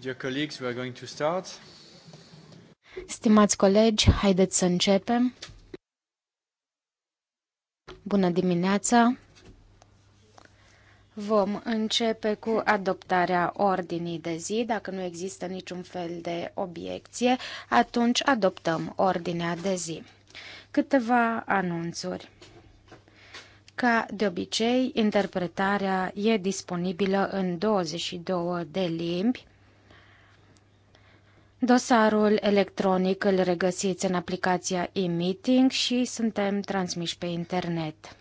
Dear colleagues, we are going to start. Stimați colegi, haideți să începem. Bună dimineața! Vom începe cu adoptarea ordinii de zi. Dacă nu există niciun fel de obiecție, atunci adoptăm ordinea de zi. Câteva anunțuri. Ca de obicei, interpretarea e disponibilă în 22 de limbi. Dosarul electronic îl regăsiți în aplicația e-meeting și suntem transmiși pe internet.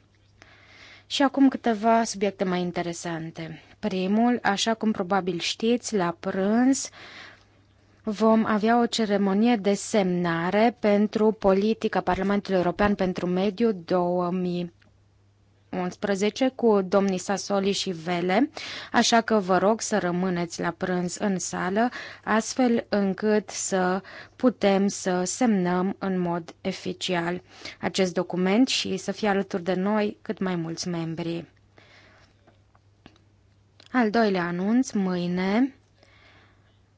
Și acum câteva subiecte mai interesante. Primul, așa cum probabil știți, la prânz vom avea o ceremonie de semnare pentru politica Parlamentului European pentru Mediu 2000. 11 cu domnii Sasoli și Vele, așa că vă rog să rămâneți la prânz în sală, astfel încât să putem să semnăm în mod oficial acest document și să fie alături de noi cât mai mulți membri. Al doilea anunț, mâine,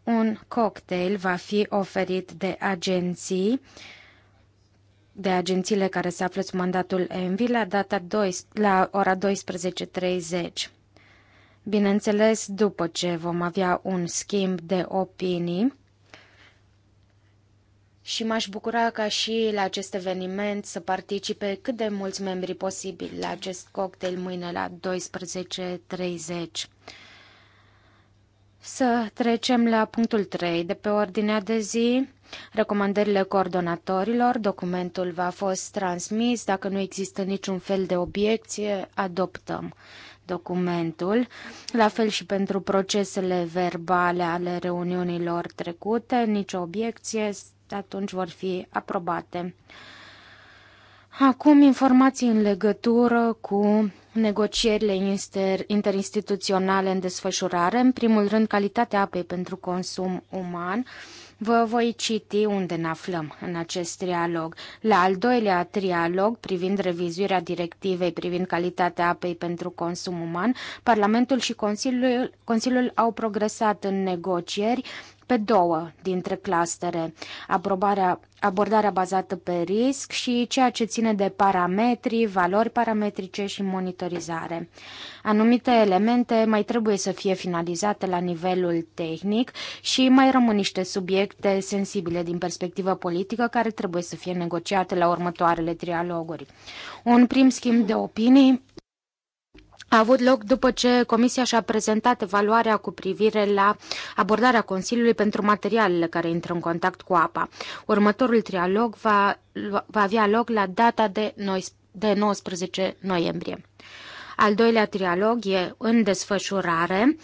un cocktail va fi oferit de agenții uh, de agențiile care se află sub mandatul ENVI la, data 2, la ora 12.30. Bineînțeles, după ce vom avea un schimb de opinii, și m-aș bucura ca și la acest eveniment să participe cât de mulți membri posibil la acest cocktail mâine la 12.30. Să trecem la punctul 3 de pe ordinea de zi. Recomandările coordonatorilor, documentul va fost transmis, dacă nu există niciun fel de obiecție, adoptăm documentul, la fel și pentru procesele verbale ale reuniunilor trecute, nicio obiecție, atunci vor fi aprobate. Acum informații în legătură cu negocierile interinstituționale în desfășurare, în primul rând calitatea apei pentru consum uman, Vă voi citi unde ne aflăm în acest trialog. La al doilea trialog, privind revizuirea directivei privind calitatea apei pentru consum uman, Parlamentul și Consiliul, Consiliul au progresat în negocieri pe două dintre clastere, aprobarea, abordarea bazată pe risc și ceea ce ține de parametri, valori parametrice și monitorizare. Anumite elemente mai trebuie să fie finalizate la nivelul tehnic și mai rămân niște subiecte sensibile din perspectivă politică care trebuie să fie negociate la următoarele trialoguri. Un prim schimb de opinii a avut loc după ce Comisia și-a prezentat evaluarea cu privire la abordarea Consiliului pentru materialele care intră în contact cu apa. Următorul trialog va, va avea loc la data de, noi, de 19 noiembrie. Al doilea trialog e în desfășurare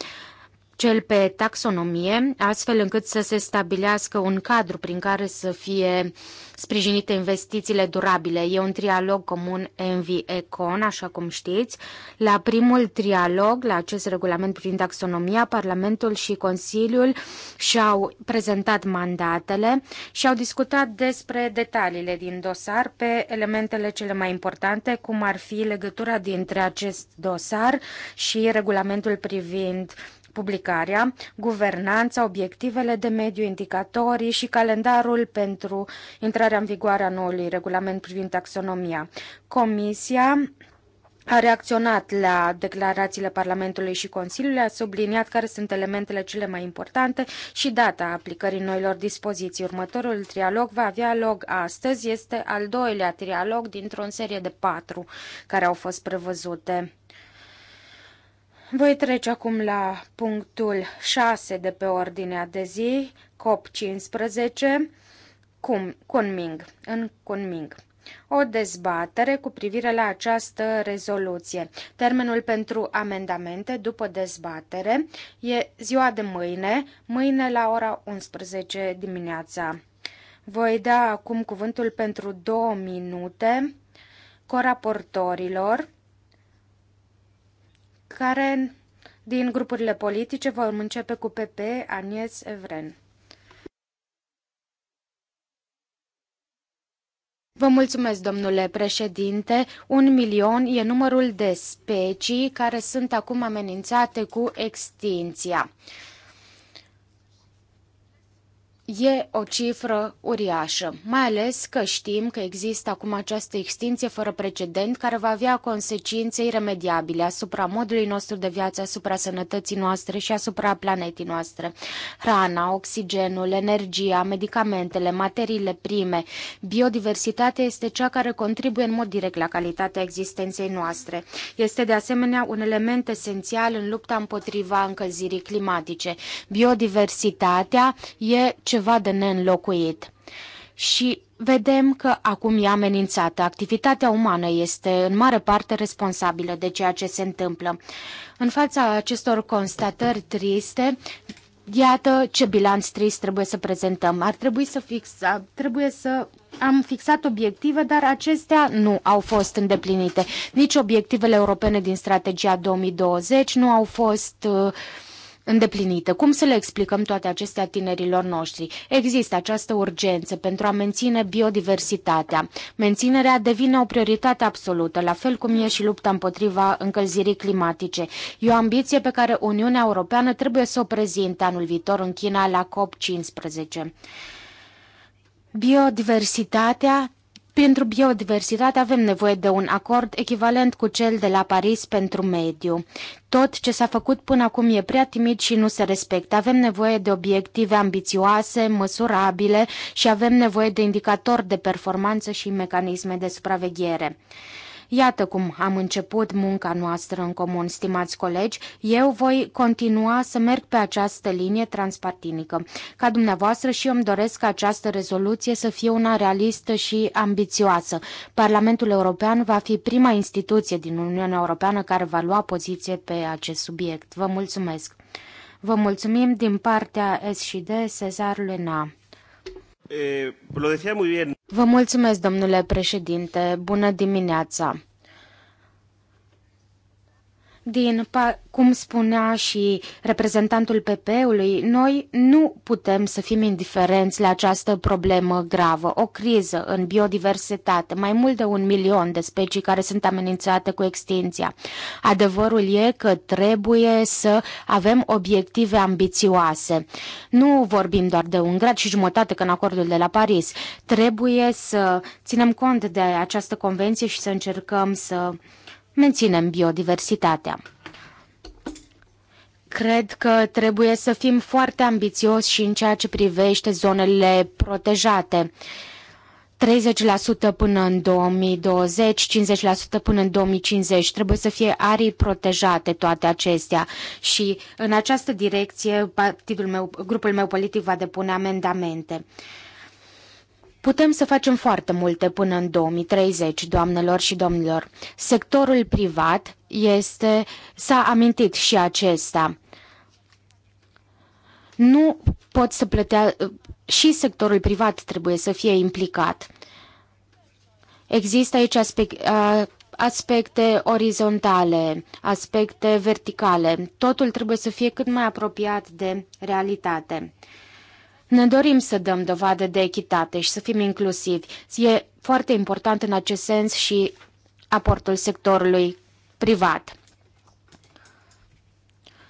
cel pe taxonomie, astfel încât să se stabilească un cadru prin care să fie sprijinite investițiile durabile. E un trialog comun ENVI-ECON, așa cum știți. La primul trialog, la acest regulament privind taxonomia, Parlamentul și Consiliul și-au prezentat mandatele și au discutat despre detaliile din dosar pe elementele cele mai importante, cum ar fi legătura dintre acest dosar și regulamentul privind publicarea, guvernanța, obiectivele de mediu, indicatorii și calendarul pentru intrarea în vigoare a noului regulament privind taxonomia. Comisia a reacționat la declarațiile Parlamentului și Consiliului, a subliniat care sunt elementele cele mai importante și data aplicării noilor dispoziții. Următorul trialog va avea loc astăzi, este al doilea trialog dintr-o serie de patru care au fost prevăzute. Voi trece acum la punctul 6 de pe ordinea de zi, COP15, Kunming, în Kunming. O dezbatere cu privire la această rezoluție. Termenul pentru amendamente după dezbatere e ziua de mâine, mâine la ora 11 dimineața. Voi da acum cuvântul pentru două minute coraportorilor care din grupurile politice vom începe cu PP Agnes Evren. Vă mulțumesc, domnule președinte. Un milion e numărul de specii care sunt acum amenințate cu extinția. E o cifră uriașă, mai ales că știm că există acum această extinție fără precedent care va avea consecințe iremediabile asupra modului nostru de viață, asupra sănătății noastre și asupra planetei noastre. Hrana, oxigenul, energia, medicamentele, materiile prime, biodiversitatea este cea care contribuie în mod direct la calitatea existenței noastre. Este de asemenea un element esențial în lupta împotriva încălzirii climatice. Biodiversitatea e ce ceva de neînlocuit. Și vedem că acum e amenințată. Activitatea umană este în mare parte responsabilă de ceea ce se întâmplă. În fața acestor constatări triste, iată ce bilanț trist trebuie să prezentăm. Ar trebui să fixa, trebuie să am fixat obiective, dar acestea nu au fost îndeplinite. Nici obiectivele europene din strategia 2020 nu au fost uh, îndeplinite. Cum să le explicăm toate acestea tinerilor noștri? Există această urgență pentru a menține biodiversitatea. Menținerea devine o prioritate absolută, la fel cum e și lupta împotriva încălzirii climatice. E o ambiție pe care Uniunea Europeană trebuie să o prezinte anul viitor în China la COP15. Biodiversitatea pentru biodiversitate avem nevoie de un acord echivalent cu cel de la Paris pentru mediu. Tot ce s-a făcut până acum e prea timid și nu se respectă. Avem nevoie de obiective ambițioase, măsurabile și avem nevoie de indicatori de performanță și mecanisme de supraveghere. Iată cum am început munca noastră în comun, stimați colegi. Eu voi continua să merg pe această linie transpartinică. Ca dumneavoastră și eu îmi doresc ca această rezoluție să fie una realistă și ambițioasă. Parlamentul European va fi prima instituție din Uniunea Europeană care va lua poziție pe acest subiect. Vă mulțumesc! Vă mulțumim din partea S și D, Cezar Lena. Eh, Vă mulțumesc, domnule președinte. Bună dimineața! Din cum spunea și reprezentantul PP-ului, noi nu putem să fim indiferenți la această problemă gravă, o criză în biodiversitate, mai mult de un milion de specii care sunt amenințate cu extinția. Adevărul e că trebuie să avem obiective ambițioase. Nu vorbim doar de un grad și jumătate că în acordul de la Paris. Trebuie să ținem cont de această convenție și să încercăm să menținem biodiversitatea. Cred că trebuie să fim foarte ambițioși și în ceea ce privește zonele protejate. 30% până în 2020, 50% până în 2050. Trebuie să fie arii protejate toate acestea și în această direcție partidul meu, grupul meu politic va depune amendamente. Putem să facem foarte multe până în 2030, doamnelor și domnilor. Sectorul privat este, s-a amintit și acesta. Nu pot să plătea, și sectorul privat trebuie să fie implicat. Există aici aspecte orizontale, aspecte verticale. Totul trebuie să fie cât mai apropiat de realitate. Ne dorim să dăm dovadă de echitate și să fim inclusivi. E foarte important în acest sens și aportul sectorului privat.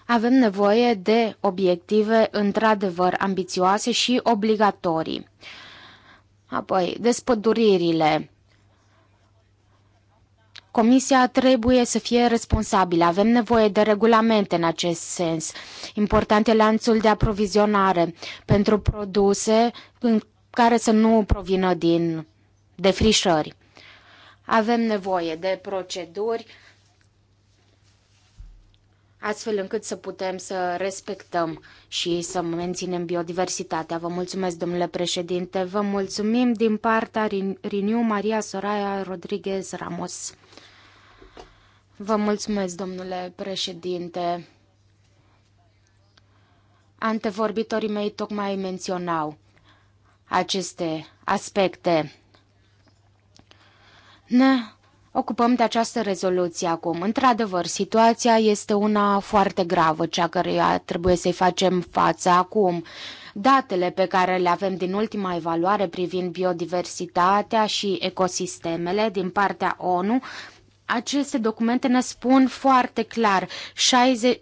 Avem nevoie de obiective într-adevăr ambițioase și obligatorii. Apoi, despăduririle Comisia trebuie să fie responsabilă. Avem nevoie de regulamente în acest sens. Important e lanțul de aprovizionare pentru produse care să nu provină din defrișări. Avem nevoie de proceduri astfel încât să putem să respectăm și să menținem biodiversitatea. Vă mulțumesc, domnule președinte, vă mulțumim din partea Riniu Maria Soraya Rodriguez Ramos. Vă mulțumesc, domnule președinte. Antevorbitorii mei tocmai menționau aceste aspecte. Ne ocupăm de această rezoluție acum. Într-adevăr, situația este una foarte gravă, cea care trebuie să-i facem față acum. Datele pe care le avem din ultima evaluare privind biodiversitatea și ecosistemele din partea ONU aceste documente ne spun foarte clar, 60,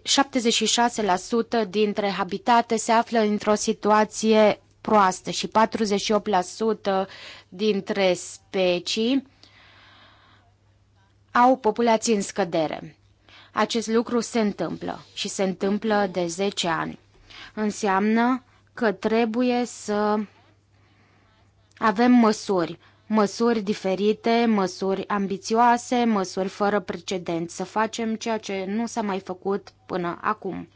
76% dintre habitate se află într-o situație proastă și 48% dintre specii au populații în scădere. Acest lucru se întâmplă și se întâmplă de 10 ani. Înseamnă că trebuie să avem măsuri, măsuri diferite, măsuri ambițioase, măsuri fără precedent, să facem ceea ce nu s-a mai făcut până acum.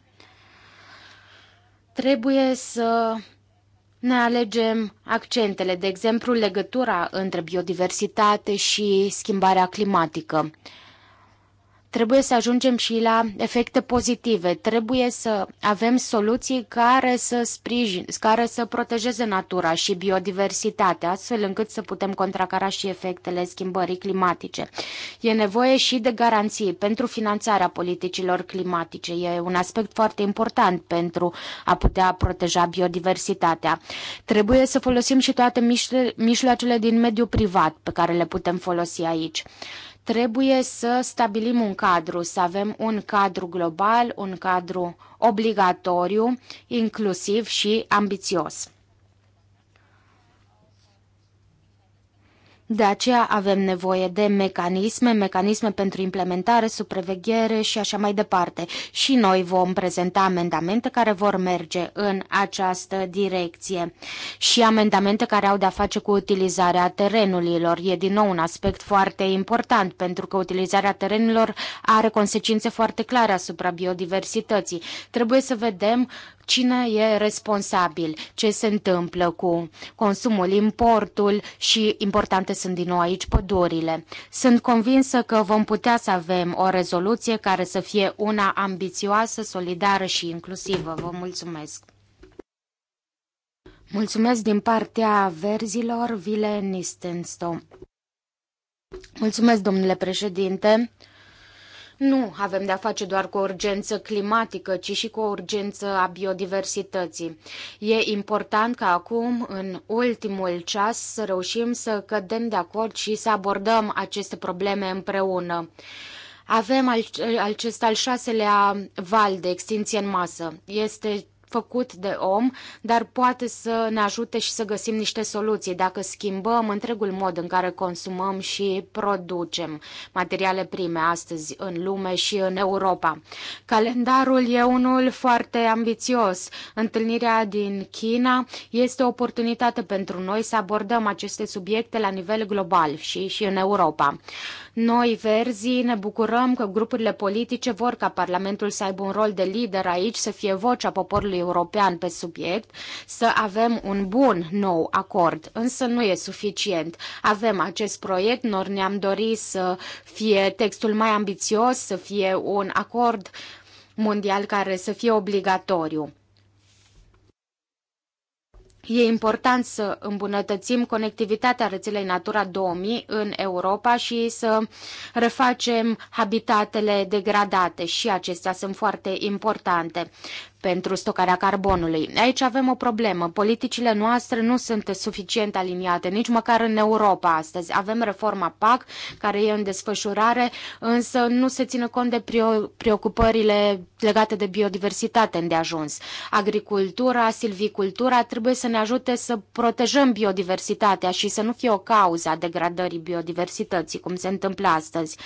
Trebuie să ne alegem accentele, de exemplu legătura între biodiversitate și schimbarea climatică trebuie să ajungem și la efecte pozitive. Trebuie să avem soluții care să sprijin, care să protejeze natura și biodiversitatea, astfel încât să putem contracara și efectele schimbării climatice. E nevoie și de garanții pentru finanțarea politicilor climatice. E un aspect foarte important pentru a putea proteja biodiversitatea. Trebuie să folosim și toate mijloacele din mediul privat pe care le putem folosi aici. Trebuie să stabilim un cadru, să avem un cadru global, un cadru obligatoriu, inclusiv și ambițios. De aceea avem nevoie de mecanisme, mecanisme pentru implementare, supraveghere și așa mai departe. Și noi vom prezenta amendamente care vor merge în această direcție. Și amendamente care au de-a face cu utilizarea terenurilor. E din nou un aspect foarte important, pentru că utilizarea terenurilor are consecințe foarte clare asupra biodiversității. Trebuie să vedem cine e responsabil, ce se întâmplă cu consumul, importul și importante sunt din nou aici pădurile. Sunt convinsă că vom putea să avem o rezoluție care să fie una ambițioasă, solidară și inclusivă. Vă mulțumesc! Mulțumesc din partea verzilor, Vile Nistenstom. Mulțumesc, domnule președinte. Nu avem de-a face doar cu o urgență climatică, ci și cu o urgență a biodiversității. E important ca acum, în ultimul ceas, să reușim să cădem de acord și să abordăm aceste probleme împreună. Avem acest al șaselea val de extinție în masă. Este făcut de om, dar poate să ne ajute și să găsim niște soluții dacă schimbăm întregul mod în care consumăm și producem materiale prime astăzi în lume și în Europa. Calendarul e unul foarte ambițios. Întâlnirea din China este o oportunitate pentru noi să abordăm aceste subiecte la nivel global și, și în Europa. Noi, verzii, ne bucurăm că grupurile politice vor ca Parlamentul să aibă un rol de lider aici, să fie vocea poporului european pe subiect, să avem un bun nou acord. Însă nu e suficient. Avem acest proiect, noi ne-am dorit să fie textul mai ambițios, să fie un acord mondial care să fie obligatoriu. E important să îmbunătățim conectivitatea rețelei Natura 2000 în Europa și să refacem habitatele degradate și acestea sunt foarte importante pentru stocarea carbonului. Aici avem o problemă. Politicile noastre nu sunt suficient aliniate, nici măcar în Europa astăzi. Avem reforma PAC, care e în desfășurare, însă nu se ține cont de preocupările legate de biodiversitate deajuns. Agricultura, silvicultura trebuie să ne ajute să protejăm biodiversitatea și să nu fie o cauză a degradării biodiversității, cum se întâmplă astăzi.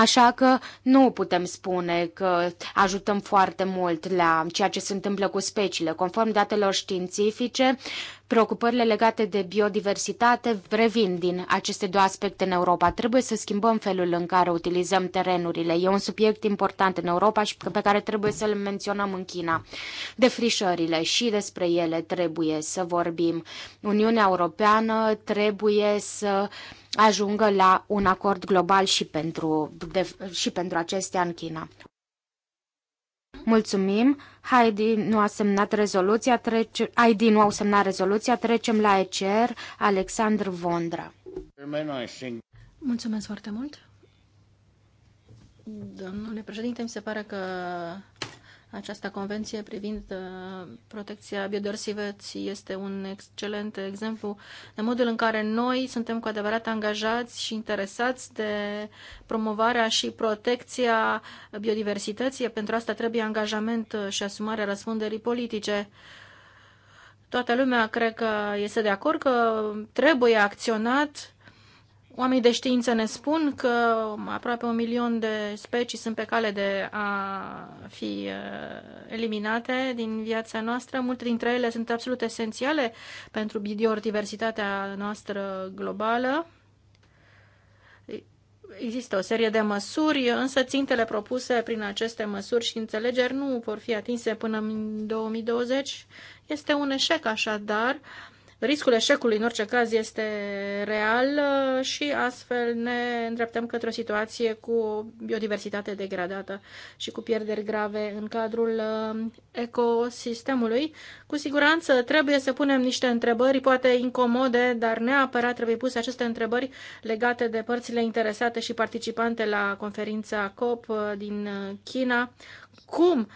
Așa că nu putem spune că ajutăm foarte mult la ceea ce se întâmplă cu speciile. Conform datelor științifice, Preocupările legate de biodiversitate revin din aceste două aspecte în Europa. Trebuie să schimbăm felul în care utilizăm terenurile. E un subiect important în Europa și pe care trebuie să-l menționăm în China. Defrișările și despre ele trebuie să vorbim. Uniunea Europeană trebuie să ajungă la un acord global și pentru, de, și pentru acestea în China. Mulțumim. Heidi nu a semnat rezoluția, trece... Heidi nu au semnat rezoluția, trecem la ECR, Alexandru Vondra. Mulțumesc foarte mult. Domnule președinte, mi se pare că această convenție privind uh, protecția biodiversității este un excelent exemplu de modul în care noi suntem cu adevărat angajați și interesați de promovarea și protecția biodiversității. Pentru asta trebuie angajament și asumarea răspunderii politice toată lumea cred că este de acord că trebuie acționat Oamenii de știință ne spun că aproape un milion de specii sunt pe cale de a fi uh, eliminate din viața noastră. Multe dintre ele sunt absolut esențiale pentru biodiversitatea noastră globală. Există o serie de măsuri, însă țintele propuse prin aceste măsuri și înțelegeri nu vor fi atinse până în 2020. Este un eșec așadar. Riscul eșecului, în orice caz, este real uh, și astfel ne îndreptăm către o situație cu o biodiversitate degradată și cu pierderi grave în cadrul uh, ecosistemului. Cu siguranță trebuie să punem niște întrebări, poate incomode, dar neapărat trebuie puse aceste întrebări legate de părțile interesate și participante la conferința COP uh, din China. Cum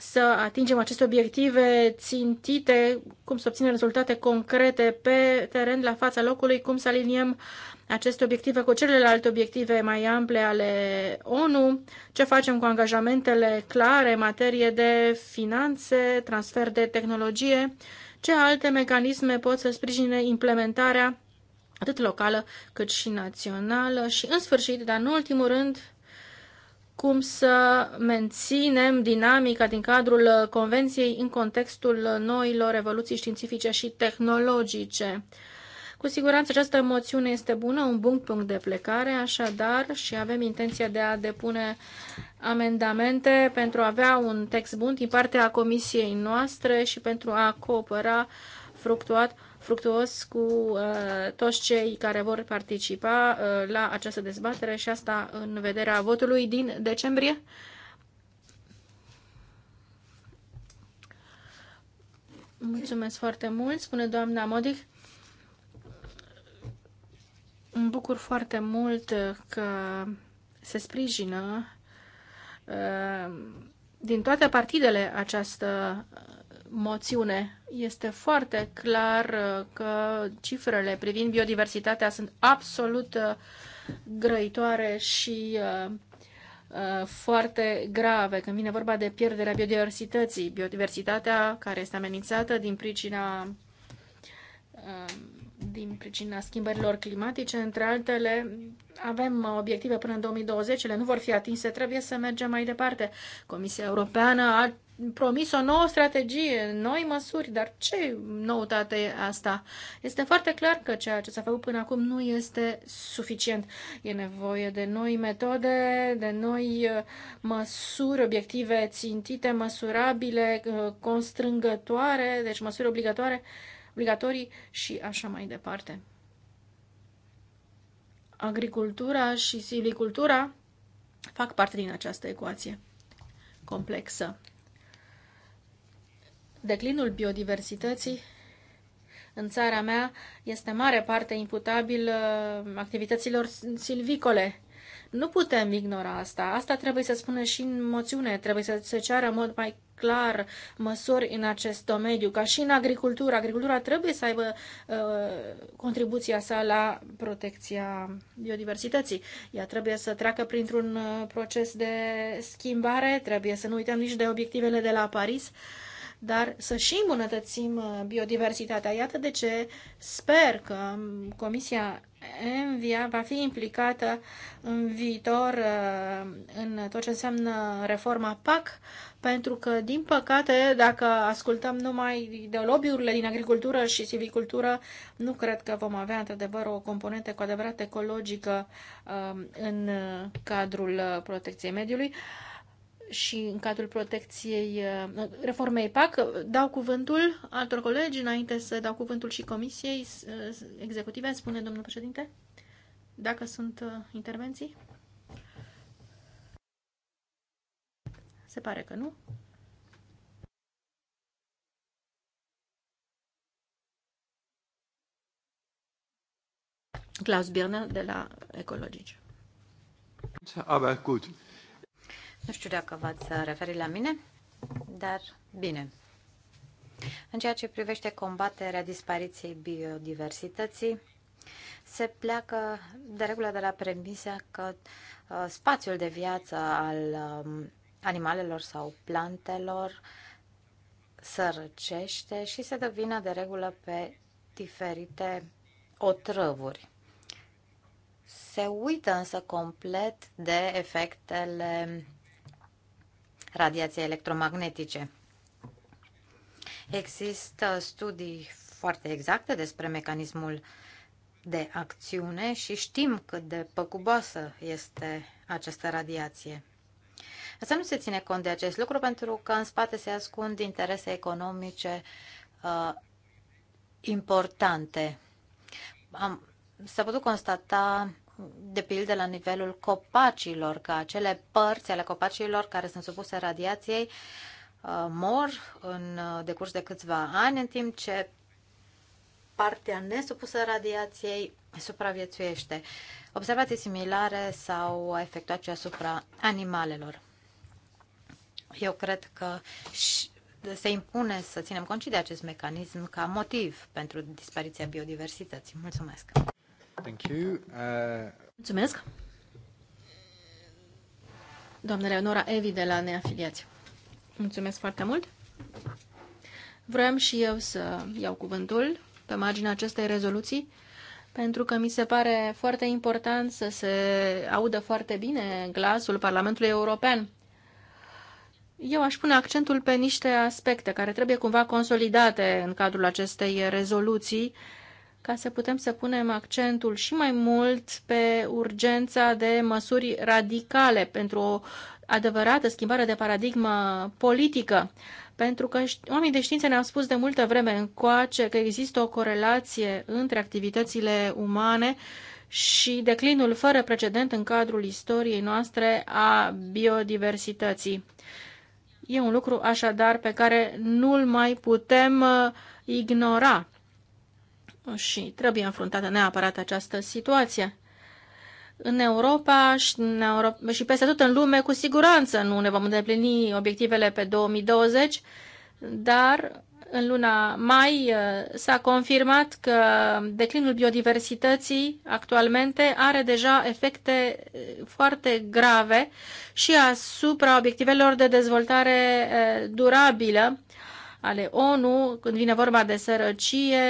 să atingem aceste obiective țintite, cum să obținem rezultate concrete pe teren, la fața locului, cum să aliniem aceste obiective cu celelalte obiective mai ample ale ONU, ce facem cu angajamentele clare în materie de finanțe, transfer de tehnologie, ce alte mecanisme pot să sprijine implementarea atât locală cât și națională și, în sfârșit, dar în ultimul rând, cum să menținem dinamica din cadrul Convenției în contextul noilor evoluții științifice și tehnologice. Cu siguranță această moțiune este bună, un bun punct de plecare, așadar, și avem intenția de a depune amendamente pentru a avea un text bun din partea comisiei noastre și pentru a coopera fructuat fructuos cu uh, toți cei care vor participa uh, la această dezbatere și asta în vederea votului din decembrie. Mulțumesc foarte mult, spune doamna Modic. Îmi bucur foarte mult că se sprijină uh, din toate partidele această moțiune. Este foarte clar uh, că cifrele privind biodiversitatea sunt absolut uh, grăitoare și uh, foarte grave când vine vorba de pierderea biodiversității. Biodiversitatea care este amenințată din pricina din pricina schimbărilor climatice, între altele, avem obiective până în 2020, ele nu vor fi atinse, trebuie să mergem mai departe. Comisia Europeană a promis o nouă strategie, noi măsuri, dar ce noutate e asta? Este foarte clar că ceea ce s-a făcut până acum nu este suficient. E nevoie de noi metode, de noi uh, măsuri, obiective țintite, măsurabile, uh, constrângătoare, deci măsuri obligatoare, obligatorii și așa mai departe. Agricultura și silicultura fac parte din această ecuație complexă declinul biodiversității în țara mea este mare parte imputabil uh, activităților silvicole. Nu putem ignora asta. Asta trebuie să spună și în moțiune. Trebuie să se ceară în mod mai clar măsuri în acest domeniu, ca și în agricultură. Agricultura trebuie să aibă uh, contribuția sa la protecția biodiversității. Ea trebuie să treacă printr-un uh, proces de schimbare, trebuie să nu uităm nici de obiectivele de la Paris. Uh, dar să și îmbunătățim uh, biodiversitatea. Iată de ce sper că um, Comisia Envia va fi implicată în viitor uh, în tot ce înseamnă reforma PAC, pentru că, din păcate, dacă ascultăm numai de lobby-urile din agricultură și civicultură, nu cred că vom avea, într-adevăr, o componentă cu adevărat ecologică um, în uh, cadrul protecției mediului și în cadrul protecției uh, reformei PAC. Dau cuvântul altor colegi înainte să dau cuvântul și Comisiei uh, Executive, spune domnul președinte, dacă sunt uh, intervenții. Se pare că nu. Klaus Birner de la Ecologici. Aber gut, nu știu dacă v-ați referit la mine, dar bine. În ceea ce privește combaterea dispariției biodiversității, se pleacă de regulă de la premisa că uh, spațiul de viață al um, animalelor sau plantelor sărăcește și se devină de regulă pe diferite otrăvuri. Se uită însă complet de efectele radiații electromagnetice. Există studii foarte exacte despre mecanismul de acțiune și știm cât de păcuboasă este această radiație. Asta nu se ține cont de acest lucru pentru că în spate se ascund interese economice uh, importante. Am, s-a putut constata de pildă la nivelul copacilor, că acele părți ale copacilor care sunt supuse radiației uh, mor în uh, decurs de câțiva ani, în timp ce partea nesupusă radiației supraviețuiește. Observații similare s-au efectuat și asupra animalelor. Eu cred că se impune să ținem cont și de acest mecanism ca motiv pentru dispariția biodiversității. Mulțumesc! Uh, Mulțumesc. Doamna Leonora Evi de la Neafiliați. Mulțumesc foarte mult. Vreau și eu să iau cuvântul pe marginea acestei rezoluții, pentru că mi se pare foarte important să se audă foarte bine glasul Parlamentului European. Eu aș pune accentul pe niște aspecte care trebuie cumva consolidate în cadrul acestei rezoluții ca să putem să punem accentul și mai mult pe urgența de măsuri radicale pentru o adevărată schimbare de paradigmă politică. Pentru că oamenii de știință ne-au spus de multă vreme încoace că există o corelație între activitățile umane și declinul fără precedent în cadrul istoriei noastre a biodiversității. E un lucru așadar pe care nu-l mai putem uh, ignora și trebuie înfruntată neapărat această situație. În Europa și, în Europa și peste tot în lume, cu siguranță nu ne vom îndeplini obiectivele pe 2020, dar în luna mai uh, s-a confirmat că declinul biodiversității actualmente are deja efecte uh, foarte grave și asupra obiectivelor de dezvoltare uh, durabilă ale ONU când vine vorba de sărăcie,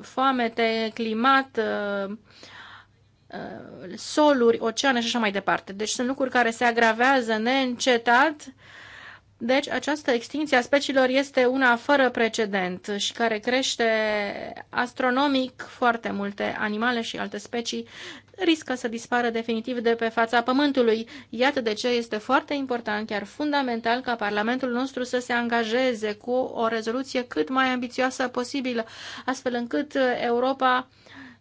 foamete, climat, soluri, oceane și așa mai departe. Deci sunt lucruri care se agravează neîncetat. Deci această extinție a speciilor este una fără precedent și care crește astronomic foarte multe animale și alte specii riscă să dispară definitiv de pe fața pământului. Iată de ce este foarte important, chiar fundamental, ca Parlamentul nostru să se angajeze cu o rezoluție cât mai ambițioasă posibilă, astfel încât Europa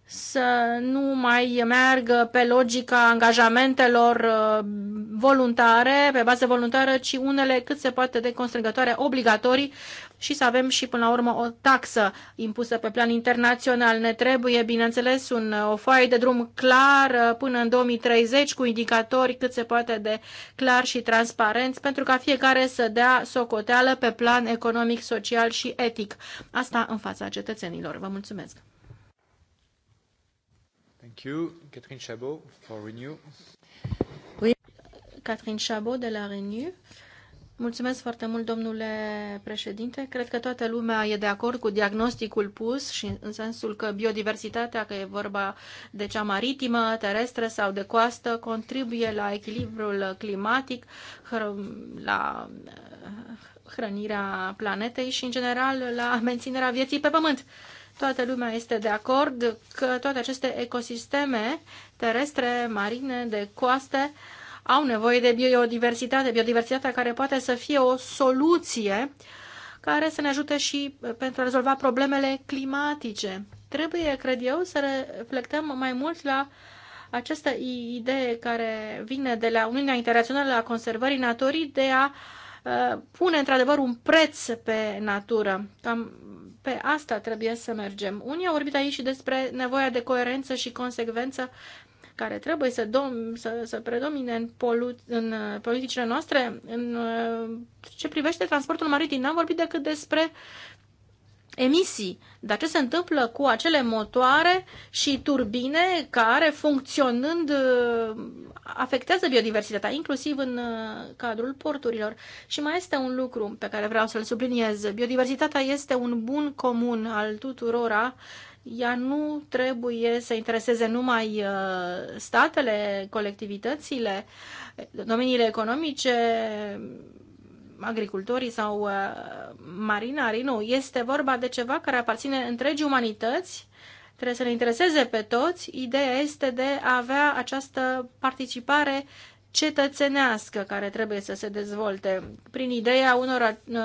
să nu mai meargă pe logica angajamentelor uh, voluntare, pe bază voluntară, ci unele cât se poate de constrângătoare, obligatorii, și să avem și până la urmă o taxă impusă pe plan internațional. Ne trebuie, bineînțeles, un, o foaie de drum clar uh, până în 2030 cu indicatori cât se poate de clar și transparenți pentru ca fiecare să dea socoteală pe plan economic, social și etic. Asta în fața cetățenilor. Vă mulțumesc! Thank you. Catherine Chabot for Renew. Oui, Catherine Chabot de la Renew. Mulțumesc foarte mult, domnule președinte. Cred că toată lumea e de acord cu diagnosticul pus și în sensul că biodiversitatea, că e vorba de cea maritimă, terestră sau de coastă, contribuie la echilibrul climatic, la uh, hrănirea planetei și, în general, la menținerea vieții pe pământ. Toată lumea este de acord că toate aceste ecosisteme terestre, marine, de coaste, uh, au nevoie de biodiversitate, biodiversitatea care poate să fie o soluție care să ne ajute și uh, pentru a rezolva problemele climatice. Trebuie, cred eu, să reflectăm mai mult la această idee care vine de la Uniunea Internațională a Conservării Naturii de a uh, pune într-adevăr un preț pe natură. Cam pe asta trebuie să mergem. Unii au vorbit aici și despre nevoia de coerență și consecvență care trebuie să, dom- să, să predomine în, polu- în uh, politicile noastre. În uh, ce privește transportul maritim, n-am vorbit decât despre emisii. Dar ce se întâmplă cu acele motoare și turbine care, funcționând, uh, afectează biodiversitatea, inclusiv în cadrul porturilor. Și mai este un lucru pe care vreau să-l subliniez. Biodiversitatea este un bun comun al tuturora ea nu trebuie să intereseze numai uh, statele, colectivitățile, domeniile economice, agricultorii sau uh, marinarii, nu. Este vorba de ceva care aparține întregii umanități, trebuie să ne intereseze pe toți. Ideea este de a avea această participare cetățenească care trebuie să se dezvolte prin ideea unor uh,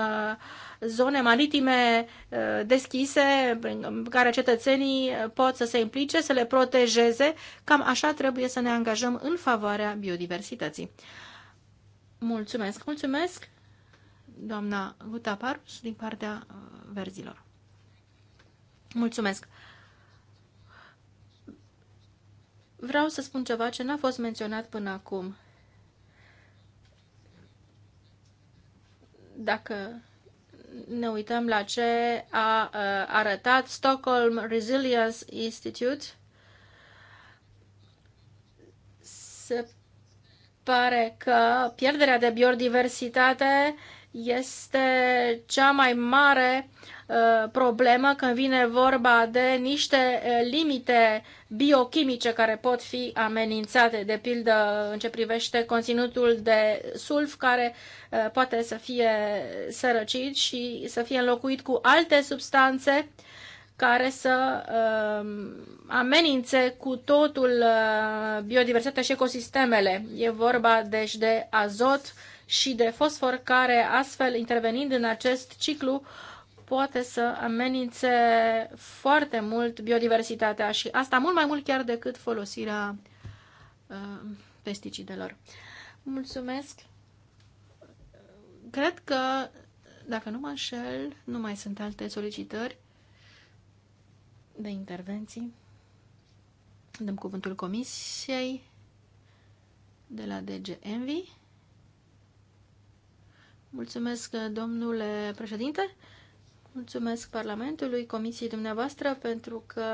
zone maritime uh, deschise în care cetățenii uh, pot să se implice, să le protejeze. Cam așa trebuie să ne angajăm în favoarea biodiversității. Mulțumesc, mulțumesc, doamna Gutaparus, din partea uh, verzilor. Mulțumesc. Vreau să spun ceva ce n-a fost menționat până acum. Dacă ne uităm la ce a uh, arătat Stockholm Resilience Institute. Se pare că pierderea de biodiversitate este cea mai mare Uh, problemă când vine vorba de niște uh, limite biochimice care pot fi amenințate, de pildă în ce privește conținutul de sulf care uh, poate să fie sărăcit și să fie înlocuit cu alte substanțe care să amenințe cu totul biodiversitatea și ecosistemele. E vorba deci de azot și de fosfor care astfel intervenind în acest ciclu uh, poate să amenințe foarte mult biodiversitatea și asta mult mai mult chiar decât folosirea uh, pesticidelor. Mulțumesc! Cred că, dacă nu mă înșel, nu mai sunt alte solicitări de intervenții. Dăm cuvântul comisiei de la DG Envy. Mulțumesc, domnule președinte. Mulțumesc Parlamentului, Comisiei dumneavoastră, pentru că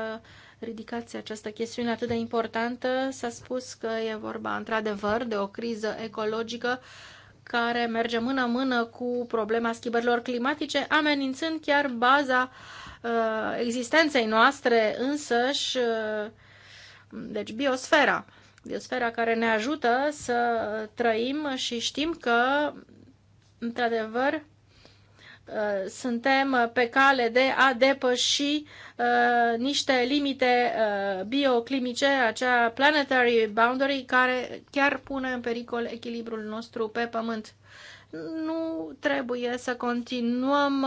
ridicați această chestiune atât de importantă. S-a spus că e vorba, într-adevăr, de o criză ecologică care merge mână-mână cu problema schimbărilor climatice, amenințând chiar baza uh, existenței noastre însăși, uh, deci biosfera. Biosfera care ne ajută să trăim și știm că, într-adevăr, Uh, suntem pe cale de a depăși uh, niște limite uh, bioclimice, acea planetary boundary, care chiar pune în pericol echilibrul nostru pe Pământ. Nu trebuie să continuăm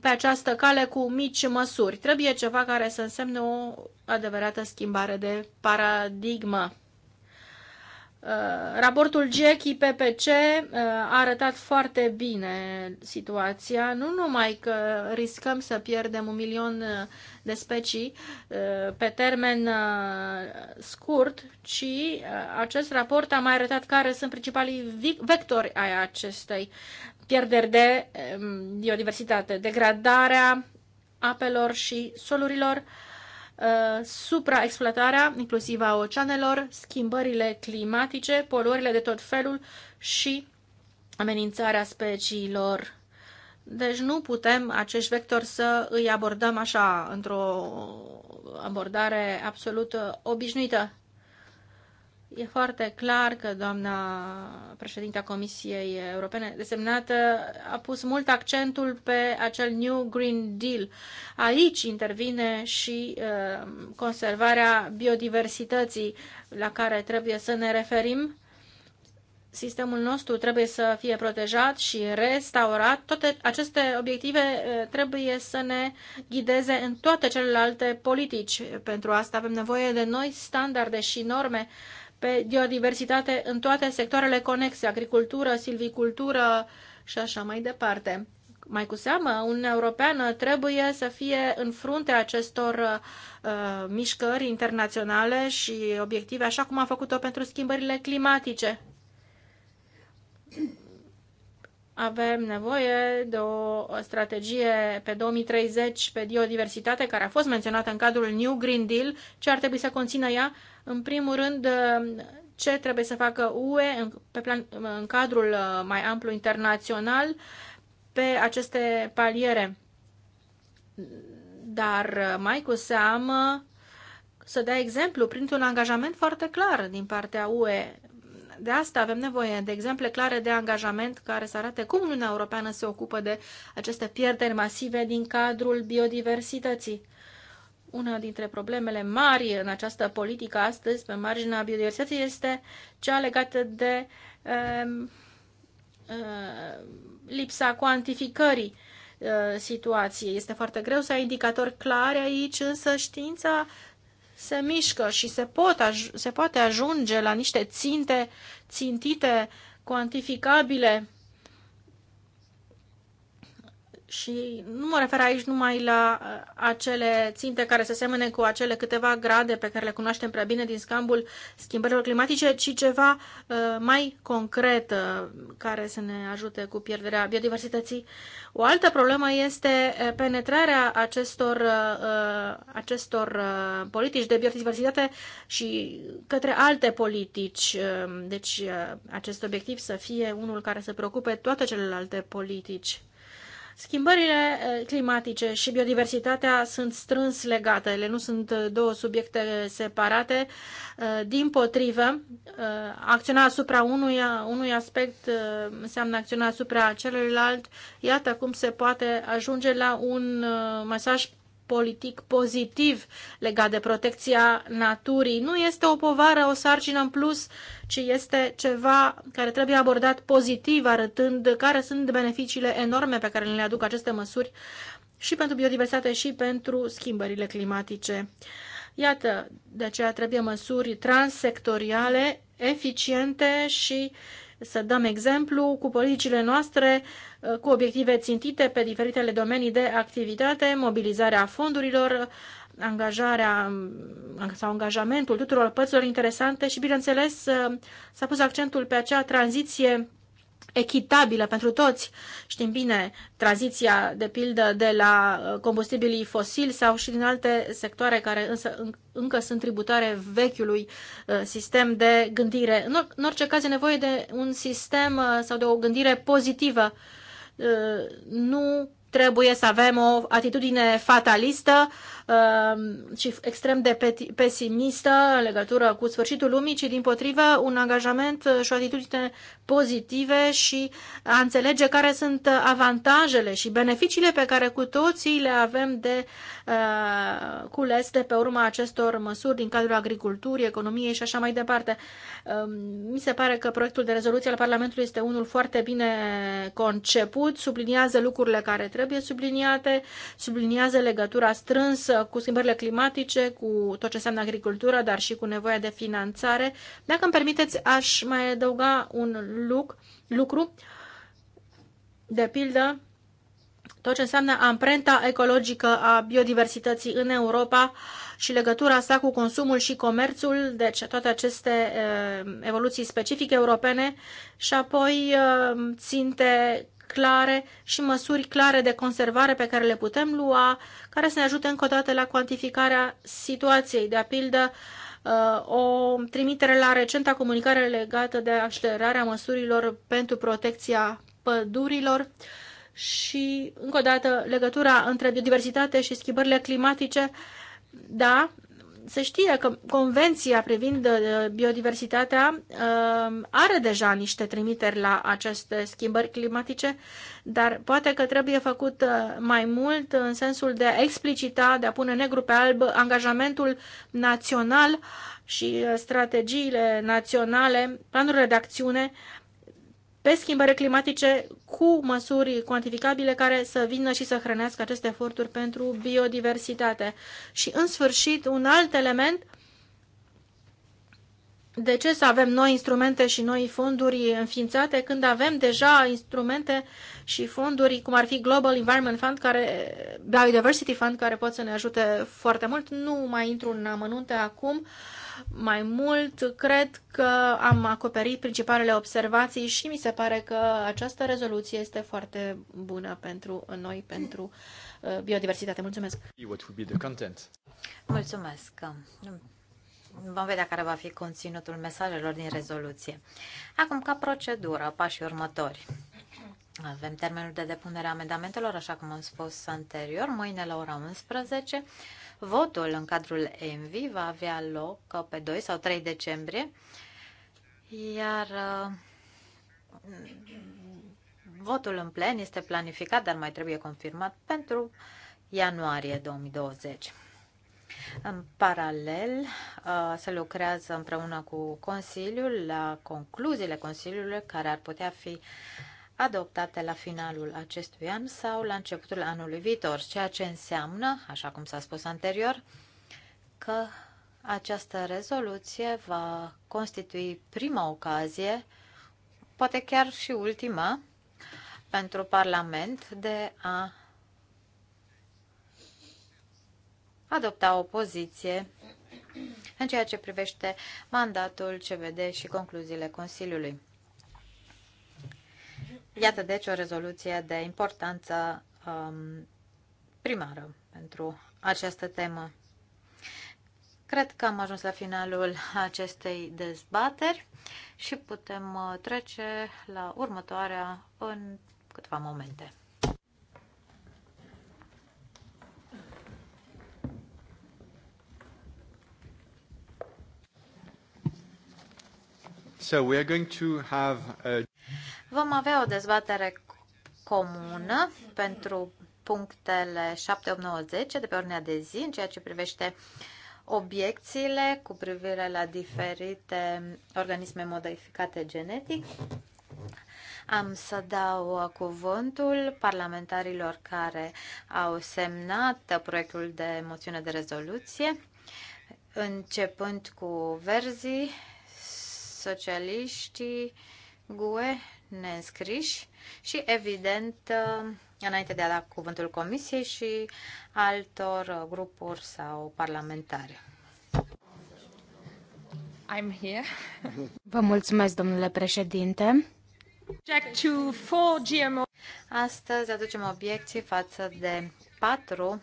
pe această cale cu mici măsuri. Trebuie ceva care să însemne o adevărată schimbare de paradigmă. Uh, raportul GECI PPC uh, a arătat foarte bine situația, nu numai că riscăm să pierdem un milion uh, de specii pe termen scurt, ci acest raport a mai arătat care sunt principalii vectori ai acestei pierderi de um, biodiversitate, degradarea apelor și solurilor, Uh, supraexploatarea, inclusiv a oceanelor, schimbările climatice, poluările de tot felul și amenințarea speciilor. Deci nu putem acești vectori să îi abordăm așa, într-o abordare absolut obișnuită. E foarte clar că doamna președinta Comisiei Europene desemnată a pus mult accentul pe acel New Green Deal. Aici intervine și uh, conservarea biodiversității la care trebuie să ne referim. Sistemul nostru trebuie să fie protejat și restaurat. Toate aceste obiective uh, trebuie să ne ghideze în toate celelalte politici. Pentru asta avem nevoie de noi standarde și norme pe biodiversitate în toate sectoarele conexe, agricultură, silvicultură și așa mai departe. Mai cu seamă, Uniunea Europeană trebuie să fie în fruntea acestor uh, mișcări internaționale și obiective, așa cum a făcut-o pentru schimbările climatice. Avem nevoie de o strategie pe 2030 pe biodiversitate, care a fost menționată în cadrul New Green Deal, ce ar trebui să conțină ea, în primul rând, ce trebuie să facă UE în, pe plan, în cadrul uh, mai amplu internațional pe aceste paliere. Dar uh, mai cu seamă să dea exemplu printr-un angajament foarte clar din partea UE. De asta avem nevoie de exemple clare de angajament care să arate cum Uniunea Europeană se ocupă de aceste pierderi masive din cadrul biodiversității una dintre problemele mari în această politică astăzi, pe marginea biodiversității, este cea legată de uh, uh, lipsa cuantificării uh, situației. Este foarte greu să ai indicatori clare aici, însă știința se mișcă și se, pot se poate ajunge la niște ținte țintite, cuantificabile și nu mă refer aici numai la uh, acele ținte care se semene cu acele câteva grade pe care le cunoaștem prea bine din scambul schimbărilor climatice, ci ceva uh, mai concret uh, care să ne ajute cu pierderea biodiversității. O altă problemă este penetrarea acestor, acestor politici de biodiversitate și către alte politici. Deci acest obiectiv să fie unul care să preocupe toate celelalte politici. Schimbările eh, climatice și biodiversitatea sunt strâns legate, ele nu sunt eh, două subiecte separate. Eh, din potrivă, acționa asupra unui, unui aspect înseamnă acționa asupra celuilalt. Iată cum se poate ajunge la un mesaj politic pozitiv legat de protecția naturii. Nu este o povară, o sarcină în plus, ci este ceva care trebuie abordat pozitiv, arătând care sunt beneficiile enorme pe care le aduc aceste măsuri și pentru biodiversitate și pentru schimbările climatice. Iată, de aceea trebuie măsuri transsectoriale, eficiente și uh, să dăm exemplu cu politicile noastre, uh, cu obiective țintite pe diferitele domenii de activitate, mobilizarea fondurilor, angajarea um, sau angajamentul tuturor părților interesante și, bineînțeles, uh, s-a pus accentul pe acea tranziție echitabilă pentru toți. Știm bine tranziția, de pildă, de la uh, combustibilii fosili sau și din alte sectoare care însă încă sunt tributare vechiului uh, sistem de gândire. În orice caz e nevoie de un sistem uh, sau de o gândire pozitivă. Nu trebuie să avem o atitudine fatalistă um, și extrem de pesimistă în legătură cu sfârșitul lumii, ci din potrivă un angajament și o atitudine pozitive și a înțelege care sunt avantajele și beneficiile pe care cu toții le avem de uh, cules de pe urma acestor măsuri din cadrul agriculturii, economiei și așa mai departe. Uh, mi se pare că proiectul de rezoluție al Parlamentului este unul foarte bine conceput, subliniază lucrurile care trebuie trebuie subliniate, subliniază legătura strânsă cu schimbările climatice, cu tot ce înseamnă agricultură, dar și cu nevoia de finanțare. Dacă îmi permiteți, aș mai adăuga un luc, lucru, de pildă, tot ce înseamnă amprenta ecologică a biodiversității în Europa și legătura asta cu consumul și comerțul, deci toate aceste eh, evoluții specifice europene și apoi eh, ținte clare și măsuri clare de conservare pe care le putem lua, care să ne ajute încă o dată la cuantificarea situației. De pildă, uh, o trimitere la recenta comunicare legată de accelerarea măsurilor pentru protecția pădurilor și, încă o dată, legătura între biodiversitate și schimbările climatice. Da, se știe că Convenția privind uh, biodiversitatea um, are deja niște trimiteri la aceste schimbări climatice, dar poate că trebuie făcut uh, mai mult în sensul de a explicita, de a pune negru pe alb angajamentul național și uh, strategiile naționale, planurile de acțiune pe schimbări climatice cu măsuri cuantificabile care să vină și să hrănească aceste eforturi pentru biodiversitate. Și în sfârșit, un alt element, de ce să avem noi instrumente și noi fonduri înființate când avem deja instrumente și fonduri cum ar fi Global Environment Fund, care, Biodiversity Fund, care pot să ne ajute foarte mult. Nu mai intru în amănunte acum. Uh, mai mult, cred că am acoperit principalele observații și mi se pare că această rezoluție este foarte bună pentru noi, pentru uh, biodiversitate. Mulțumesc! Mulțumesc! Vom vedea care va fi conținutul mesajelor din rezoluție. Acum, ca procedură, pașii următori. Avem termenul de depunere a amendamentelor, așa cum am spus anterior, mâine la ora 11. Votul în cadrul ENVI va avea loc pe 2 sau 3 decembrie, iar uh, votul în plen este planificat, dar mai trebuie confirmat pentru ianuarie 2020. În paralel, uh, se lucrează împreună cu Consiliul la concluziile Consiliului care ar putea fi adoptate la finalul acestui an sau la începutul anului viitor, ceea ce înseamnă, așa cum s-a spus anterior, că această rezoluție va constitui prima ocazie, poate chiar și ultima, pentru Parlament de a adopta o poziție în ceea ce privește mandatul CVD și concluziile Consiliului. Iată deci o rezoluție de importanță um, primară pentru această temă. Cred că am ajuns la finalul acestei dezbateri și putem uh, trece la următoarea în câteva momente. So we are going to have a Vom avea o dezbatere comună pentru punctele 7, 8, 9, 10 de pe ordinea de zi în ceea ce privește obiecțiile cu privire la diferite organisme modificate genetic. Am să dau cuvântul parlamentarilor care au semnat proiectul de moțiune de rezoluție, începând cu verzii, socialiștii, GUE, neînscriși și, evident, uh, înainte de a da cuvântul Comisiei și altor grupuri sau parlamentare. I'm here. Vă mulțumesc, domnule președinte. to four GMO. Astăzi aducem obiecții față de patru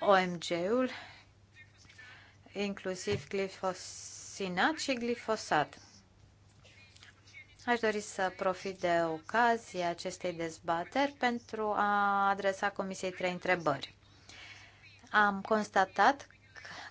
OMG-ul, inclusiv glifosinat și glifosat. Aș dori să profit de ocazia acestei dezbateri pentru a adresa Comisiei trei întrebări. Am constatat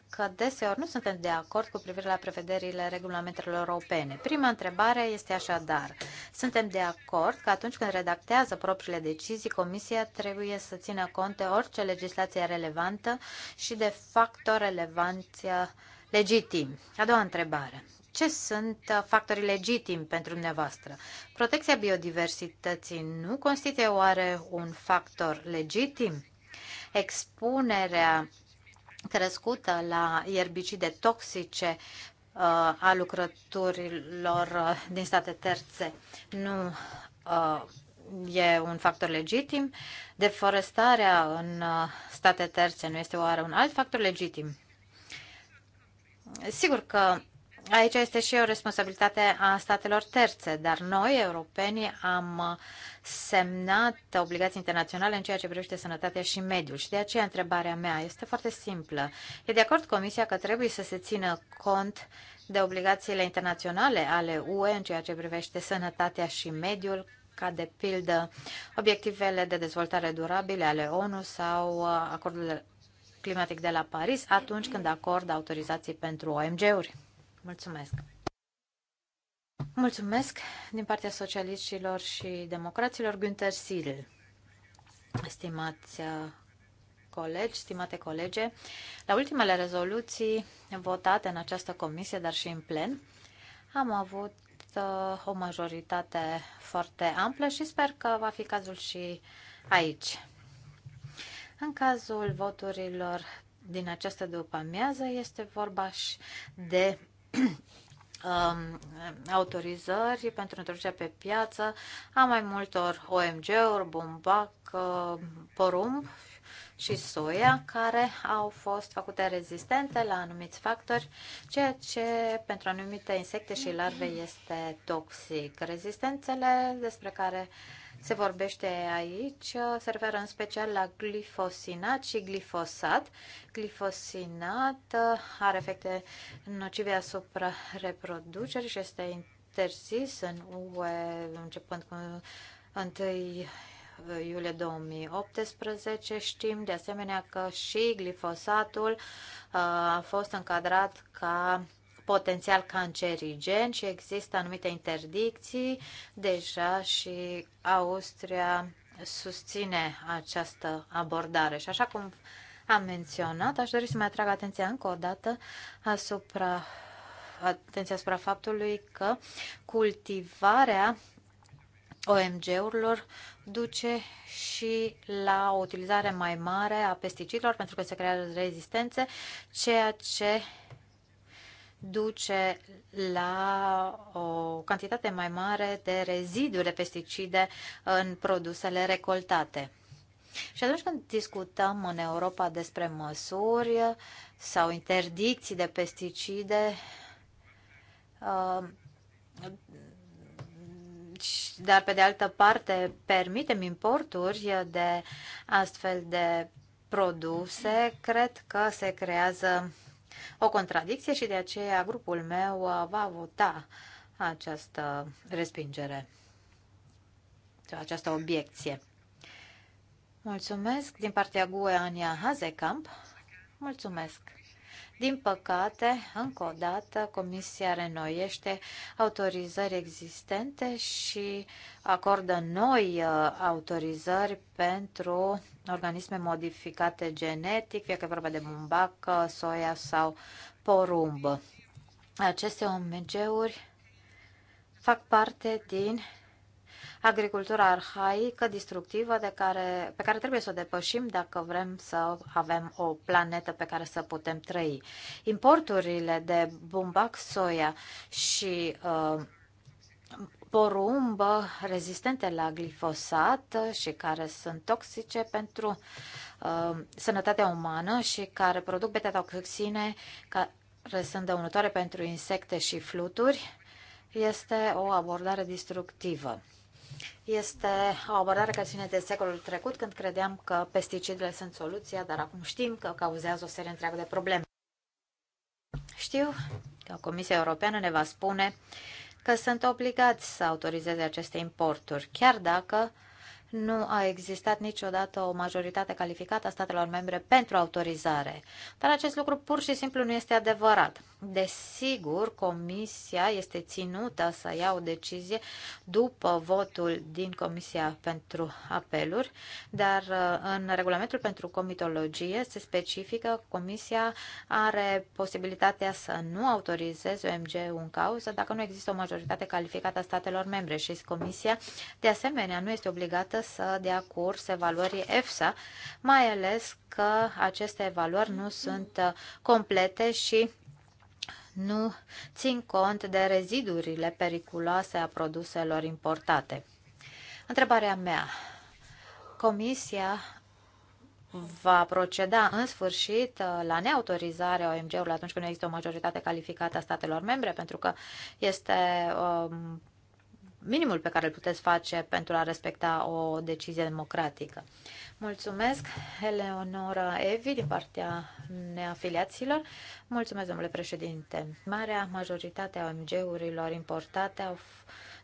că deseori nu suntem de acord cu privire la prevederile regulamentelor europene. Prima întrebare este așadar. Suntem de acord că atunci când redactează propriile decizii, Comisia trebuie să țină cont de orice legislație relevantă și de factor relevanță uh, legitim. A doua întrebare ce sunt uh, factorii legitimi pentru dumneavoastră? Protecția biodiversității nu constituie oare un factor legitim? Expunerea crescută la ierbicide toxice uh, a lucrătorilor uh, din state terțe nu e un factor legitim? Deforestarea în state terțe nu este oare un alt factor legitim? Sigur că Aici este și o responsabilitate a statelor terțe, dar noi, europenii, am semnat obligații internaționale în ceea ce privește sănătatea și mediul. Și de aceea întrebarea mea este foarte simplă. E de acord Comisia că trebuie să se țină cont de obligațiile internaționale ale UE în ceea ce privește sănătatea și mediul, ca de pildă obiectivele de dezvoltare durabile ale ONU sau acordul climatic de la Paris, atunci când acordă autorizații pentru OMG-uri. Mulțumesc! Mulțumesc din partea socialiștilor și democraților, Günther Siril. Stimați uh, colegi, stimate colege, la ultimele rezoluții votate în această comisie, dar și în plen, am avut uh, o majoritate foarte amplă și sper că va fi cazul și aici. În cazul voturilor din această după amiază este vorba și de Um, autorizări pentru introducerea pe piață a mai multor OMG-uri, bumbac, uh, porumb și soia, care au fost făcute rezistente la anumiți factori, ceea ce pentru anumite insecte și larve este toxic. Rezistențele despre care uh, se vorbește aici se referă în special la glifosinat și glifosat. Glifosinat are efecte nocive asupra reproducerii și este interzis în UE începând cu 1 iulie 2018. Știm de asemenea că și glifosatul uh, a fost încadrat ca potențial cancerigen și există anumite interdicții deja și Austria susține această abordare. Și așa cum am menționat, aș dori să mai atrag atenția încă o dată asupra atenția asupra faptului că cultivarea OMG-urilor duce și la o utilizare mai mare a pesticidelor pentru că se creează rezistențe, ceea ce duce la o cantitate mai mare de reziduri de pesticide în produsele recoltate. Și atunci când discutăm în Europa despre măsuri sau interdicții de pesticide, uh, dar pe de altă parte permitem importuri de astfel de produse, cred că se creează o contradicție și de aceea grupul meu uh, va vota această respingere, această obiecție. Mulțumesc din partea GUE Ania Hazekamp. Mulțumesc. Din păcate, încă o dată, Comisia renoiește autorizări existente și acordă noi uh, autorizări pentru organisme modificate genetic, fie că e vorba de bumbac, soia sau porumb. Aceste OMG-uri fac parte din agricultura arhaică, destructivă, de care, pe care trebuie să o depășim dacă vrem să avem o planetă pe care să putem trăi. Importurile de bumbac, soia și uh, porumb rezistente la glifosat și care sunt toxice pentru uh, sănătatea umană și care produc beta-toxine care sunt dăunătoare pentru insecte și fluturi, este o abordare destructivă. Este o abordare care ține de secolul trecut, când credeam că pesticidele sunt soluția, dar acum știm că cauzează o serie întreagă de probleme. Știu că Comisia Europeană ne va spune că sunt obligați să autorizeze aceste importuri, chiar dacă uh, nu a existat niciodată o majoritate calificată a statelor membre pentru autorizare. Dar acest lucru pur și simplu nu este adevărat. Desigur, Comisia este ținută să ia o decizie după votul din Comisia pentru Apeluri, dar uh, în regulamentul pentru comitologie se specifică că Comisia are posibilitatea să nu autorizeze OMG-ul în cauză dacă nu există o majoritate calificată a statelor membre și Comisia de asemenea nu este obligată poată să dea curs evaluării EFSA, mai ales că aceste evaluări nu sunt uh, complete și nu țin cont de rezidurile periculoase a produselor importate. Întrebarea mea. Comisia va proceda în sfârșit uh, la neautorizarea OMG-ului atunci când nu există o majoritate calificată a statelor membre, pentru că este um, minimul pe care îl puteți face pentru a respecta o decizie democratică. Mulțumesc, Eleonora Evi, din partea neafiliaților. Mulțumesc, domnule președinte. Marea majoritate a OMG-urilor importate au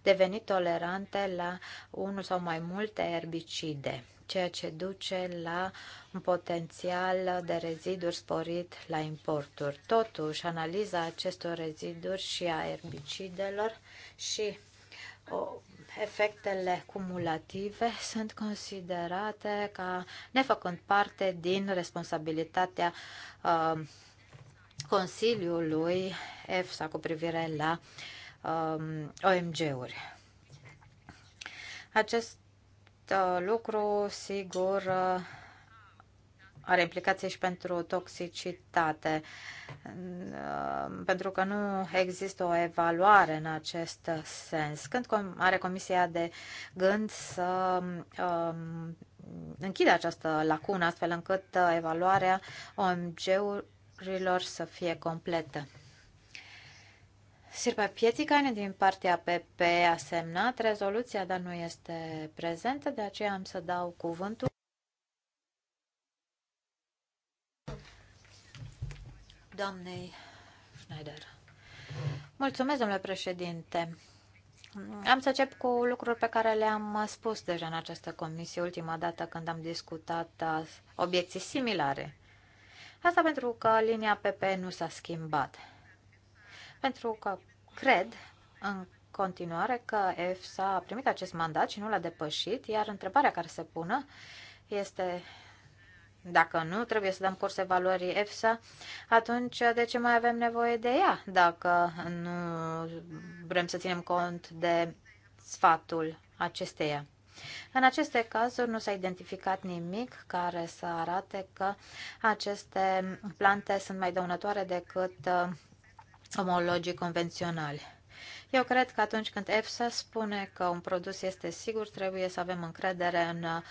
devenit tolerante la unul sau mai multe erbicide, ceea ce duce la un potențial de reziduri sporit la importuri. Totuși, analiza acestor reziduri și a erbicidelor și efectele cumulative sunt considerate ca nefăcând parte din responsabilitatea uh, Consiliului EFSA cu privire la um, OMG-uri. Acest uh, lucru, sigur, uh, are implicații și pentru toxicitate, pentru că nu există o evaluare în acest sens. Când are Comisia de gând să um, închide această lacună, astfel încât uh, evaluarea OMG-urilor să fie completă? Sirpa Pieticainen din partea PP a semnat rezoluția, dar nu este prezentă, de aceea am să dau cuvântul. doamnei Schneider. Mulțumesc, domnule președinte. Am să încep cu lucruri pe care le-am spus deja în această comisie ultima dată când am discutat uh, obiecții similare. Asta pentru că linia PP nu s-a schimbat. Pentru că cred în continuare că EFSA a primit acest mandat și nu l-a depășit, iar întrebarea care se pună este dacă nu, trebuie să dăm curs evaluării EFSA, atunci de ce mai avem nevoie de ea dacă nu vrem să ținem cont de sfatul acesteia? În aceste cazuri nu s-a identificat nimic care să arate că aceste plante sunt mai dăunătoare decât uh, omologii convenționali. Eu cred că atunci când EFSA spune că un produs este sigur, trebuie să avem încredere în uh,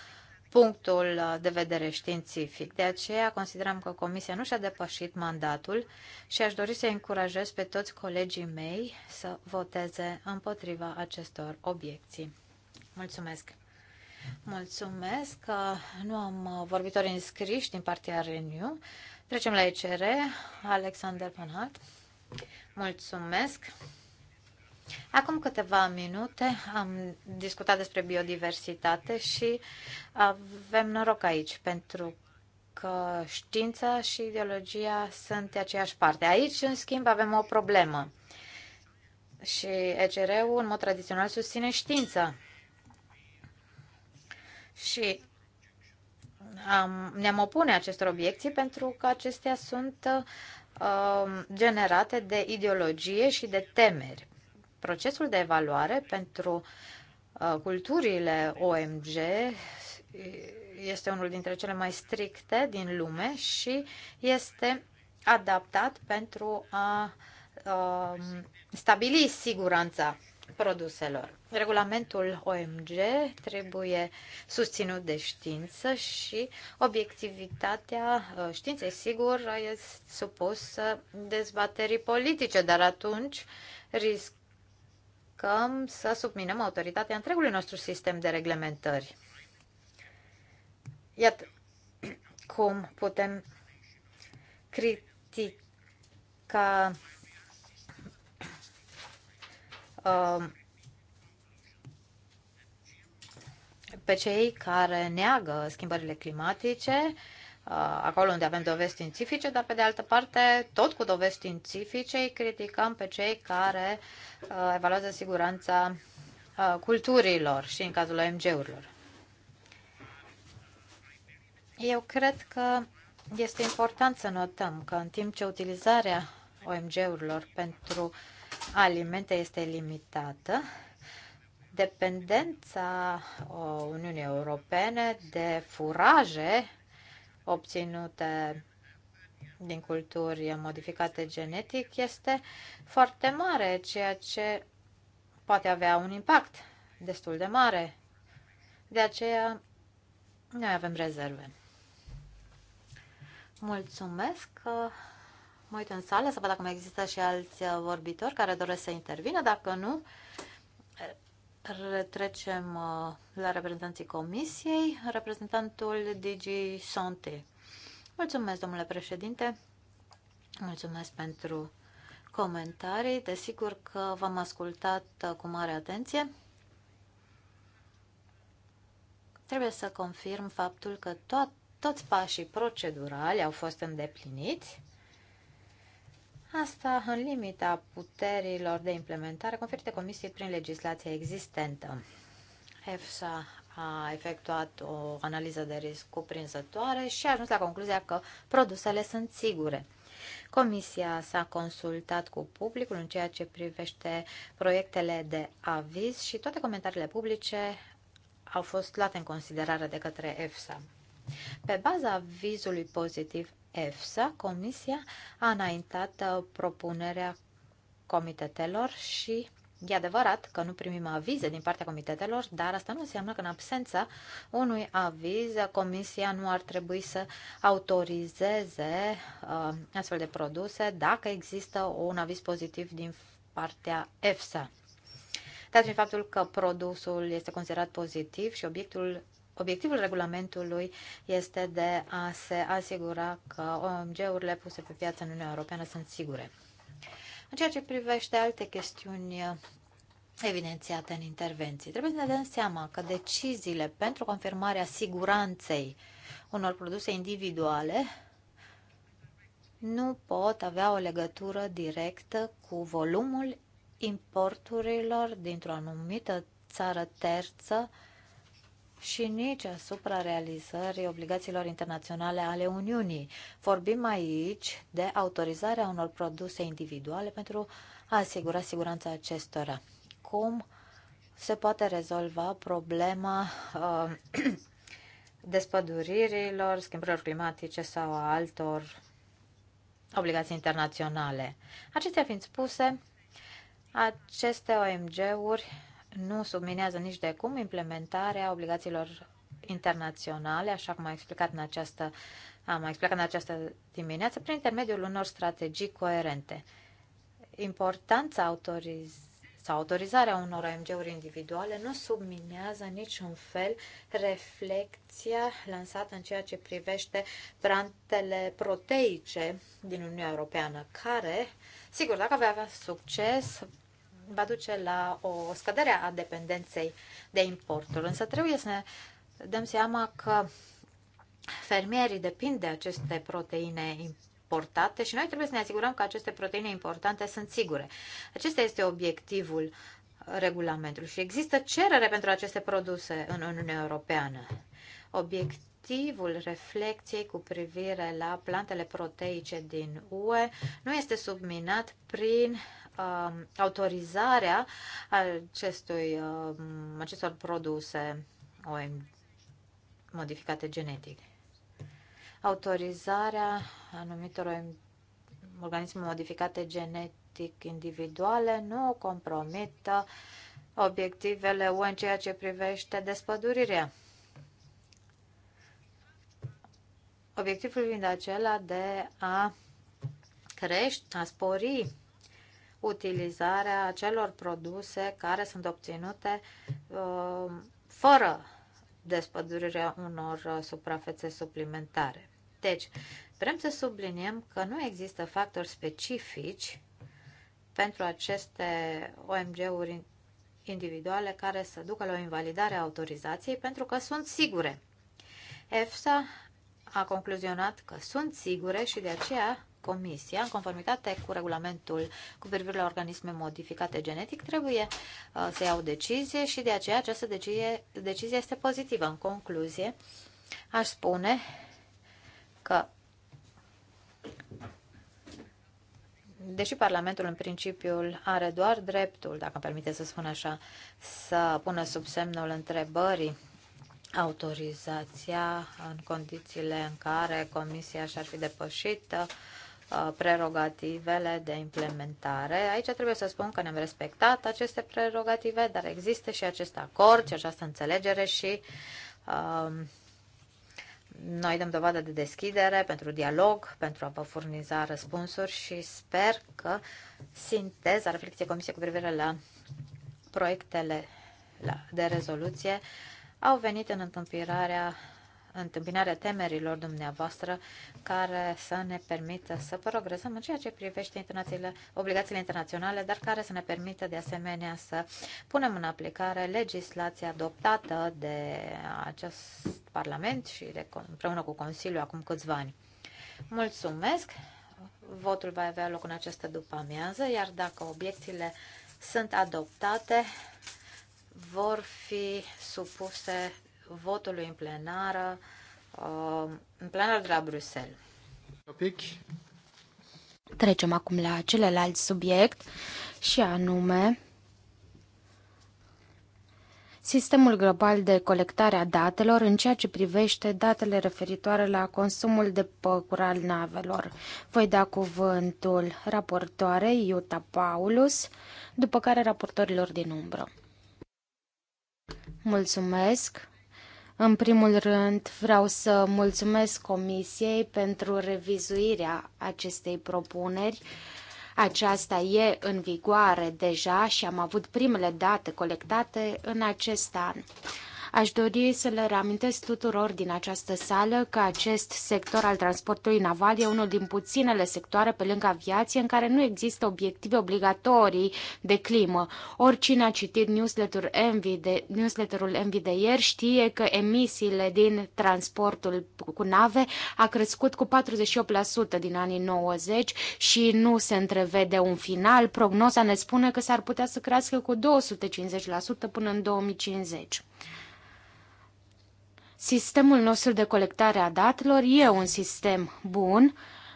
punctul uh, de vedere științific. De aceea considerăm că Comisia nu și-a depășit mandatul și aș dori să încurajez pe toți colegii mei să voteze împotriva acestor obiecții. Mulțumesc! Mulțumesc că nu am uh, vorbitori înscriși din partea Renew. Trecem la ECR. Alexander Panhart. Mulțumesc! Acum câteva minute am discutat despre biodiversitate și avem noroc aici, pentru că știința și ideologia sunt de aceeași parte. Aici, în schimb, avem o problemă. Și ECR-ul, în mod tradițional, susține știința. Și am, ne-am opune acestor obiecții pentru că acestea sunt uh, generate de ideologie și de temeri procesul de evaluare pentru uh, culturile OMG este unul dintre cele mai stricte din lume și este adaptat pentru a, um, stabili siguranța produselor. Regulamentul OMG trebuie susținut de știință și obiectivitatea uh, științei sigur este supusă dezbaterii politice, dar atunci risc încercăm să subminăm autoritatea întregului nostru sistem de reglementări. Iată cum putem critica um, pe cei care neagă schimbările climatice Uh, acolo unde avem dovezi științifice, dar pe de altă parte, tot cu dovezi științifice, îi criticăm pe cei care uh, evaluează siguranța uh, culturilor și în cazul OMG-urilor. Eu cred că este important să notăm că în timp ce utilizarea OMG-urilor pentru alimente este limitată, dependența Uniunii Europene de furaje obținute din culturi modificate genetic este foarte mare, ceea ce poate avea un impact destul de mare. De aceea, noi avem rezerve. Mulțumesc! Mă uit în sală să văd dacă mai există și alți vorbitori care doresc să intervină. Dacă nu, Retrecem uh, la reprezentanții comisiei, reprezentantul DG Sante. Mulțumesc, domnule președinte. Mulțumesc pentru comentarii. Desigur că v-am ascultat uh, cu mare atenție. Trebuie să confirm faptul că to- toți pașii procedurali au fost îndepliniți Asta în limita puterilor de implementare conferite Comisiei prin legislația existentă. EFSA a efectuat o analiză de risc cuprinzătoare și a ajuns la concluzia că produsele sunt sigure. Comisia s-a consultat cu publicul în ceea ce privește proiectele de aviz și toate comentariile publice au fost luate în considerare de către EFSA. Pe baza avizului pozitiv EFSA, Comisia a înaintat uh, propunerea comitetelor și e adevărat că nu primim avize din partea comitetelor, dar asta nu înseamnă că în absența unui aviz uh, Comisia nu ar trebui să autorizeze uh, astfel de produse dacă există un aviz pozitiv din partea EFSA. Dat fiind faptul că produsul este considerat pozitiv și obiectul obiectivul regulamentului este de a se asigura că OMG-urile puse pe piață în Uniunea Europeană sunt sigure. În ceea ce privește alte chestiuni uh, evidențiate în intervenții, trebuie să ne dăm seama că deciziile pentru confirmarea siguranței unor produse individuale nu pot avea o legătură directă cu volumul importurilor dintr-o anumită țară terță și nici asupra realizării obligațiilor internaționale ale Uniunii. Vorbim aici de autorizarea unor produse individuale pentru a asigura siguranța acestora. Cum se poate rezolva problema uh, despăduririlor, schimbărilor climatice sau a altor obligații internaționale. Acestea fiind spuse, aceste OMG-uri nu subminează nici de cum implementarea obligațiilor internaționale, așa cum am explicat în această, am explicat în această dimineață, prin intermediul unor strategii coerente. Importanța autoriz sau autorizarea unor OMG-uri individuale nu subminează niciun fel reflecția lansată în ceea ce privește plantele proteice din Uniunea Europeană, care, sigur, dacă vei avea succes, va duce la o scădere a dependenței de importuri. Însă trebuie să ne dăm seama că fermierii depind de aceste proteine importate și noi trebuie să ne asigurăm că aceste proteine importante sunt sigure. Acesta este obiectivul regulamentului și există cerere pentru aceste produse în Uniunea Europeană. Obiect motivul reflecției cu privire la plantele proteice din UE nu este subminat prin uh, autorizarea acestui, uh, acestor produse OM modificate genetic. Autorizarea anumitor organisme modificate genetic individuale nu compromită obiectivele UE în ceea ce privește despădurirea. Obiectivul fiind acela de a crește, a spori utilizarea acelor produse care sunt obținute uh, fără despădurirea unor uh, suprafețe suplimentare. Deci, vrem să subliniem că nu există factori specifici pentru aceste OMG-uri individuale care să ducă la o invalidare a autorizației pentru că sunt sigure. EFSA a concluzionat că sunt sigure și de aceea Comisia, în conformitate cu regulamentul cu privire la organisme modificate genetic, trebuie să uh, să iau decizie și de aceea această decizie, decizie este pozitivă. În concluzie, aș spune că deși Parlamentul în principiul are doar dreptul, dacă îmi permite să spun așa, să pună sub semnul întrebării autorizația în condițiile în care Comisia și-ar fi uh, Uh, prerogativele de implementare. Aici trebuie să spun că ne-am respectat aceste prerogative, dar există și acest acord și această înțelegere și um, noi dăm dovadă de deschidere pentru dialog, pentru a vă furniza răspunsuri și sper că sinteza reflecției Comisiei cu privire la proiectele de rezoluție au venit în întâmpirarea întâmpinarea temerilor dumneavoastră care să ne permită să progresăm în ceea ce privește obligațiile internaționale, dar care să ne permită de asemenea să punem în aplicare legislația adoptată de acest Parlament și de, împreună cu Consiliul acum câțiva ani. Mulțumesc! Votul va avea loc în această după-amiază, iar dacă obiecțiile sunt adoptate, vor fi supuse votului în plenară, uh, în plenară de la Bruxelles. Topic. Trecem acum la celălalt subiect și anume sistemul global de colectare a datelor în ceea ce privește datele referitoare la consumul de păcur al navelor. Voi da cuvântul raportoarei Iuta Paulus, după care raportorilor din umbră. Mulțumesc! În primul rând, vreau să mulțumesc Comisiei pentru revizuirea acestei propuneri. Aceasta e în vigoare deja și am avut primele date colectate în acest an. Aș dori să le reamintesc tuturor din această sală că acest sector al transportului naval e unul din puținele sectoare pe lângă aviație în care nu există obiective obligatorii de climă. Oricine a citit newsletter Envy de, newsletterul Envy de ieri știe că emisiile din transportul cu nave a crescut cu 48% din anii 90 și nu se întrevede un final. Prognoza ne spune că s-ar putea să crească cu 250% până în 2050. Sistemul nostru de colectare a datelor e un sistem bun,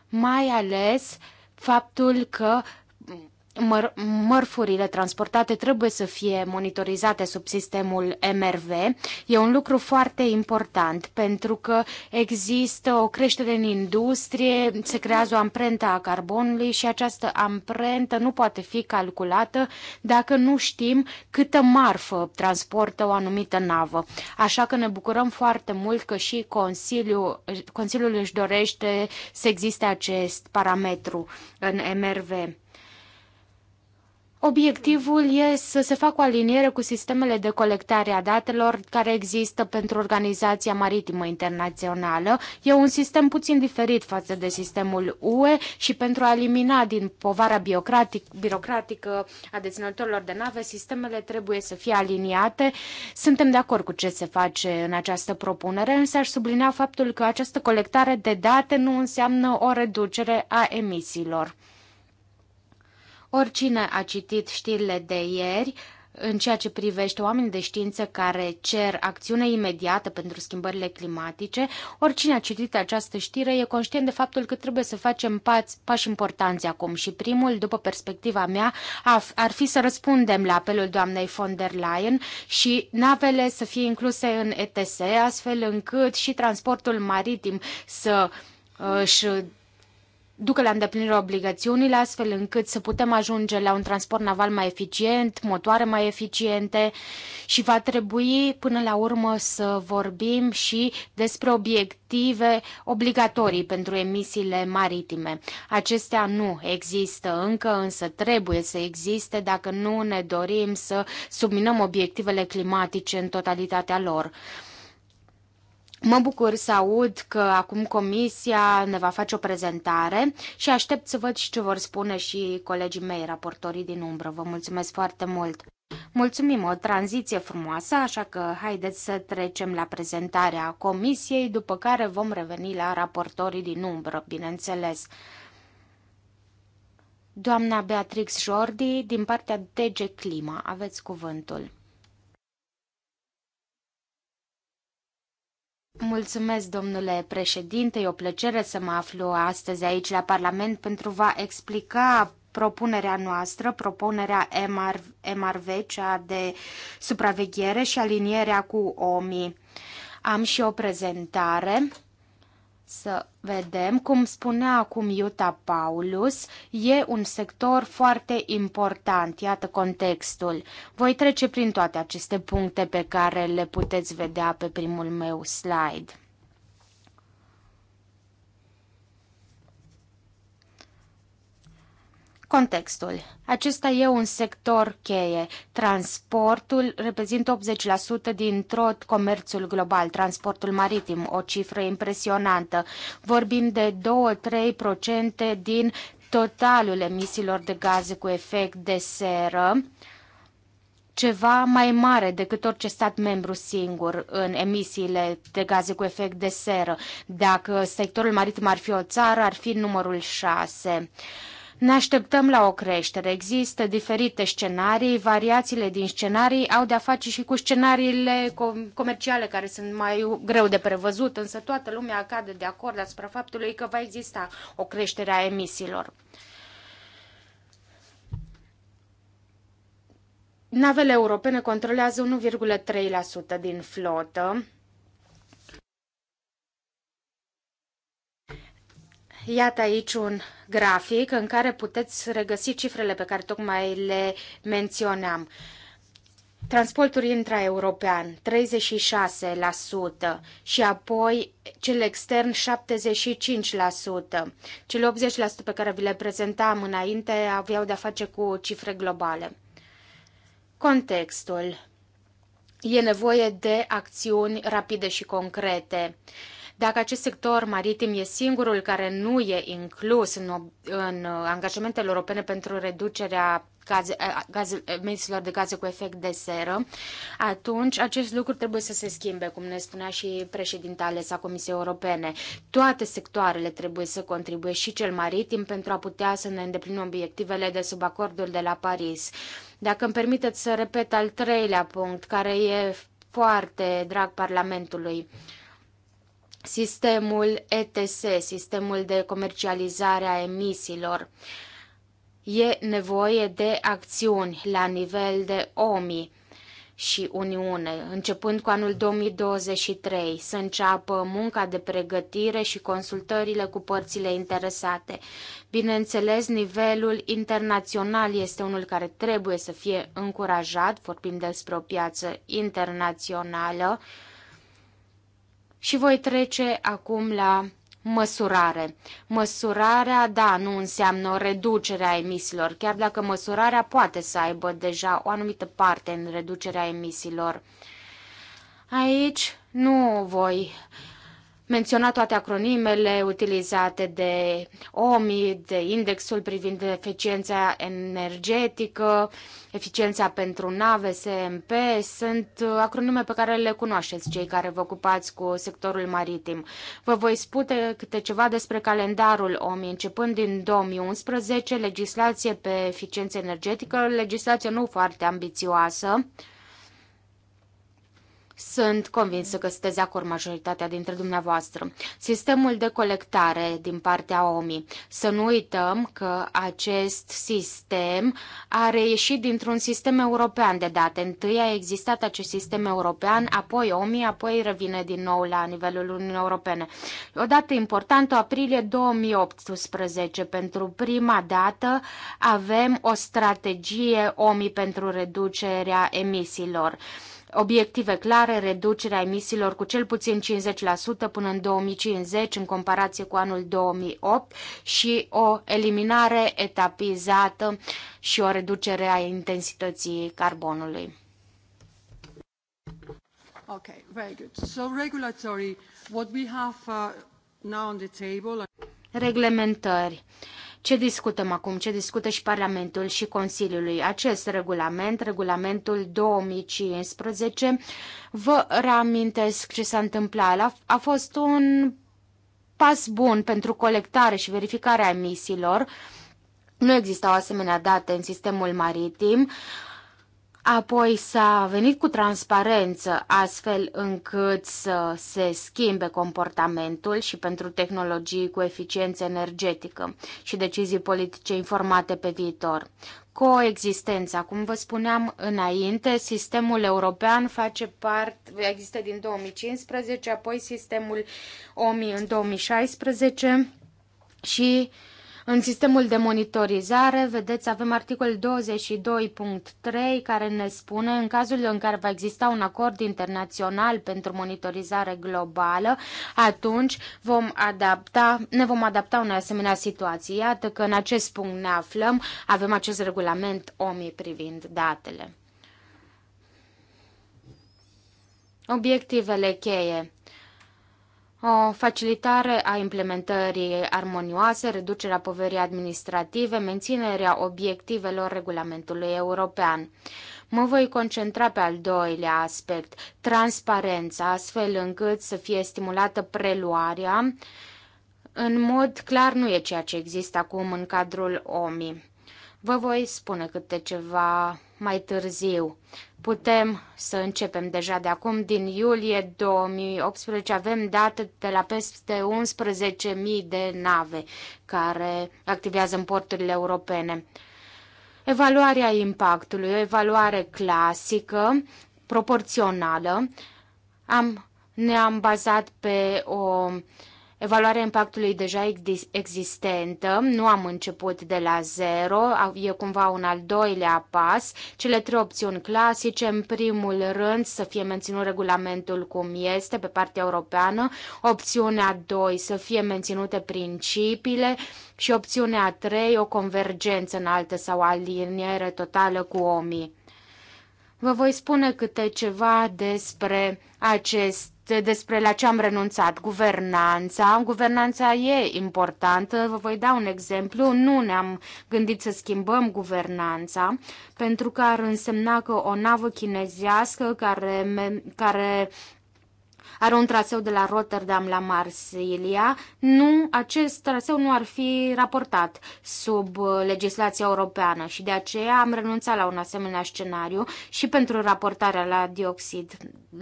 mai ales faptul că măr- mărfurile transportate trebuie să fie monitorizate sub sistemul MRV. E un lucru foarte important pentru că există o creștere în industrie, se creează o amprentă a carbonului și această amprentă nu poate fi calculată dacă nu știm câtă marfă transportă o anumită navă. Așa că ne bucurăm foarte mult că și Consiliul, Consiliul își dorește să existe acest parametru în MRV. Obiectivul e să se facă o aliniere cu sistemele de colectare a datelor care există pentru Organizația Maritimă Internațională. E un sistem puțin diferit față de sistemul UE și pentru a elimina din povara birocratică a deținătorilor de nave, sistemele trebuie să fie aliniate. Suntem de acord cu ce se face în această propunere, însă aș sublinea faptul că această colectare de date nu înseamnă o reducere a emisiilor. Oricine a citit știrile de ieri, în ceea ce privește oamenii de știință care cer acțiune imediată pentru schimbările climatice, oricine a citit această știre e conștient de faptul că trebuie să facem pați, pași importanți acum și primul, după perspectiva mea, ar fi să răspundem la apelul doamnei von der Leyen și navele să fie incluse în ETS, astfel încât și transportul maritim să uh, își ducă la îndeplinirea obligațiunile, astfel încât să putem ajunge la un transport naval mai eficient, motoare mai eficiente și va trebui până la urmă să vorbim și despre obiective obligatorii pentru emisiile maritime. Acestea nu există încă, însă trebuie să existe dacă nu ne dorim să subminăm obiectivele climatice în totalitatea lor. Mă bucur să aud că acum comisia ne va face o prezentare și aștept să văd și ce vor spune și colegii mei, raportorii din umbră. Vă mulțumesc foarte mult! Mulțumim, o tranziție frumoasă, așa că haideți să trecem la prezentarea comisiei, după care vom reveni la raportorii din umbră, bineînțeles. Doamna Beatrix Jordi, din partea DG Clima, aveți cuvântul. Mulțumesc, domnule președinte, e o plăcere să mă aflu astăzi aici la Parlament pentru a explica propunerea noastră, propunerea MR, MRV, cea de supraveghere și alinierea cu OMI. Am și o prezentare să vedem, cum spunea acum Iuta Paulus, e un sector foarte important, iată contextul. Voi trece prin toate aceste puncte pe care le puteți vedea pe primul meu slide. Contextul. Acesta e un sector cheie. Transportul reprezintă 80% din tot comerțul global, transportul maritim, o cifră impresionantă. Vorbim de 2-3% din totalul emisiilor de gaze cu efect de seră ceva mai mare decât orice stat membru singur în emisiile de gaze cu efect de seră. Dacă sectorul maritim ar fi o țară, ar fi numărul 6. Ne așteptăm la o creștere. Există diferite scenarii, variațiile din scenarii au de-a face și cu scenariile comerciale care sunt mai greu de prevăzut, însă toată lumea cade de acord asupra faptului că va exista o creștere a emisiilor. Navele europene controlează 1,3% din flotă Iată aici un grafic în care puteți regăsi cifrele pe care tocmai le menționam. Transportul intraeuropean 36% și apoi cel extern 75%. Cele 80% pe care vi le prezentam înainte aveau de-a face cu cifre globale. Contextul. E nevoie de acțiuni rapide și concrete. Dacă acest sector maritim e singurul care nu e inclus în, în uh, angajamentele europene pentru reducerea gaze, uh, gaze, emisiilor de gaze cu efect de seră, atunci acest lucru trebuie să se schimbe, cum ne spunea și președinta a Comisiei Europene. Toate sectoarele trebuie să contribuie și cel maritim pentru a putea să ne îndeplinim obiectivele de sub acordul de la Paris. Dacă îmi permiteți să repet al treilea punct, care e foarte drag Parlamentului. Uh, sistemul ETS, sistemul de comercializare a emisiilor. E nevoie de acțiuni la nivel de OMI și Uniune, începând cu anul 2023, să înceapă munca de pregătire și consultările cu părțile interesate. Bineînțeles, nivelul internațional este unul care trebuie să fie încurajat, vorbim despre o piață internațională, și voi trece acum la măsurare. Măsurarea, da, nu înseamnă o reducere a emisiilor, chiar dacă măsurarea poate să aibă deja o anumită parte în reducerea emisiilor. Aici nu voi menționa toate acronimele utilizate de OMI, de indexul privind eficiența energetică, eficiența pentru nave, SMP, sunt acronime pe care le cunoașteți cei care vă ocupați cu sectorul maritim. Vă voi spune câte ceva despre calendarul OMI, începând din 2011, legislație pe eficiență energetică, legislație nu foarte ambițioasă, sunt convinsă că sunteți de acord majoritatea dintre dumneavoastră. Sistemul de colectare din partea OMI. Să nu uităm că acest sistem a reieșit dintr-un sistem european de date. Întâi a existat acest sistem european, apoi OMI, apoi revine din nou la nivelul Uniunii Europene. O dată importantă, aprilie 2018, pentru prima dată avem o strategie OMI pentru reducerea emisiilor. Obiective clare, reducerea emisiilor cu cel puțin 50% până în 2050 în comparație cu anul 2008 și o eliminare etapizată și o reducere a intensității carbonului. Okay, very good. So regulatory, what we have uh, now on the table. Reglementări. Uh, ce discutăm acum? Ce discută și Parlamentul și Consiliului? Acest regulament, regulamentul 2015, vă reamintesc ce s-a întâmplat. A fost un pas bun pentru colectare și verificarea emisiilor. Nu existau asemenea date în sistemul maritim. Uh, Apoi s-a venit cu transparență astfel încât să se schimbe comportamentul și pentru tehnologii cu eficiență energetică și decizii politice informate pe viitor. Coexistența, cum vă spuneam înainte, sistemul european face parte, există din 2015, apoi sistemul OMI în 2016 și în sistemul de monitorizare, vedeți, avem articolul 22.3 care ne spune în cazul în care va exista un acord internațional pentru monitorizare globală, atunci vom adapta, ne vom adapta unei asemenea situații. Iată că în acest punct ne aflăm, avem acest regulament OMI privind datele. Obiectivele cheie o facilitare a implementării armonioase, reducerea poverii administrative, menținerea obiectivelor regulamentului european. Mă voi concentra pe al doilea aspect, transparența, astfel încât să fie stimulată preluarea. În mod clar nu e ceea ce există acum în cadrul OMI. Vă voi spune câte ceva mai târziu. Putem să începem deja de acum, din iulie 2018 avem date de la peste 11.000 de nave care activează în porturile europene. Evaluarea impactului, o evaluare clasică, proporțională. Am, ne-am bazat pe o uh, Evaluarea impactului deja existentă, nu am început de la zero, e cumva un al doilea pas. Cele trei opțiuni clasice, în primul rând să fie menținut regulamentul cum este pe partea europeană, opțiunea 2 să fie menținute principiile și opțiunea 3 o convergență înaltă sau aliniere totală cu omii. Vă voi spune câte ceva despre acest despre la ce am renunțat. Guvernanța. Guvernanța e importantă. Vă voi da un exemplu. Nu ne-am gândit să schimbăm guvernanța, pentru că ar însemna că o navă chinezească care, care are un traseu de la Rotterdam la Marsilia, nu, acest traseu nu ar fi raportat sub uh, legislația europeană și de aceea am renunțat la un asemenea scenariu și pentru raportarea la dioxid,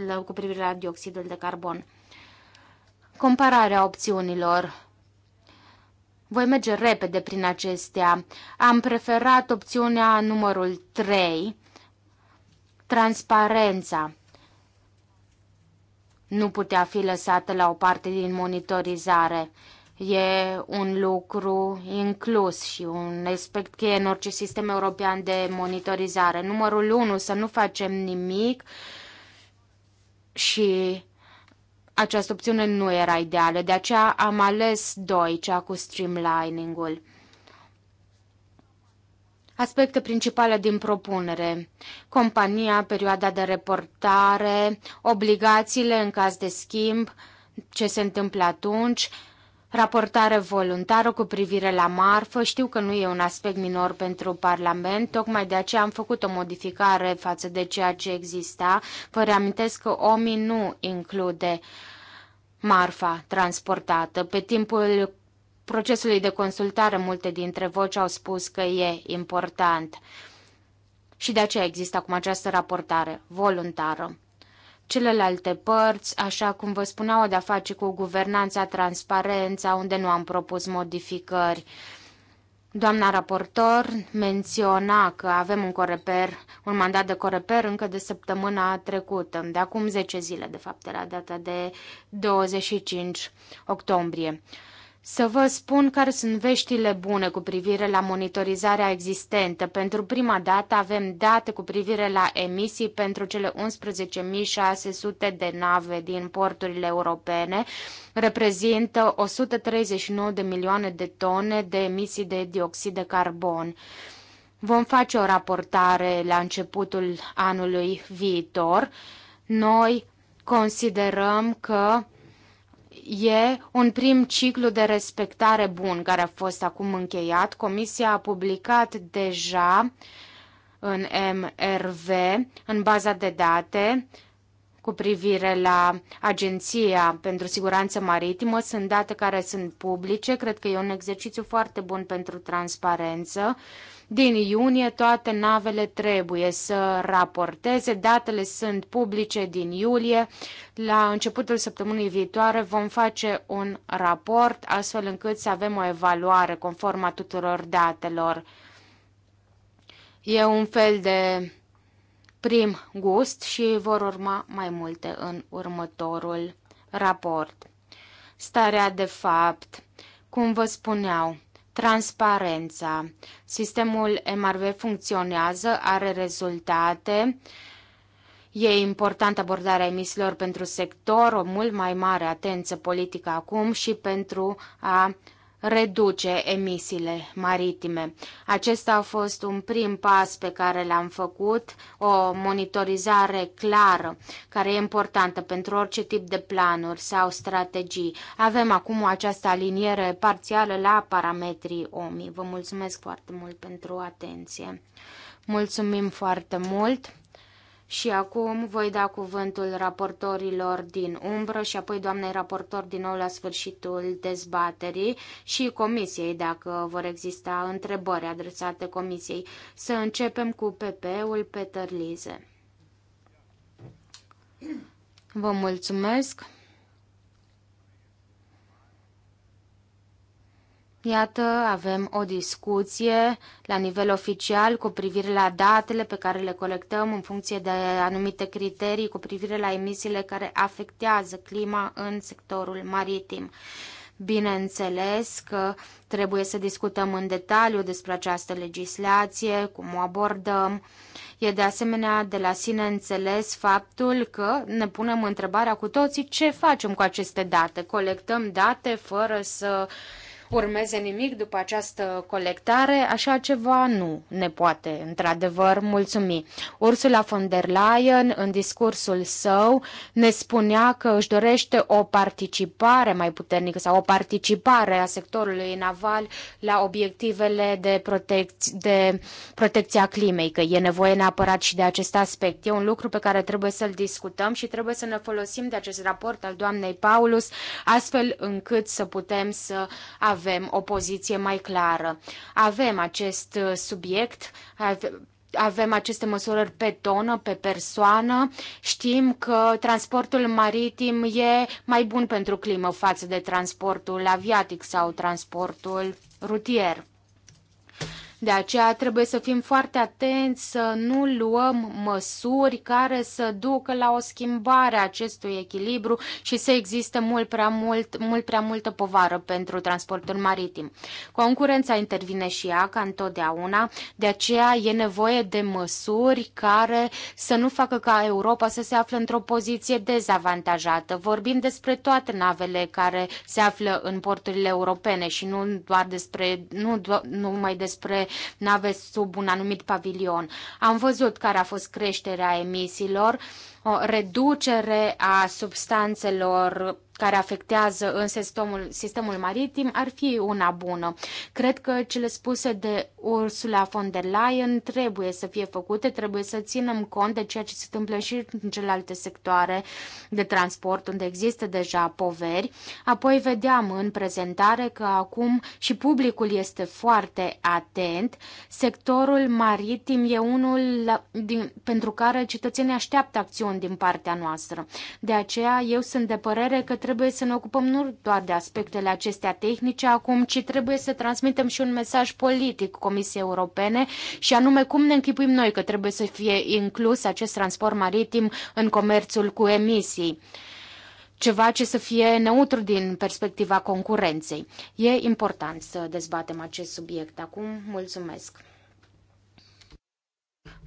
la, cu privire la dioxidul de carbon. Compararea opțiunilor voi merge repede prin acestea. Am preferat opțiunea numărul 3, transparența nu putea fi lăsată la o parte din monitorizare. E un lucru inclus și un aspect cheie în orice sistem european de monitorizare. Numărul 1, să nu facem nimic și această opțiune nu era ideală, de aceea am ales 2, cea cu streamlining-ul. Aspecte principale din propunere. Compania, perioada de reportare, obligațiile în caz de schimb, ce se întâmplă atunci, Raportare voluntară cu privire la marfă, știu că nu e un aspect minor pentru Parlament, tocmai de aceea am făcut o modificare față de ceea ce exista. Vă reamintesc că OMI nu include marfa transportată. Pe timpul procesului de consultare multe dintre voci au spus că e important și de aceea există acum această raportare voluntară. Celelalte părți, așa cum vă spuneau, au de-a face cu guvernanța, transparența, unde nu am propus modificări. Doamna raportor menționa că avem un coreper, un mandat de coreper încă de săptămâna trecută, de acum 10 zile, de fapt, de la data de 25 octombrie să vă spun care sunt veștile bune cu privire la monitorizarea existentă. Pentru prima dată avem date cu privire la emisii pentru cele 11.600 de nave din porturile europene. Reprezintă 139 de milioane de tone de emisii de dioxid de carbon. Vom face o raportare la începutul anului viitor. Noi considerăm că E un prim ciclu de respectare bun care a fost acum încheiat. Comisia a publicat deja în MRV, în baza de date, cu privire la Agenția pentru Siguranță Maritimă. Sunt date care sunt publice. Cred că e un exercițiu foarte bun pentru transparență. Uh, din iunie toate navele trebuie să raporteze, datele sunt publice din iulie. La începutul săptămânii viitoare vom face un raport astfel încât să avem o evaluare conform a tuturor datelor. E un fel de prim gust și vor urma mai multe în următorul raport. Starea de fapt, cum vă spuneau, transparența. Sistemul MRV funcționează, are rezultate, E importantă abordarea emisiilor pentru sector, o mult mai mare atenție politică acum și pentru a reduce emisiile maritime. Acesta a fost un prim pas pe care l-am făcut, o monitorizare clară, care e importantă pentru orice tip de planuri sau strategii. Avem acum această aliniere parțială la parametrii OMI. Vă mulțumesc foarte mult pentru atenție. Mulțumim foarte mult! Și acum voi da cuvântul raportorilor din umbră și apoi doamnei raportor din nou la sfârșitul dezbaterii și comisiei, dacă vor exista întrebări adresate comisiei. Să începem cu PP-ul Peter Lize. Vă mulțumesc! Iată, avem o discuție la nivel oficial cu privire la datele pe care le colectăm în funcție de anumite criterii cu privire la emisiile care afectează clima în sectorul maritim. Bineînțeles că trebuie să discutăm în detaliu despre această legislație, cum o abordăm. E de asemenea de la sine înțeles faptul că ne punem întrebarea cu toții ce facem cu aceste date. Colectăm date fără să uh, urmeze nimic după această colectare, așa ceva nu ne poate, într-adevăr, mulțumi. Ursula von der Leyen, în discursul său, ne spunea că își dorește o participare mai puternică sau o participare a sectorului naval la obiectivele de, protec- de protecția climei, că e nevoie neapărat și de acest aspect. E un lucru pe care trebuie să-l discutăm și trebuie să ne folosim de acest raport al doamnei Paulus, astfel încât să putem să avem avem o poziție mai clară. Avem acest uh, subiect, avem aceste măsurări pe tonă, pe persoană. Știm că transportul maritim e mai bun pentru climă față de transportul aviatic sau transportul rutier. De aceea trebuie să fim foarte atenți să nu luăm măsuri care să ducă la o schimbare a acestui echilibru și să existe mult prea, mult, mult prea multă povară pentru transportul maritim. Concurența intervine și ea, ca întotdeauna, de aceea e nevoie de măsuri care să nu facă ca Europa să se afle într-o poziție dezavantajată. Vorbim despre toate navele care se află în porturile europene și nu doar despre, nu, do- numai despre nave sub un anumit pavilion. Am văzut care a fost creșterea emisiilor, o reducere a substanțelor care afectează însă sistemul, sistemul maritim ar fi una bună. Cred că cele spuse de Ursula von der Leyen trebuie să fie făcute, trebuie să ținem cont de ceea ce se întâmplă și în celelalte sectoare de transport unde există deja poveri. Apoi vedeam în prezentare că acum și publicul este foarte atent. Sectorul maritim e unul la, din, pentru care cetățenii așteaptă acțiuni din partea noastră. De aceea eu sunt de părere că trebuie să ne ocupăm nu doar de aspectele acestea tehnice acum, ci trebuie să transmitem și un mesaj politic Comisiei Europene și anume cum ne închipuim noi că trebuie să fie inclus acest transport maritim în comerțul cu emisii ceva ce să fie neutru din perspectiva concurenței. E important să dezbatem acest subiect acum. Mulțumesc!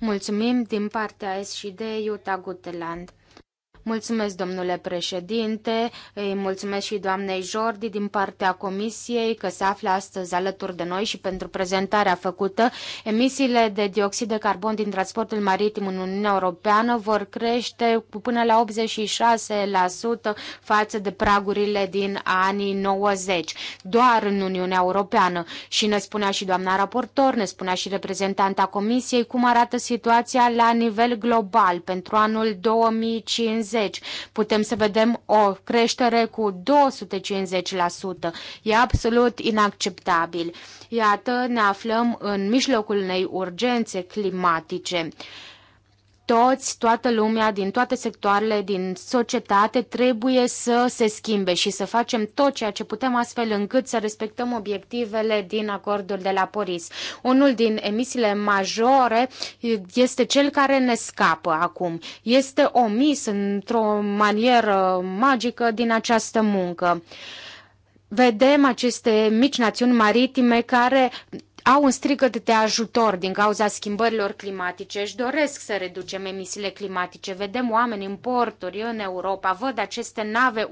Mulțumim din partea S și de Iuta Guteland. Mulțumesc, domnule președinte, îi mulțumesc și doamnei Jordi din partea Comisiei că se află astăzi alături de noi și pentru prezentarea făcută. Emisiile de dioxid de carbon din transportul maritim în Uniunea Europeană vor crește cu până la 86% față de pragurile din anii 90, doar în Uniunea Europeană. Și ne spunea și doamna raportor, ne spunea și reprezentanta Comisiei cum arată situația la nivel global pentru anul 2050. 2030. Putem să vedem o creștere cu 250%. E absolut inacceptabil. Iată, ne aflăm în mijlocul unei urgențe climatice toți, toată lumea, din toate sectoarele, din societate, trebuie să se schimbe și să facem tot ceea ce putem astfel încât să respectăm obiectivele din acordul de la Paris. Unul din emisiile majore este cel care ne scapă acum. Este omis într-o manieră magică din această muncă vedem aceste mici națiuni maritime care au un strigăt de ajutor din cauza schimbărilor climatice, își doresc să reducem emisiile climatice. Vedem oameni în porturi în Europa, văd aceste nave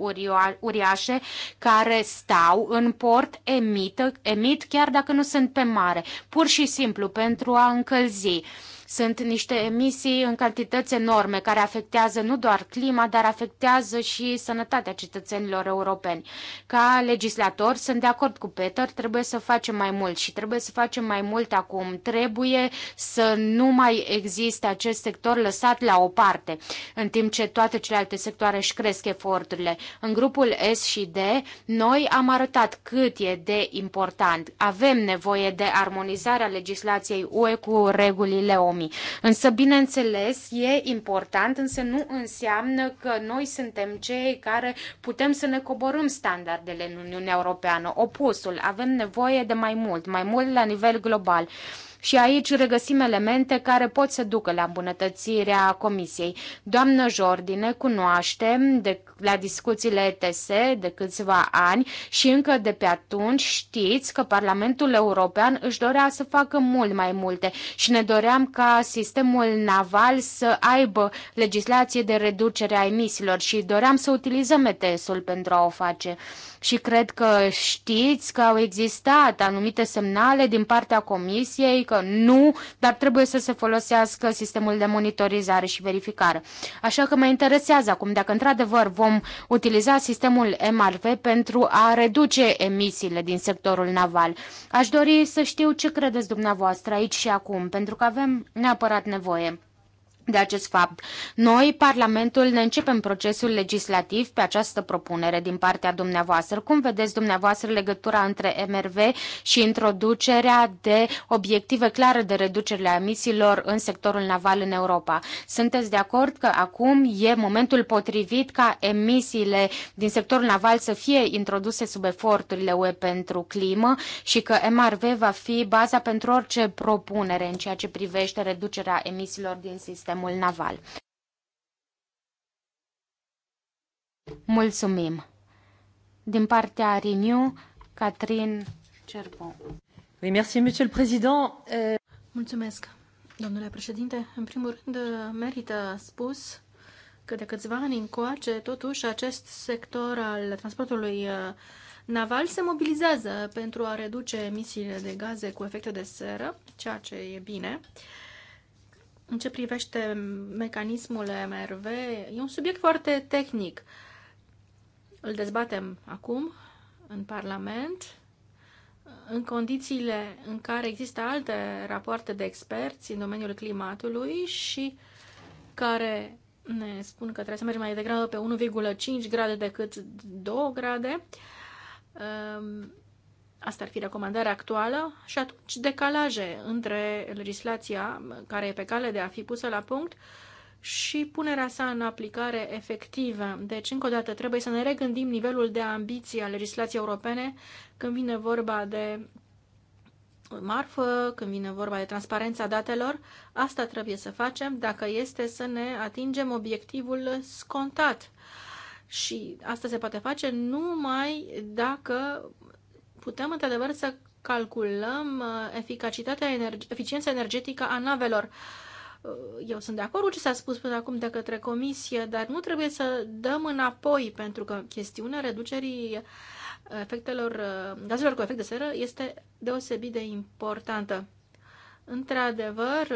uriașe care stau în port, emită, emit chiar dacă nu sunt pe mare, pur și simplu pentru a încălzi. Sunt niște emisii în cantități enorme care afectează nu doar clima, dar afectează și sănătatea cetățenilor europeni. Ca legislator sunt de acord cu Peter, trebuie să facem mai mult și trebuie să facem mai mult acum. Trebuie să nu mai existe acest sector lăsat la o parte, în timp ce toate celelalte sectoare își cresc eforturile. În grupul S și D, noi am arătat cât e de important. Avem nevoie de armonizarea legislației UE cu regulile OMC economii. Însă, bineînțeles, e important, însă nu înseamnă că noi suntem cei care putem să ne coborâm standardele în Uniunea Europeană. Opusul, avem nevoie de mai mult, mai mult la nivel global. Și aici regăsim elemente care pot să ducă la îmbunătățirea comisiei. Doamnă Jordi, ne cunoaștem de, la discuțiile ETS de câțiva ani și încă de pe atunci știți că Parlamentul European își dorea să facă mult mai multe și ne doream ca sistemul naval să aibă legislație de reducere a emisiilor și doream să utilizăm ETS-ul pentru a o face și cred că știți că au existat anumite semnale din partea comisiei că nu, dar trebuie să se folosească sistemul de monitorizare și verificare. Așa că mă interesează acum dacă într-adevăr vom utiliza sistemul MRV pentru a reduce emisiile din sectorul naval. Aș dori să știu ce credeți dumneavoastră aici și acum, pentru că avem neapărat nevoie de acest fapt. Noi, Parlamentul, ne începem procesul legislativ pe această propunere din partea dumneavoastră. Cum vedeți dumneavoastră legătura între MRV și introducerea de obiective clare de reducere a emisiilor în sectorul naval în Europa? Sunteți de acord că acum e momentul potrivit ca emisiile din sectorul naval să fie introduse sub eforturile UE pentru climă și că MRV va fi baza pentru orice propunere în ceea ce privește reducerea emisiilor din sistem? sistemul naval. Mulțumim! Din partea Renew, Catherine Cerbo. Oui, merci, monsieur le président. Euh, Mulțumesc, domnule președinte. În primul rând, merită spus că de câțiva ani încoace, totuși, acest sector al transportului uh, naval se mobilizează pentru a reduce emisiile de gaze cu efecte de seră, ceea ce e bine. Uh, în ce privește mecanismul MRV, e un subiect foarte tehnic. Îl dezbatem acum în Parlament, în condițiile în care există alte rapoarte de experți în domeniul climatului și care ne spun că trebuie să mergem mai degrabă pe 1,5 grade decât 2 grade. Ehm, Asta ar fi recomandarea actuală și atunci decalaje între legislația care e pe cale de a fi pusă la punct și punerea sa în aplicare efectivă. Deci, încă o dată, trebuie să ne regândim nivelul de ambiție a legislației europene când vine vorba de marfă, când vine vorba de transparența datelor. Asta trebuie să facem dacă este să ne atingem obiectivul scontat. Și asta se poate face numai dacă putem într-adevăr să calculăm uh, eficacitatea, energe- eficiența energetică a navelor. Uh, eu sunt de acord cu ce s-a spus până acum de către comisie, dar nu trebuie să dăm înapoi, pentru că chestiunea reducerii efectelor, uh, gazelor cu efect de seră este deosebit de importantă. Într-adevăr,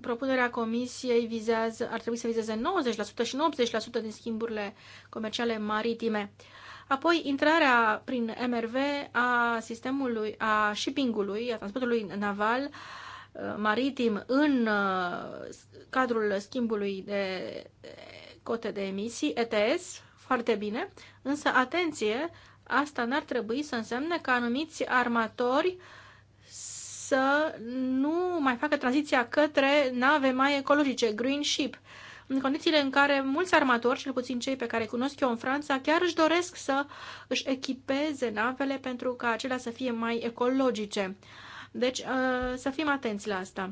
propunerea Comisiei vizează, ar trebui să vizeze 90% și 80% din schimburile comerciale maritime. Apoi, intrarea prin MRV a sistemului, a shippingului, a transportului naval uh, maritim în uh, cadrul schimbului de cote de emisii, ETS, foarte bine, însă atenție, asta n-ar trebui să însemne că anumiți armatori uh, să nu mai facă tranziția către nave mai ecologice, green ship, în condițiile în care mulți armatori, cel puțin cei pe care cunosc eu în Franța, chiar își doresc să își echipeze navele pentru ca acelea să fie mai ecologice. Deci uh, să fim atenți la asta.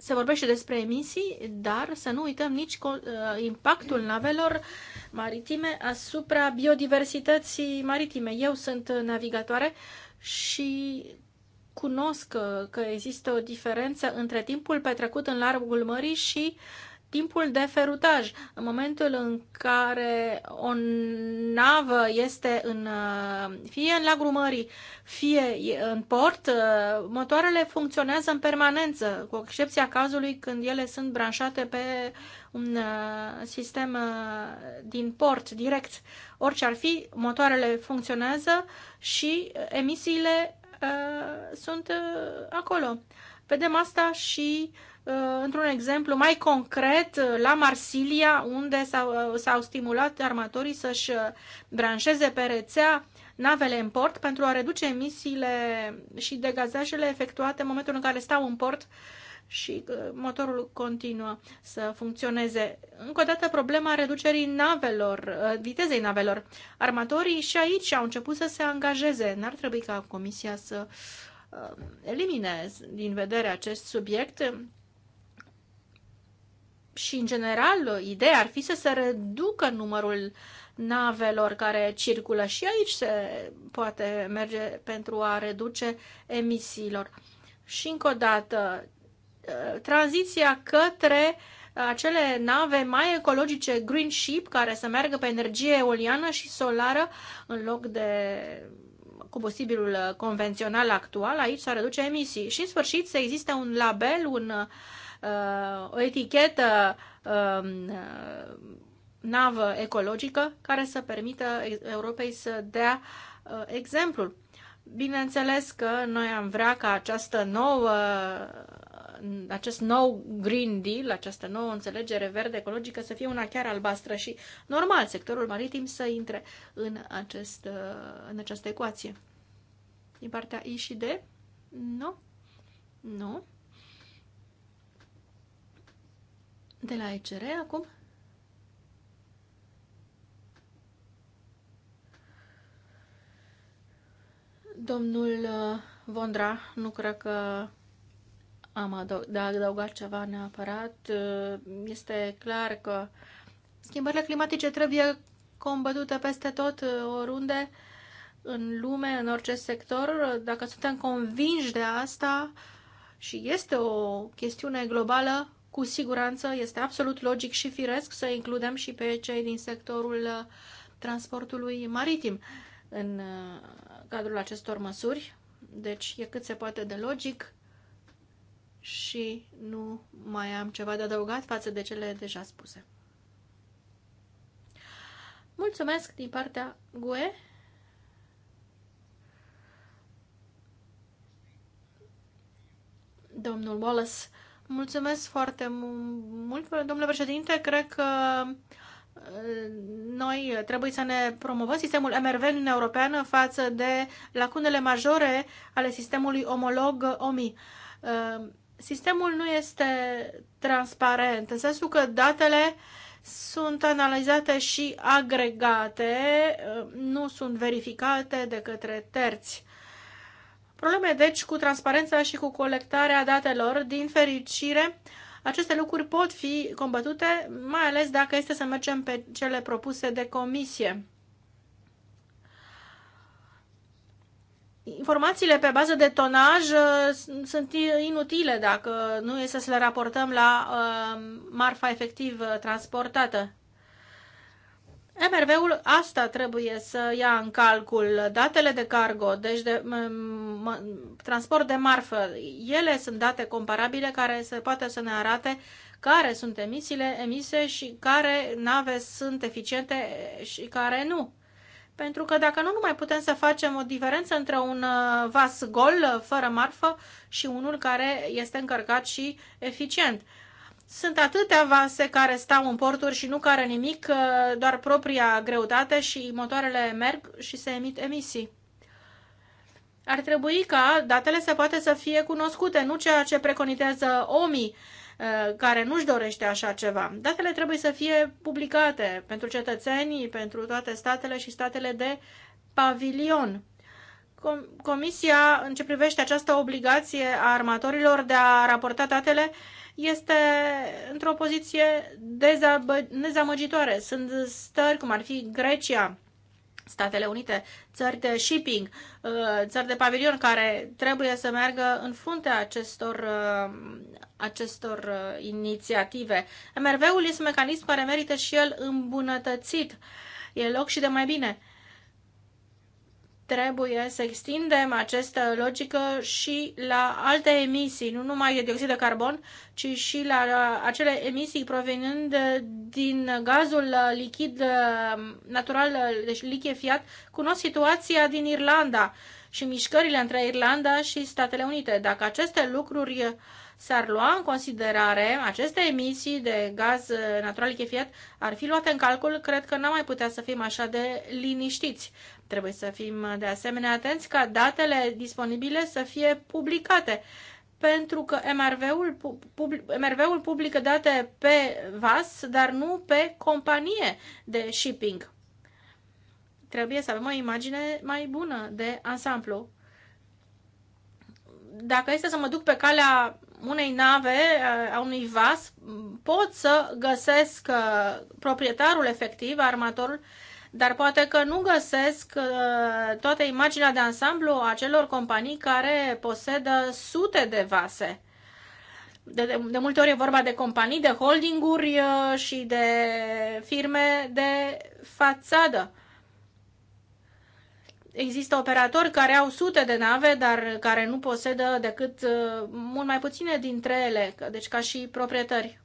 Se vorbește despre emisii, dar să nu uităm nici uh, impactul navelor maritime asupra biodiversității maritime. Eu sunt navigatoare și cunosc că există o diferență între timpul petrecut în largul mării și timpul de ferutaj. În momentul în care o navă este în, uh, fie în lagul mării, fie în port, uh, motoarele funcționează în permanență, cu excepția cazului când ele sunt branșate pe un uh, sistem din port direct. Orice ar fi, motoarele funcționează și emisiile Uh, sunt uh, acolo. Vedem asta și uh, într-un exemplu mai concret la Marsilia, unde s-au stimulat armatorii să-și branșeze pe rețea navele în port pentru a reduce emisiile și degazajele efectuate în momentul în care stau în port uh, și motorul continuă să funcționeze. Încă o dată problema reducerii navelor, uh, vitezei navelor. Armatorii și aici au început să se angajeze. N-ar trebui ca Comisia să uh, elimine din vedere acest subiect și, în general, ideea ar fi să se reducă numărul navelor care circulă și aici se poate merge pentru a reduce emisiilor. Și încă o dată, Uh, tranziția către uh, acele nave mai ecologice Green Ship care să meargă pe energie eoliană și solară în loc de combustibilul uh, convențional actual, aici s-ar reduce emisii. Și în sfârșit să existe un label, un, uh, o etichetă um, uh, navă ecologică care să permită Europei să dea uh, exemplul. Bineînțeles că noi am vrea ca această nouă acest nou Green Deal, această nouă înțelegere verde ecologică să fie una chiar albastră și normal sectorul maritim să intre în, acest, uh, în această ecuație. Din partea I și D? Nu? Nu? De la ECR acum? Domnul uh, Vondra nu cred că am de adăugat ceva neapărat. Uh, este clar că schimbările climatice trebuie combătute peste tot, uh, oriunde, în lume, în orice sector. Dacă suntem convinși de asta și este o chestiune globală, cu siguranță este absolut logic și firesc să includem și pe cei din sectorul uh, transportului maritim în cadrul acestor măsuri. Deci e cât se poate de logic și nu mai am ceva de adăugat față de cele deja spuse. Mulțumesc din partea GUE. Domnul Wallace, mulțumesc foarte mult, domnule președinte. Cred că uh, noi trebuie să ne promovăm sistemul MRV în Uniunea Europeană față de lacunele majore ale sistemului omolog OMI. Uh, sistemul nu este transparent, în sensul că datele sunt analizate și agregate, nu sunt verificate de către terți. Probleme, deci, cu transparența și cu colectarea datelor, din fericire, aceste lucruri pot fi combătute, mai ales dacă este să mergem pe cele propuse de comisie. informațiile pe bază de tonaj uh, sunt inutile dacă nu e să le raportăm la uh, marfa efectiv uh, transportată. MRV-ul asta trebuie să ia în calcul datele de cargo, deci de transport de marfă. Ele sunt date comparabile care se poate să ne arate care sunt emisiile emise și care nave sunt eficiente și care nu. Pentru că dacă nu, nu mai putem să facem o diferență între un uh, vas gol, uh, fără marfă, și unul care este încărcat și eficient. Sunt atâtea vase care stau în porturi și nu care nimic, uh, doar propria greutate și motoarele merg și se emit emisii. Ar trebui ca datele să poate să fie cunoscute, nu ceea ce preconizează OMI, Uh, care nu-și dorește așa ceva. Datele trebuie să fie publicate pentru cetățenii, pentru toate statele și statele de pavilion. Comisia, în ce privește această obligație a armatorilor de a raporta datele, este într-o poziție dezamăgitoare. Sunt stări, cum ar fi Grecia, Statele Unite, țări de shipping, uh, țări de pavilion care trebuie să meargă în fruntea acestor, uh, acestor uh, inițiative. MRV-ul este un mecanism care merită și el îmbunătățit. E loc și de mai bine trebuie să extindem această logică și la alte emisii, nu numai de dioxid de carbon, ci și la acele emisii provenind din gazul lichid um, natural, deci lichefiat. Cunosc situația din Irlanda și mișcările între Irlanda și Statele Unite. Dacă aceste lucruri uh, s-ar lua în considerare aceste emisii de gaz natural lichefiat, ar fi luate în calcul, cred că n-am mai putea să fim așa de liniștiți. Trebuie să fim de asemenea atenți ca datele disponibile să fie publicate pentru că MRV-ul, public, MRV-ul publică date pe VAS, dar nu pe companie de shipping. Trebuie să avem o imagine mai bună de ansamblu. Dacă este să mă duc pe calea unei nave, a unui vas, pot să găsesc proprietarul efectiv, armatorul, dar poate că nu găsesc toată imaginea de ansamblu a celor companii care posedă sute de vase. De, de, de multe ori e vorba de companii, de holdinguri și de firme de fațadă. Există operatori care au sute de nave, dar care nu posedă decât uh, mult mai puține dintre ele, deci ca și proprietări.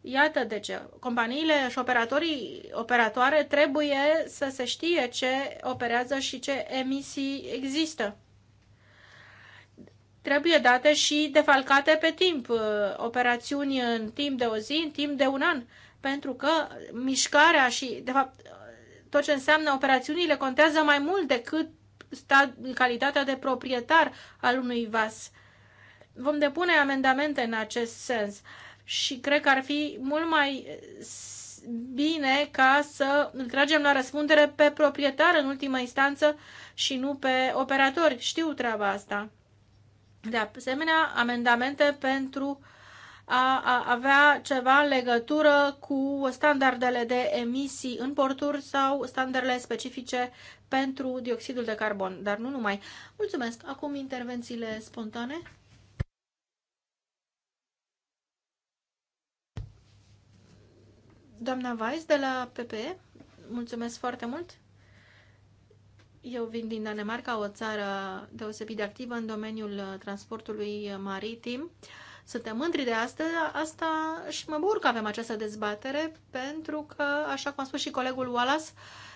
Iată de ce. Companiile și operatorii, operatoare trebuie să se știe ce operează și ce emisii există. Trebuie date și defalcate pe timp, uh, operațiuni în timp de o zi, în timp de un an, pentru că mișcarea și, de fapt, tot ce înseamnă operațiunile contează mai mult decât stat, calitatea de proprietar al unui vas. Vom depune amendamente în acest sens și cred că ar fi mult mai bine ca să îl tragem la răspundere pe proprietar în ultima instanță și nu pe operatori. Știu treaba asta. De asemenea, amendamente pentru uh, a avea ceva în legătură cu standardele de emisii în porturi sau standardele specifice pentru dioxidul de carbon, dar nu numai. Mulțumesc! Acum intervențiile spontane. Doamna Weiss de la PPE, mulțumesc foarte mult! Eu vin din Danemarca, o țară deosebit de activă în domeniul transportului maritim. Uh, suntem mândri de asta, asta și mă bucur că avem această dezbatere, pentru că, așa cum a spus și colegul Wallace,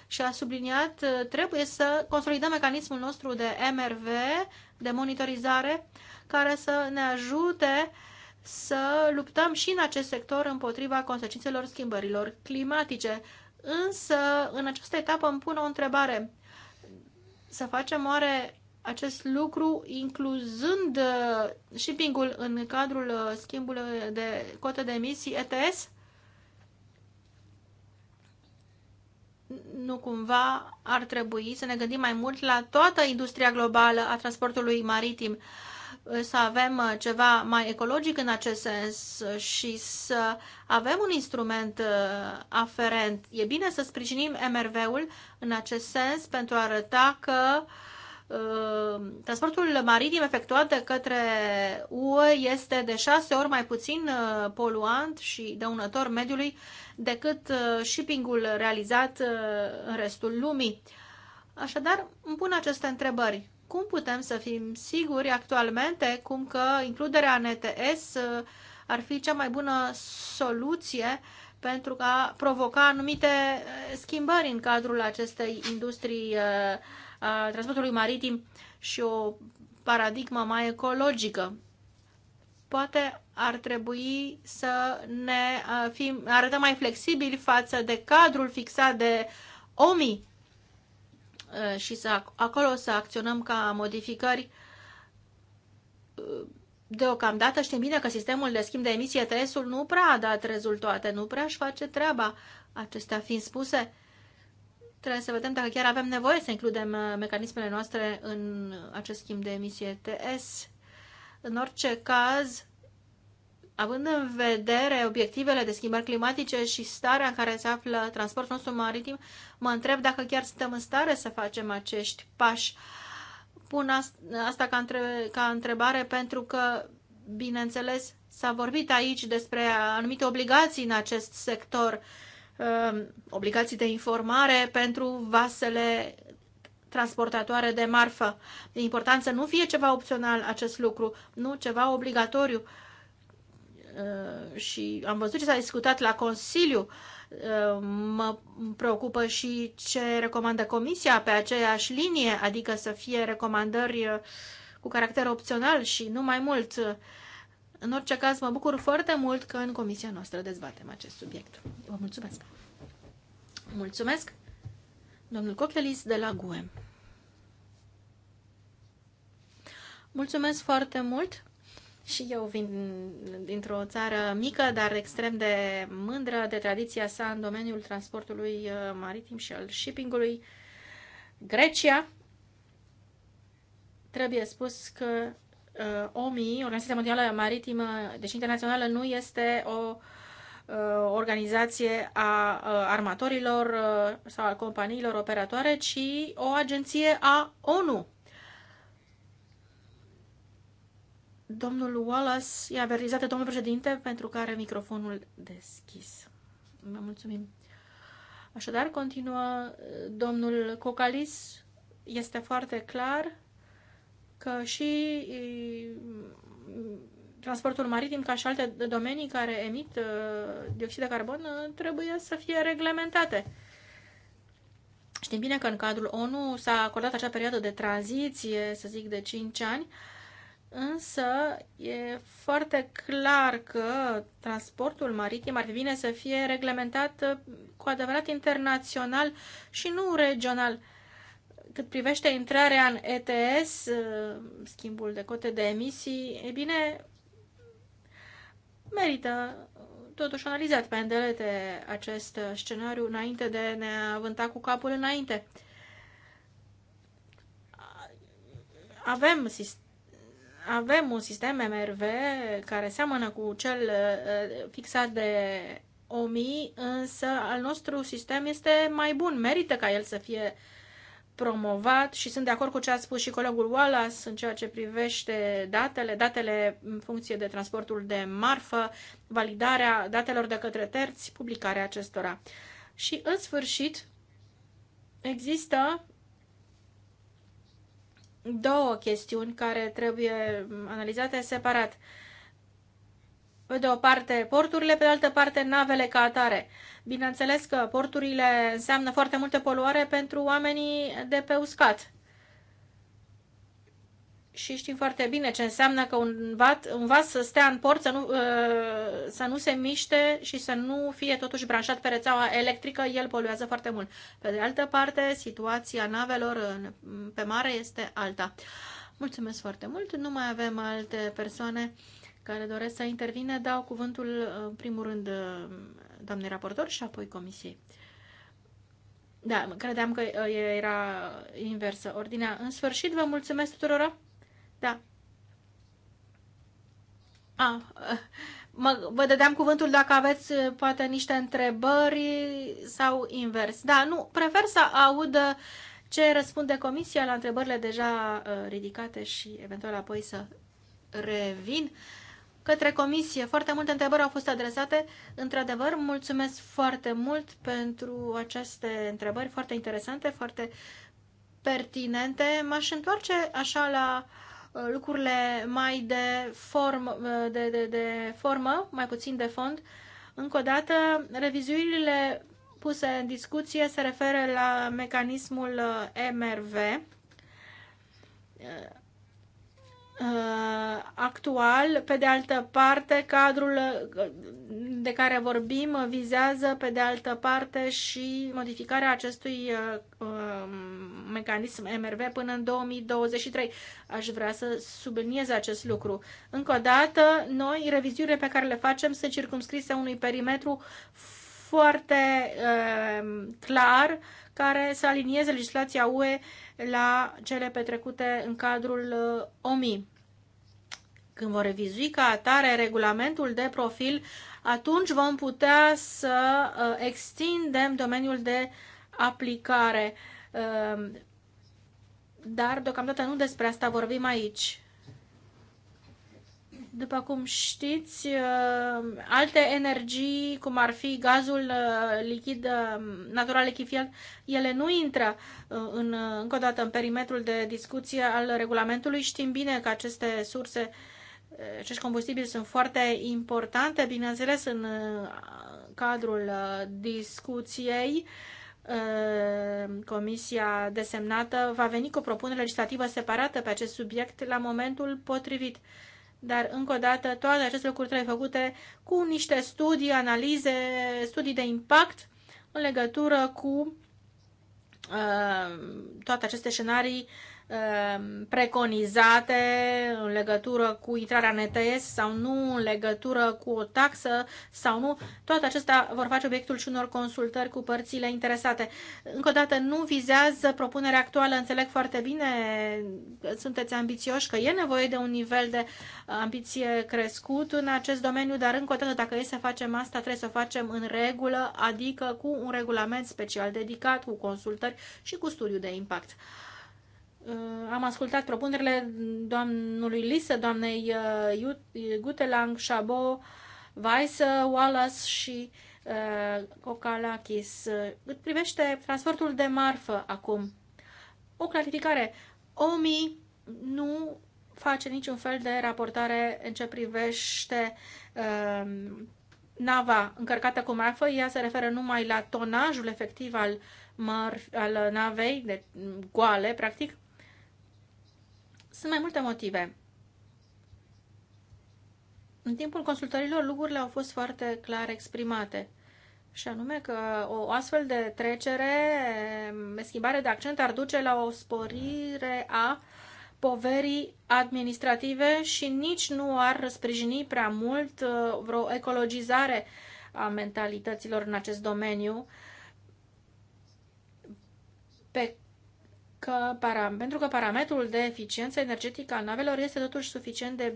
și a subliniat, trebuie să consolidăm mecanismul nostru de MRV, de monitorizare, care să ne ajute să luptăm și în acest sector împotriva consecințelor schimbărilor climatice. Însă, în această etapă îmi pun o întrebare. Să facem oare acest lucru incluzând uh, shipping-ul în cadrul uh, schimbului de cote de emisii ETS? Nu cumva ar trebui să ne gândim mai mult la toată industria globală a transportului maritim, uh, să avem ceva mai ecologic în acest sens și să avem un instrument aferent. E bine să sprijinim MRV-ul în acest sens pentru a arăta că uh, Ehm, transportul maritim efectuat de către UE este de șase ori mai puțin uh, poluant și dăunător mediului decât uh, shippingul realizat uh, în restul lumii. Așadar, îmi pun aceste întrebări. Cum putem să fim siguri actualmente cum că includerea în ETS ar fi cea mai bună soluție pentru a provoca anumite schimbări în cadrul acestei industrii uh, a transportului maritim și o paradigmă mai ecologică. Poate ar trebui să ne fim, arătăm mai flexibili față de cadrul fixat de OMI și să, acolo să acționăm ca modificări Deocamdată știm bine că sistemul de schimb de emisie TS-ul nu prea a dat rezultate, nu prea își face treaba. Acestea fiind spuse, Trebuie să vedem dacă chiar avem nevoie să includem uh, mecanismele noastre în acest schimb de emisie ETS. În orice caz, având în vedere obiectivele de schimbări climatice și starea în care se află transportul nostru maritim, mă întreb dacă chiar suntem în stare să facem acești pași. Pun asta ca, ca întrebare pentru că, bineînțeles, s-a vorbit aici despre anumite obligații în acest sector Um, obligații de informare pentru vasele transportatoare de marfă. E important să nu fie ceva opțional acest lucru, nu ceva obligatoriu. Uh, și am văzut ce s-a discutat la Consiliu. Uh, mă preocupă și ce recomandă Comisia pe aceeași linie, adică să fie recomandări uh, cu caracter opțional și nu mai mult. În orice caz, mă bucur foarte mult că în comisia noastră dezbatem acest subiect. Vă mulțumesc! Mulțumesc, domnul Cochelis de la GUE. Mulțumesc foarte mult! Și eu vin dintr-o țară mică, dar extrem de mândră de tradiția sa în domeniul transportului uh, maritim și al shippingului. Grecia, trebuie spus că Uh, OMI, Organizația Mondială Maritimă, deci internațională, nu este o uh, organizație a uh, armatorilor sau a companiilor operatoare, ci o agenție a ONU. Domnul Wallace i-a verizat domnul președinte pentru că are microfonul deschis. Vă mulțumim. Așadar, continuă domnul Cocalis. Este foarte clar că și transportul maritim, ca și alte domenii care emit dioxid de carbon, trebuie să fie reglementate. Știm bine că în cadrul ONU s-a acordat acea perioadă de tranziție, să zic, de 5 ani, însă e foarte clar că transportul maritim ar fi bine să fie reglementat cu adevărat internațional și nu regional. Cât privește intrarea în ETS, uh, schimbul de cote de emisii, e bine, merită totuși analizat pe îndelete acest scenariu înainte de a ne avânta cu capul înainte. Avem avem un sistem MRV care seamănă cu cel uh, fixat de OMI, însă al nostru sistem este mai bun. Merită ca el să fie promovat și sunt de acord cu ce a spus și colegul Wallace în ceea ce privește datele, datele în funcție de transportul de marfă, validarea datelor de către terți, publicarea acestora. Și în sfârșit există două chestiuni care trebuie analizate separat. Uh, pe de o parte porturile, pe de altă parte navele ca atare. Bineînțeles că porturile înseamnă foarte multe poluare pentru oamenii de pe uscat. Și știm foarte bine ce înseamnă că un, vat, un vas să stea în port, să nu, ă, să nu se miște și să nu fie totuși branșat pe rețeaua electrică, el poluează foarte mult. Pe de altă parte, situația navelor în, pe mare este alta. Mulțumesc foarte mult, nu mai avem alte persoane care doresc să intervine, dau cuvântul în primul rând doamnei raportor și apoi comisiei. Da, credeam că uh, era inversă ordinea. În sfârșit, vă mulțumesc tuturor. Da. A, mă, vă dădeam cuvântul dacă aveți uh, poate niște întrebări sau invers. Da, nu, prefer să aud uh, ce răspunde comisia la întrebările deja ridicate și eventual apoi să revin către comisie. Foarte multe întrebări au fost adresate. Într-adevăr, mulțumesc foarte mult pentru aceste întrebări foarte interesante, foarte pertinente. M-aș întoarce așa la uh, lucrurile mai de, form, uh, de, de, de formă, mai puțin de fond. Încă o dată, revizuirile puse în discuție se referă la mecanismul uh, MRV Uh, actual. Pe de altă parte, cadrul uh, de care vorbim vizează, pe de altă parte, și modificarea acestui uh, um, mecanism MRV până în 2023. Aș vrea să subliniez acest lucru. Încă o dată, noi, reviziurile pe care le facem sunt circumscrise unui perimetru foarte clar care să alinieze legislația UE la cele petrecute în cadrul uh, OMI. Când vor revizui ca atare regulamentul de profil, atunci vom putea să uh, extindem domeniul de aplicare. Uh, dar, deocamdată, nu despre asta vorbim aici. După cum știți, uh, alte energii, cum ar fi gazul uh, lichid, uh, natural lichifiat, ele nu intră în, încă o dată în perimetrul de discuție al regulamentului. Știm bine că aceste surse, acești combustibili sunt foarte importante, bineînțeles, în cadrul discuției. Comisia desemnată va veni cu o propunere legislativă separată pe acest subiect la momentul potrivit. Dar, încă o dată, toate aceste lucruri trebuie făcute cu niște studii, analize, studii de impact în legătură cu uh, toate aceste scenarii Um, preconizate în legătură cu intrarea în ETS sau nu, în legătură cu o taxă sau nu. Toate acestea vor face obiectul și unor consultări cu părțile interesate. Încă o dată, nu vizează propunerea actuală, înțeleg foarte bine, sunteți ambițioși că e nevoie de un nivel de ambiție crescut în acest domeniu, dar încă o dată, dacă e să facem asta, trebuie să o facem în regulă, adică cu un regulament special dedicat, cu consultări și cu studiu de impact. Uh, am ascultat propunerile doamnului Lisa, doamnei uh, Gutelang, Chabot, Weiss, Wallace și uh, Kokalakis Cât privește transportul de marfă acum, o clarificare. OMI nu face niciun fel de raportare în ce privește uh, nava încărcată cu marfă. Ea se referă numai la tonajul efectiv al, al navei, de goale, practic, sunt mai multe motive. În timpul consultărilor, lucrurile au fost foarte clar exprimate. Și anume că o astfel de trecere, schimbare de accent, ar duce la o sporire a poverii administrative și nici nu ar sprijini prea mult vreo ecologizare a mentalităților în acest domeniu pe că para, pentru că parametrul de eficiență energetică al navelor este totuși suficient de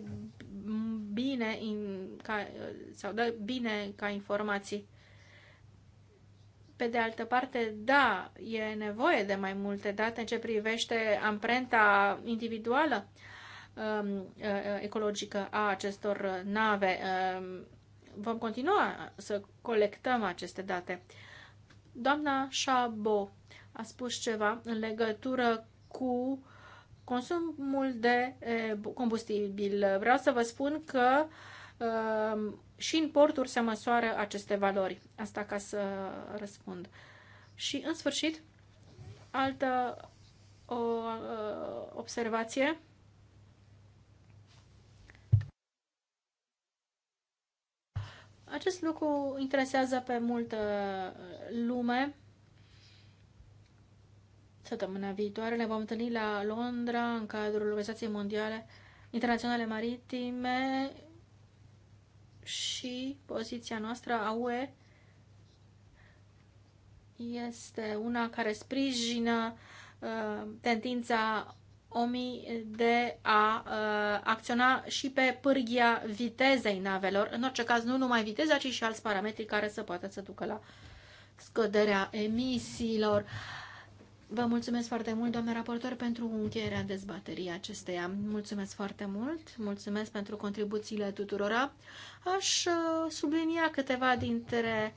bine, in, ca, sau de bine ca informații. Pe de altă parte, da, e nevoie de mai multe date în ce privește amprenta individuală um, uh, uh, ecologică a acestor nave. Um, vom continua să colectăm aceste date. Doamna Chabot a spus ceva în legătură cu consumul de combustibil. Vreau să vă spun că și în porturi se măsoară aceste valori. Asta ca să răspund. Și, în sfârșit, altă o, observație. Acest lucru interesează pe multă lume Săptămâna viitoare ne vom întâlni la Londra în cadrul Organizației Mondiale Internaționale Maritime și poziția noastră a UE este una care sprijină uh, tendința omii de a uh, acționa și pe pârghia vitezei navelor, în orice caz nu numai viteza, ci și alți parametri care să poată să ducă la scăderea emisiilor. Uh, Vă mulțumesc foarte mult, doamnă raportor, pentru încheierea dezbaterii acesteia. Mulțumesc foarte mult, mulțumesc pentru contribuțiile tuturora. Aș uh, sublinia câteva dintre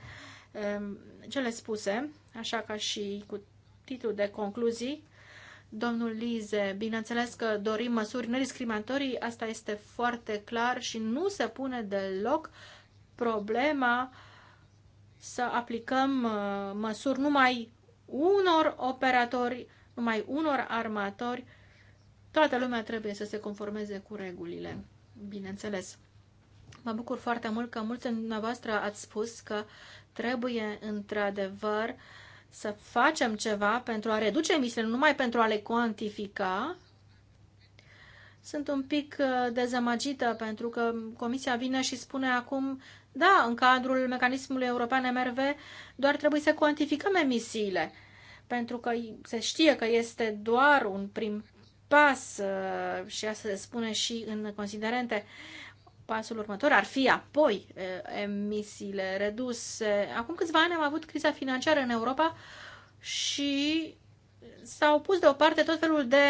um, cele spuse, așa ca și cu titlul de concluzii. Domnul Lize, bineînțeles că dorim măsuri nediscriminatorii, asta este foarte clar și nu se pune deloc problema să aplicăm uh, măsuri numai unor operatori, numai unor armatori, toată lumea trebuie să se conformeze cu regulile, bineînțeles. Mă bucur foarte mult că mulți dintre dumneavoastră ați spus că trebuie într-adevăr să facem ceva pentru a reduce emisiile, nu numai pentru a le cuantifica. Sunt un pic uh, dezamăgită pentru că Comisia vine și spune acum da, în cadrul mecanismului european MRV doar trebuie să cuantificăm emisiile, pentru că se știe că este doar un prim pas uh, și asta se spune și în considerente. Pasul următor ar fi apoi uh, emisiile reduse. Acum câțiva ani am avut criza financiară în Europa și s-au pus deoparte tot felul de.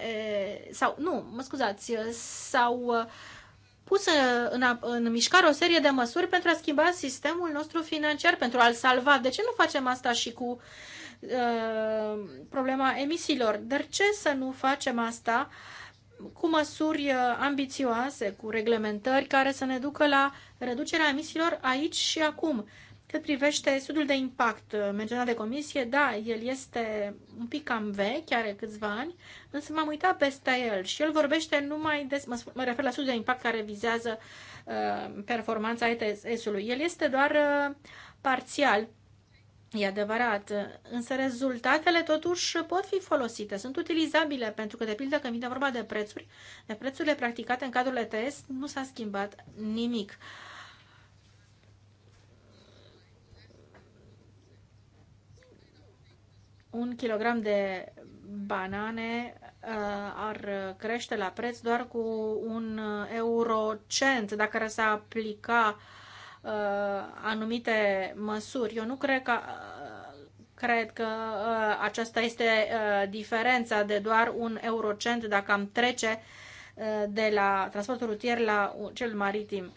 Uh, sau, nu, mă scuzați, s-au puse în, în mișcare o serie de măsuri pentru a schimba sistemul nostru financiar, pentru a-l salva. De ce nu facem asta și cu uh, problema emisiilor? Dar ce să nu facem asta cu măsuri uh, ambițioase, cu reglementări care să ne ducă la reducerea emisiilor aici și acum? Cât privește studiul de impact uh, menționat de comisie, da, el este un pic cam vechi, chiar câțiva ani, însă m-am uitat peste el și el vorbește numai des, mă, mă refer la studiul de impact care vizează uh, performanța ETS-ului. El este doar uh, parțial, e adevărat, însă rezultatele totuși pot fi folosite, sunt utilizabile, pentru că, de pildă, când vine vorba de prețuri, de prețurile practicate în cadrul ETS nu s-a schimbat nimic. Uh, un kilogram de banane uh, ar crește la preț doar cu un uh, eurocent dacă ar să aplica uh, anumite măsuri. Eu nu cred că cred că aceasta este diferența de doar un eurocent dacă am trece de la transportul rutier la cel maritim.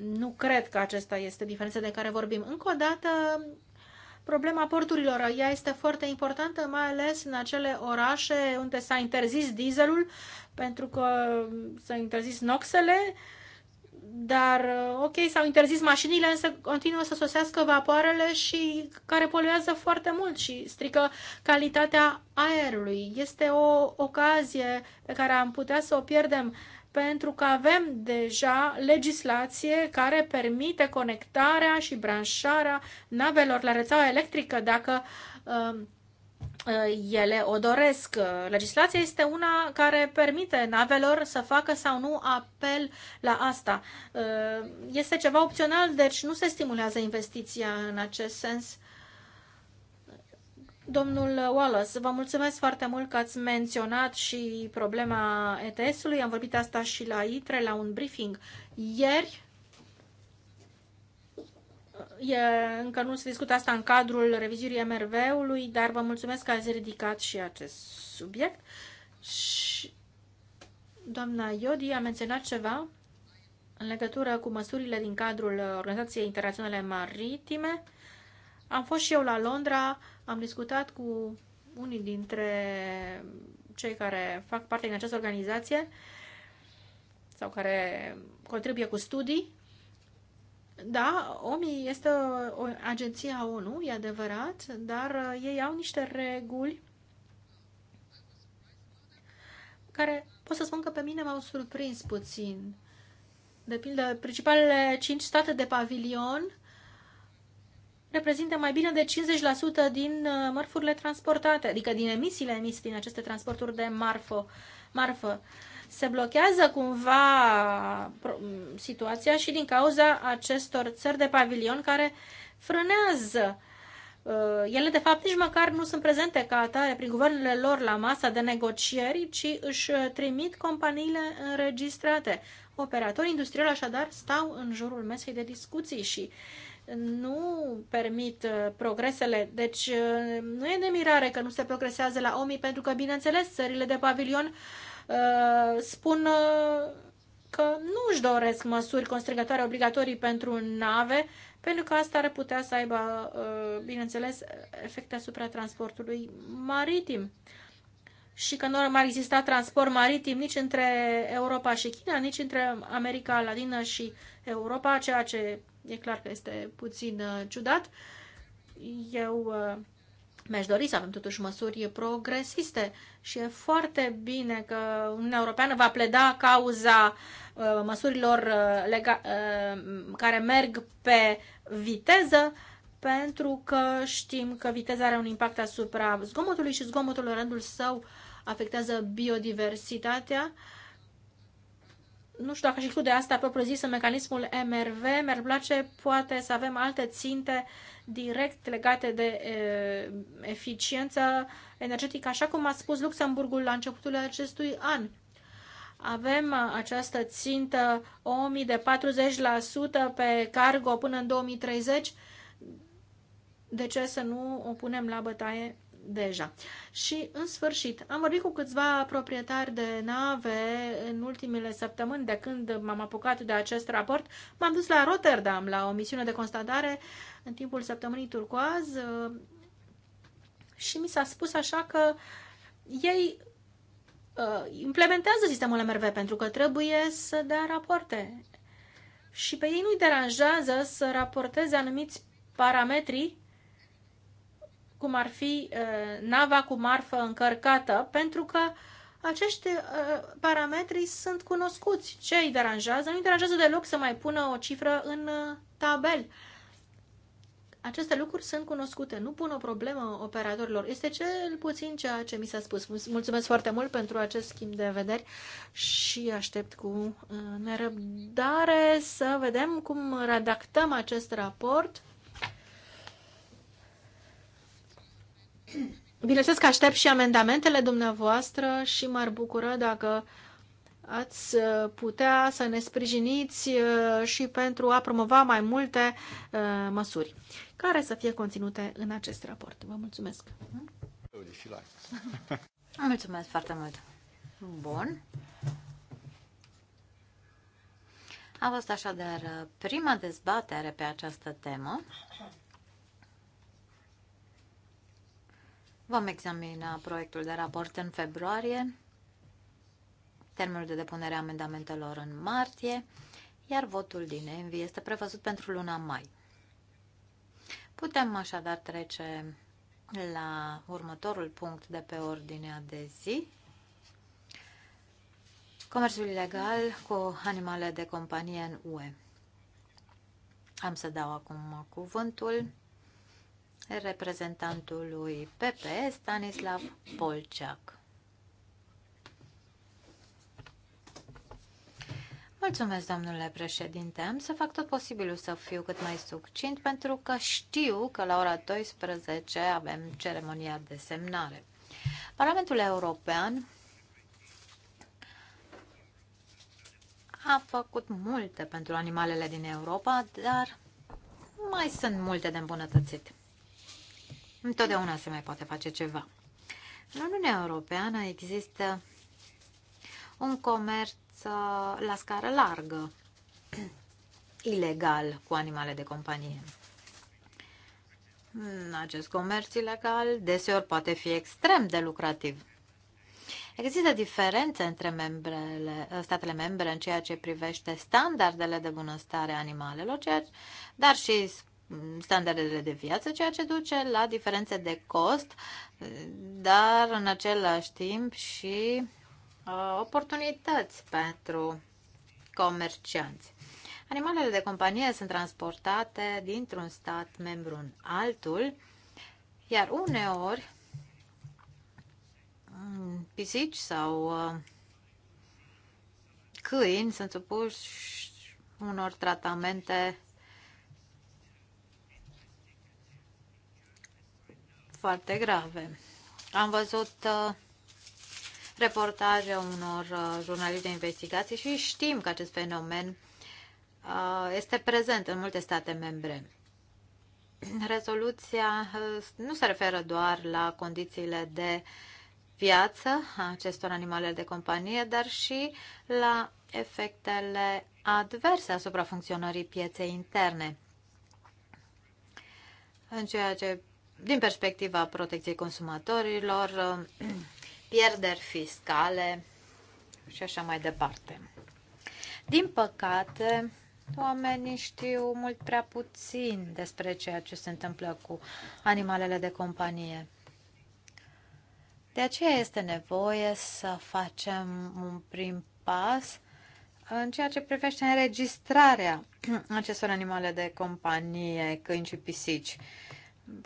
Nu cred că acesta este diferența de care vorbim. Încă o dată, problema porturilor. Ea este foarte importantă, mai ales în acele orașe unde s-a interzis dieselul, pentru că s-a interzis noxele, dar uh, ok, s-au interzis mașinile, însă continuă să sosească vapoarele și care poluează foarte mult și strică calitatea aerului. Este o ocazie pe care am putea să o pierdem pentru că avem deja legislație care permite conectarea și branșarea navelor la rețeaua electrică dacă um, uh, ele o doresc. Legislația este una care permite navelor să facă sau nu apel la asta. Uh, este ceva opțional, deci nu se stimulează investiția în acest sens. Domnul Wallace, vă mulțumesc foarte mult că ați menționat și problema ETS-ului. Am vorbit asta și la ITRE, la un briefing ieri. E, încă nu se discută asta în cadrul revizuirii MRV-ului, dar vă mulțumesc că ați ridicat și acest subiect. Și doamna Iodi a menționat ceva în legătură cu măsurile din cadrul Organizației Internaționale Maritime. Am fost și eu la Londra, am discutat cu unii dintre cei care fac parte din această organizație sau care contribuie cu studii. Da, OMI este o agenție a ONU, e adevărat, dar uh, ei au niște reguli care pot să spun că pe mine m-au surprins puțin. De pildă, principalele cinci state de pavilion reprezintă mai bine de 50% din uh, mărfurile transportate, adică din emisiile emise din aceste transporturi de marfă. marfă. Se blochează cumva situația și din cauza acestor țări de pavilion care frânează. Uh, ele, de fapt, nici măcar nu sunt prezente ca atare prin guvernele lor la masa de negocieri, ci își uh, trimit companiile înregistrate. Operatorii industriali, așadar, stau în jurul mesei de discuții și uh, nu permit uh, progresele. Deci uh, nu e de mirare că nu se progresează la OMI, pentru că, bineînțeles, țările de pavilion uh, spun că nu își doresc măsuri constrigătoare obligatorii pentru nave, pentru că asta ar putea să aibă, bineînțeles, efecte asupra transportului maritim. Și că nu ar mai exista transport maritim nici între Europa și China, nici între America Latină și Europa, ceea ce E clar că este puțin uh, ciudat. Eu uh, mi-aș dori să avem totuși măsuri progresiste și e foarte bine că Uniunea Europeană va pleda cauza uh, măsurilor lega- care merg pe viteză pentru că știm că viteza are un impact asupra zgomotului și zgomotul în rândul său afectează biodiversitatea nu știu dacă aș include asta propriu-zis în mecanismul MRV, mi-ar place poate să avem alte ținte direct legate de e, eficiență energetică, așa cum a spus Luxemburgul la începutul acestui an. Avem această țintă 1000 de 40% pe cargo până în 2030. De ce să nu o punem la bătaie deja. Și, în sfârșit, am vorbit cu câțiva proprietari de nave în ultimele săptămâni de când m-am apucat de acest raport. M-am dus la Rotterdam, la o misiune de constatare în timpul săptămânii turcoaz uh, și mi s-a spus așa că ei uh, implementează sistemul MRV pentru că trebuie să dea rapoarte. Și pe ei nu-i deranjează să raporteze anumiți parametri cum ar fi uh, nava cu marfă încărcată, pentru că acești uh, parametri sunt cunoscuți. Ce îi deranjează? nu îi deranjează deloc să mai pună o cifră în uh, tabel. Aceste lucruri sunt cunoscute, nu pun o problemă operatorilor. Este cel puțin ceea ce mi s-a spus. Mulțumesc foarte mult pentru acest schimb de vederi și aștept cu nerăbdare să vedem cum redactăm acest raport Bineînțeles că aștept și amendamentele dumneavoastră și m-ar bucura dacă ați uh, putea să ne sprijiniți uh, și pentru a promova mai multe uh, măsuri care să fie conținute în acest raport. Vă mulțumesc! Mulțumesc foarte mult! Bun! A fost așadar prima dezbatere pe această temă. Vom examina proiectul de raport în februarie, termenul de depunere a amendamentelor în martie, iar votul din ENVI este prevăzut pentru luna mai. Putem așadar trece la următorul punct de pe ordinea de zi. Comerțul ilegal cu animale de companie în UE. Am să dau acum cuvântul reprezentantului PP, Stanislav Polceac. Mulțumesc, domnule președinte. Am să fac tot posibilul să fiu cât mai succint, pentru că știu că la ora 12 avem ceremonia de semnare. Parlamentul European a făcut multe pentru animalele din Europa, dar mai sunt multe de îmbunătățit. Întotdeauna se mai poate face ceva. În Uniunea Europeană există un comerț uh, la scară largă, ilegal, cu animale de companie. Hmm, acest comerț ilegal deseori poate fi extrem de lucrativ. Există diferențe între membrele, uh, statele membre în ceea ce privește standardele de bunăstare a animalelor, dar și standardele de viață, ceea ce duce la diferențe de cost, dar în același timp și uh, oportunități pentru comercianți. Animalele de companie sunt transportate dintr-un stat membru în altul, iar uneori mm, pisici sau uh, câini sunt supuși unor tratamente foarte grave. Am văzut uh, reportaje unor uh, jurnaliști de investigație și știm că acest fenomen uh, este prezent în multe state membre. Rezoluția nu se referă doar la condițiile de viață a acestor animale de companie, dar și la efectele adverse asupra funcționării pieței interne. În ceea ce din perspectiva protecției consumatorilor, pierderi fiscale și așa mai departe. Din păcate, oamenii știu mult prea puțin despre ceea ce se întâmplă cu animalele de companie. De aceea este nevoie să facem un prim pas în ceea ce privește înregistrarea acestor animale de companie, câini și pisici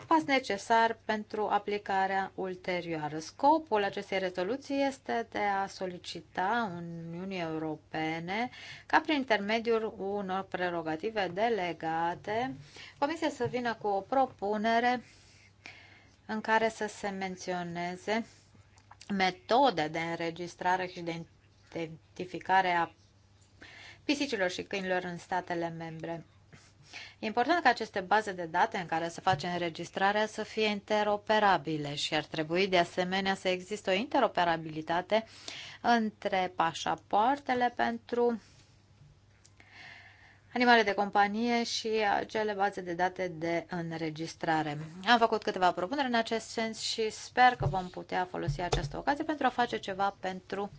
pas necesar pentru aplicarea ulterioară. Scopul acestei rezoluții este de a solicita Uniunii Europene ca prin intermediul unor prerogative delegate Comisia să vină cu o propunere în care să se menționeze metode de înregistrare și de identificare a pisicilor și câinilor în statele membre. E important ca aceste baze de date în care se face înregistrarea să fie interoperabile și ar trebui de asemenea să existe o interoperabilitate între pașapoartele pentru animale de companie și acele baze de date de înregistrare. Am făcut câteva propuneri în acest sens și sper că vom putea folosi această ocazie pentru a face ceva pentru uh,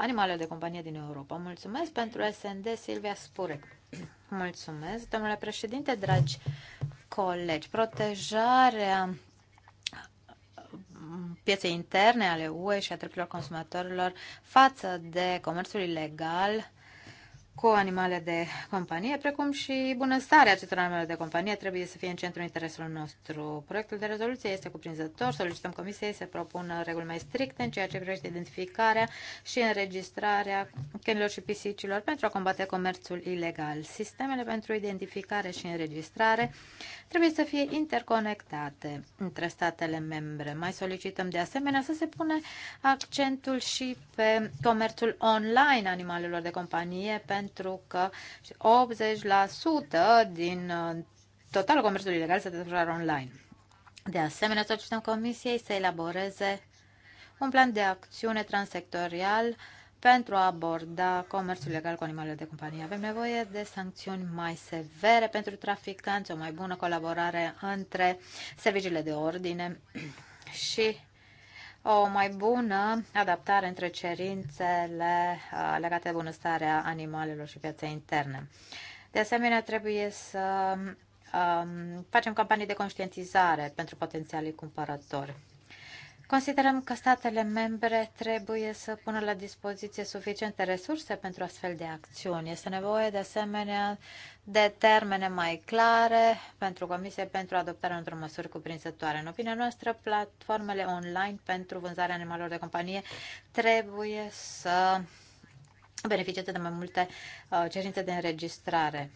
animalele de companie din Europa. Mulțumesc pentru SND, Silvia Spurec. Mulțumesc, domnule președinte, dragi colegi. Protejarea pieței interne ale UE și a drepturilor consumatorilor față de comerțul ilegal cu animale de companie, precum și bunăstarea acestor animale de companie trebuie să fie în centrul interesului nostru. Proiectul de rezoluție este cuprinzător, solicităm Comisiei să propună reguli mai stricte în ceea ce privește identificarea și înregistrarea câinilor și pisicilor pentru a combate comerțul ilegal. Sistemele pentru identificare și înregistrare trebuie să fie interconectate între statele membre. Mai solicităm de asemenea să se pune accentul și pe comerțul online animalelor de companie pentru pentru că 80% din uh, totalul comerțului ilegal se desfășoară online. De asemenea, solicităm Comisiei să elaboreze un plan de acțiune transsectorial pentru a aborda comerțul legal cu animalele de companie. Avem nevoie de sancțiuni mai severe pentru traficanți, o mai bună colaborare între serviciile de ordine și o mai bună adaptare între cerințele uh, legate de bunăstarea animalelor și piața interne. De asemenea, trebuie să um, facem campanii de conștientizare pentru potențialii cumpărători. Considerăm că statele membre trebuie să pună la dispoziție suficiente resurse pentru astfel de acțiuni. Este nevoie de asemenea de termene mai clare pentru Comisie pentru adoptarea unor măsuri cuprinzătoare. În opinia noastră, platformele online pentru vânzarea animalelor de companie trebuie să beneficieze de mai multe uh, cerințe de înregistrare.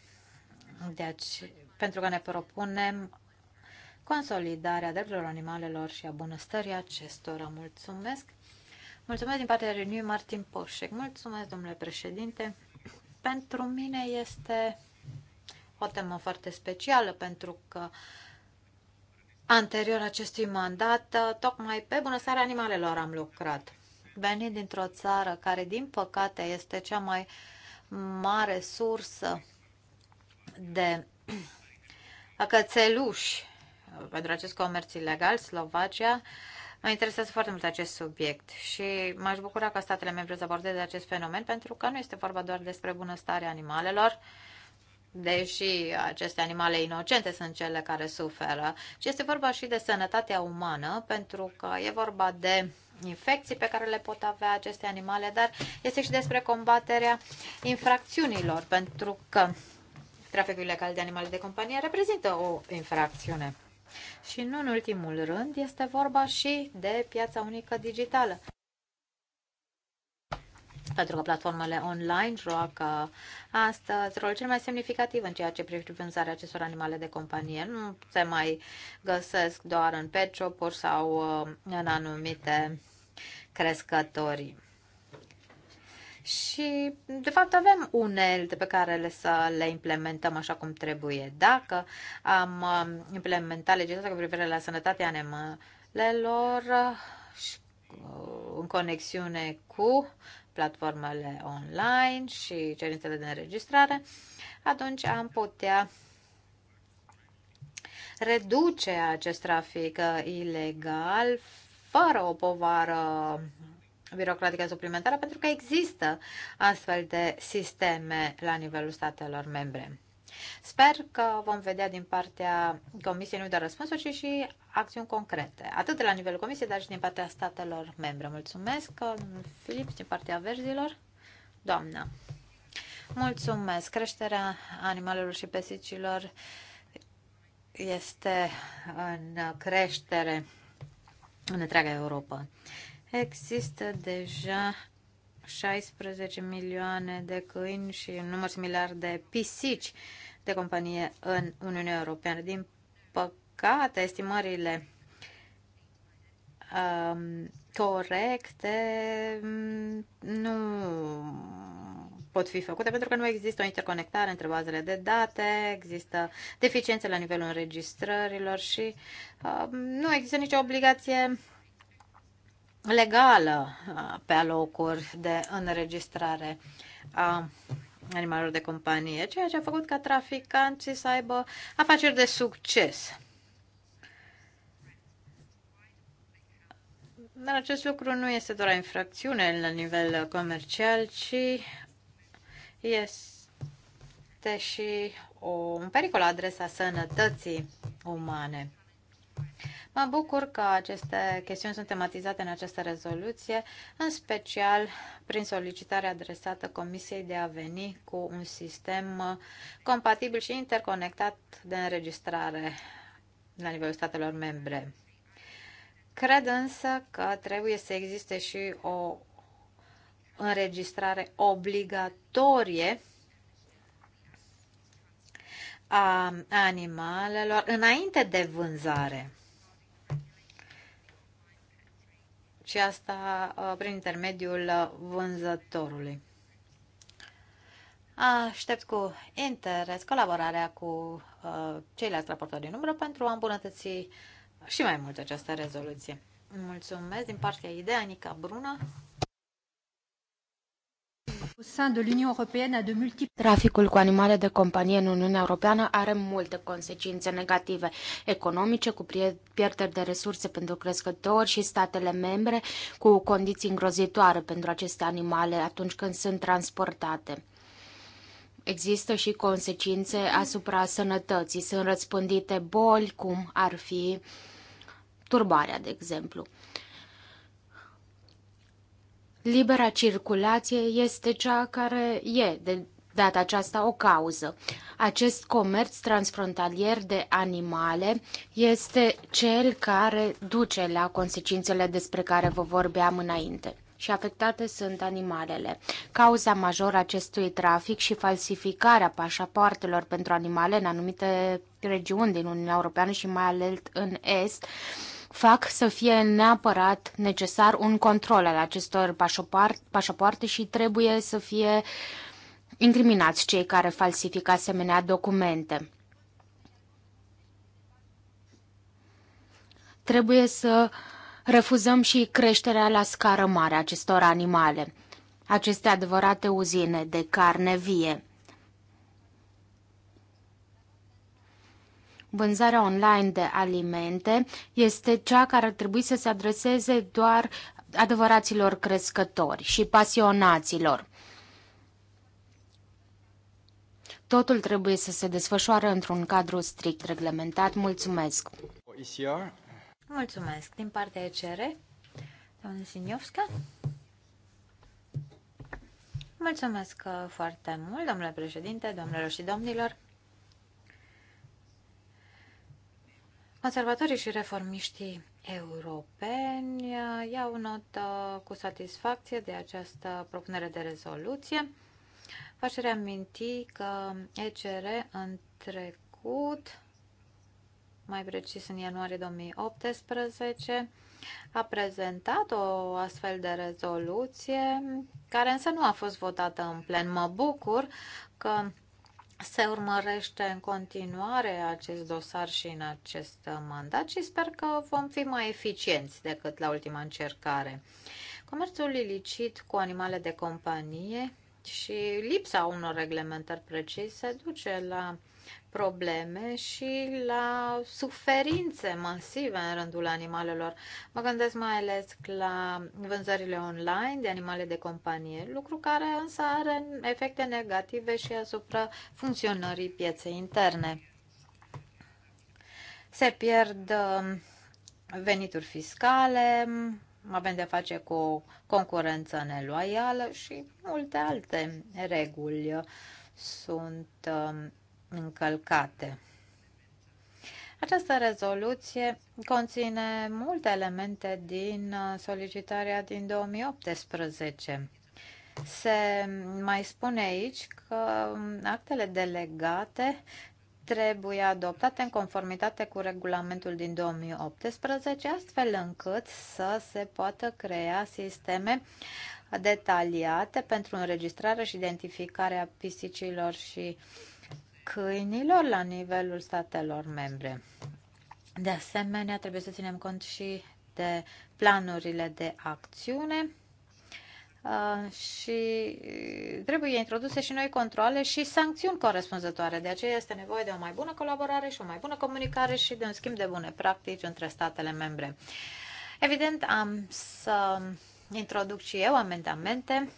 Deci, pentru că ne propunem consolidarea drepturilor animalelor și a bunăstării acestora. Mulțumesc! Mulțumesc din partea Renew Martin Poșec. Mulțumesc, domnule președinte. Pentru mine este o temă foarte specială pentru că anterior acestui mandat, tocmai pe bunăstarea animalelor am lucrat. Venind dintr-o țară care, din păcate, este cea mai mare sursă de cățeluși pentru acest comerț ilegal, Slovacia. Mă interesează foarte mult acest subiect și m-aș bucura ca statele membre să abordeze acest fenomen pentru că nu este vorba doar despre bunăstarea animalelor, deși aceste animale inocente sunt cele care suferă, ci este vorba și de sănătatea umană pentru că e vorba de infecții pe care le pot avea aceste animale, dar este și despre combaterea infracțiunilor pentru că traficul ilegal de animale de companie reprezintă o infracțiune. Și nu în ultimul rând este vorba și de piața unică digitală. Pentru că platformele online joacă astăzi rolul cel mai semnificativ în ceea ce privește vânzarea acestor animale de companie. Nu se mai găsesc doar în pet shop-uri sau uh, în anumite crescători și, de fapt, avem unelte pe care le să le implementăm așa cum trebuie. Dacă am um, implementat legislația cu privire la sănătatea animalelor uh, în conexiune cu platformele online și cerințele de înregistrare, atunci am putea reduce acest trafic uh, ilegal fără o povară birocratică suplimentară, pentru că există astfel de sisteme la nivelul statelor membre. Sper că vom vedea din partea Comisiei nu doar răspunsuri, ci și acțiuni concrete, atât de la nivelul Comisiei, dar și din partea statelor membre. Mulțumesc, domnul Filip, din partea verzilor. Doamna, mulțumesc. Creșterea animalelor și pesicilor este în creștere în întreaga Europa. Există deja 16 milioane de câini și un număr similar de pisici de companie în Uniunea Europeană. Din păcate, estimările um, corecte mm, nu pot fi făcute pentru că nu există o interconectare între bazele de date, există deficiențe la nivelul înregistrărilor și uh, nu există nicio obligație legală pe alocuri de înregistrare a animalelor de companie, ceea ce a făcut ca traficanții să aibă afaceri de succes. Dar acest lucru nu este doar infracțiune la nivel comercial, ci este și un pericol la adresa sănătății umane. Mă bucur că aceste chestiuni sunt tematizate în această rezoluție, în special prin solicitarea adresată Comisiei de a veni cu un sistem compatibil și interconectat de înregistrare la nivelul statelor membre. Cred însă că trebuie să existe și o înregistrare obligatorie a animalelor înainte de vânzare. și asta uh, prin intermediul uh, vânzătorului. Aștept cu interes colaborarea cu uh, ceilalți raportori din umbră pentru a îmbunătăți și mai mult această rezoluție. Mulțumesc din partea Ideea Bruna. Traficul cu animale de companie în Uniunea Europeană are multe consecințe negative economice, cu pierderi de resurse pentru crescători și statele membre, cu condiții îngrozitoare pentru aceste animale atunci când sunt transportate. Există și consecințe asupra sănătății. Sunt răspândite boli, cum ar fi turbarea, de exemplu. Libera circulație este cea care e de data aceasta o cauză. Acest comerț transfrontalier de animale este cel care duce la consecințele despre care vă vorbeam înainte și afectate sunt animalele. Cauza majoră acestui trafic și falsificarea pașapoartelor pentru animale în anumite regiuni din Uniunea Europeană și mai ales în Est fac să fie neapărat necesar un control al acestor pașapoarte și trebuie să fie incriminați cei care falsifică asemenea documente. Trebuie să refuzăm și creșterea la scară mare acestor animale, aceste adevărate uzine de carne vie. vânzarea online de alimente este cea care ar trebui să se adreseze doar adevăraților crescători și pasionaților. Totul trebuie să se desfășoare într-un cadru strict reglementat. Mulțumesc! Mulțumesc! Din partea ECR, doamne Siniovska. Mulțumesc foarte mult, domnule președinte, domnilor și domnilor. Conservatorii și reformiștii europeni uh, iau notă cu satisfacție de această propunere de rezoluție. V-aș reaminti că ECR în trecut, mai precis în ianuarie 2018, a prezentat o astfel de rezoluție, care însă nu a fost votată în plen. Mă bucur că se urmărește în continuare acest dosar și în acest mandat și sper că vom fi mai eficienți decât la ultima încercare. Comerțul ilicit cu animale de companie și lipsa unor reglementări precise duce la probleme și la suferințe masive în rândul animalelor. Mă gândesc mai ales la vânzările online de animale de companie, lucru care însă are efecte negative și asupra funcționării pieței interne. Se pierd um, venituri fiscale, avem de face cu concurență neloială și multe alte reguli sunt um, încălcate. Această rezoluție conține multe elemente din solicitarea din 2018. Se mai spune aici că actele delegate trebuie adoptate în conformitate cu regulamentul din 2018, astfel încât să se poată crea sisteme detaliate pentru înregistrarea și identificarea pisicilor și uh, câinilor la nivelul statelor membre. De asemenea, trebuie să ținem cont și de planurile de acțiune uh, și trebuie introduse și noi controle și sancțiuni corespunzătoare. De aceea este nevoie de o mai bună colaborare și o mai bună comunicare și de un schimb de bune practici între statele membre. Evident, am să introduc și eu amendamente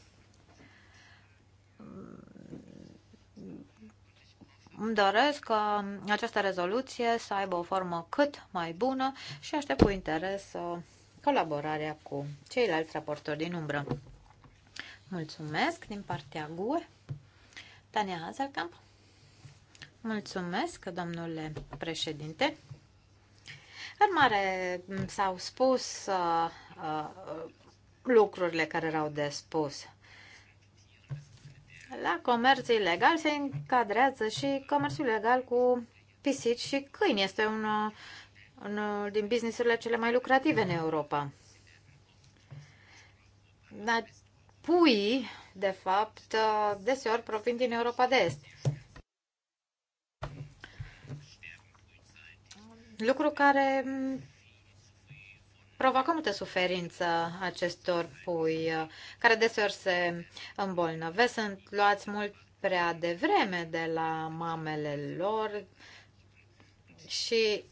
îmi doresc ca această rezoluție să aibă o formă cât mai bună și aștept cu interes uh, colaborarea cu ceilalți raportori din umbră. Mulțumesc din partea GUE. Tania Hazelkamp. Mulțumesc, domnule președinte. În mare s-au spus uh, uh, lucrurile care erau de spus la comerț ilegal se încadrează și comerțul ilegal cu pisici și câini. Este un, din businessurile cele mai lucrative în Europa. Dar de fapt, deseori provin din Europa de Est. Lucru care provoacă multă suferință acestor pui, care deseori se îmbolnăvesc, sunt luați mult prea devreme de la mamele lor și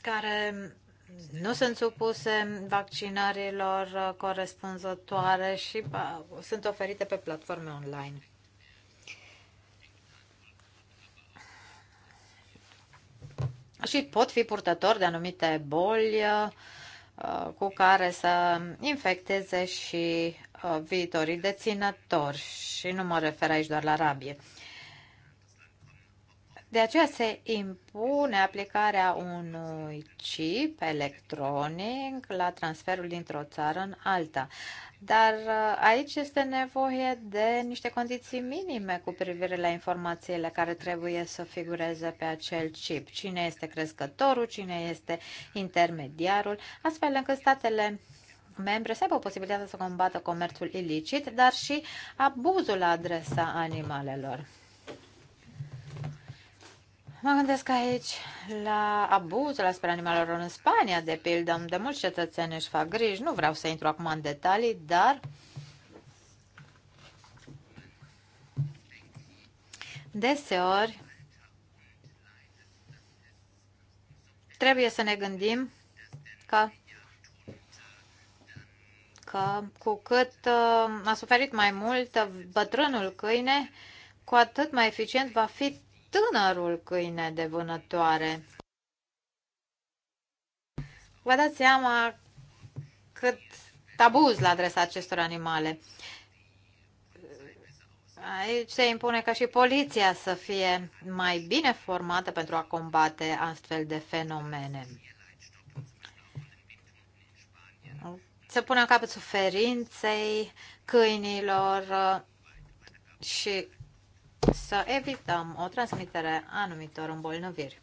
care nu sunt supuse vaccinărilor corespunzătoare și sunt oferite pe platforme online. și pot fi purtători de anumite boli uh, cu care să infecteze și uh, viitorii deținători. Și nu mă refer aici doar la rabie. De aceea se impune aplicarea unui chip electronic la transferul dintr-o țară în alta. Dar uh, aici este nevoie de niște condiții minime cu privire la informațiile care trebuie să figureze pe acel chip. Cine este crescătorul, cine este intermediarul, astfel încât statele membre să aibă posibilitatea să combată comerțul ilicit, dar și abuzul la adresa animalelor. Mă gândesc aici la abuzul asupra animalelor în Spania, de pildă, de mulți cetățeni își fac griji. Nu vreau să intru acum în detalii, dar deseori trebuie să ne gândim că, că cu cât uh, a suferit mai mult bătrânul câine, cu atât mai eficient va fi tânărul câine de vânătoare. Vă dați seama cât tabuz la adresa acestor animale. Aici se impune ca și poliția să fie mai bine formată pentru a combate astfel de fenomene. Să punem capăt suferinței câinilor și să evităm o transmitere a anumitor îmbolnăviri.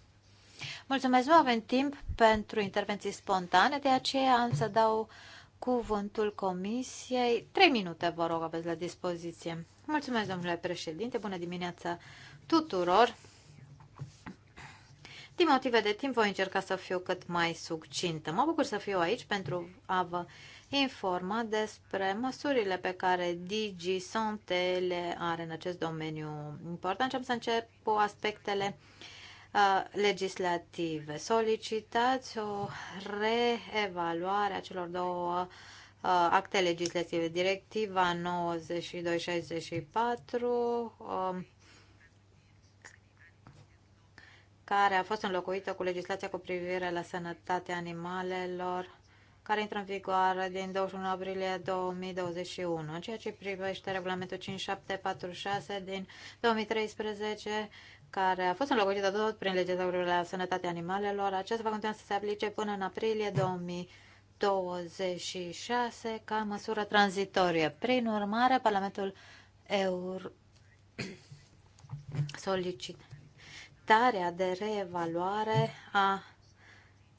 Mulțumesc, nu avem timp pentru intervenții spontane, de aceea am să dau cuvântul comisiei. Trei minute, vă rog, aveți la dispoziție. Mulțumesc, domnule președinte, bună dimineața tuturor. Din motive de timp voi încerca să fiu cât mai succintă. Mă bucur să fiu aici pentru a vă informa despre măsurile pe care Digi Sante le are în acest domeniu important și am să încep cu aspectele uh, legislative. Solicitați o reevaluare a celor două uh, acte legislative, directiva 9264, um, care a fost înlocuită cu legislația cu privire la sănătatea animalelor care intră în vigoare din 21 aprilie 2021. În ceea ce privește regulamentul 5746 din 2013, care a fost de tot prin de la sănătatea animalelor, acesta va continua să se aplice până în aprilie 2026 ca măsură tranzitorie. Prin urmare, Parlamentul EUR solicită solicitarea de reevaluare a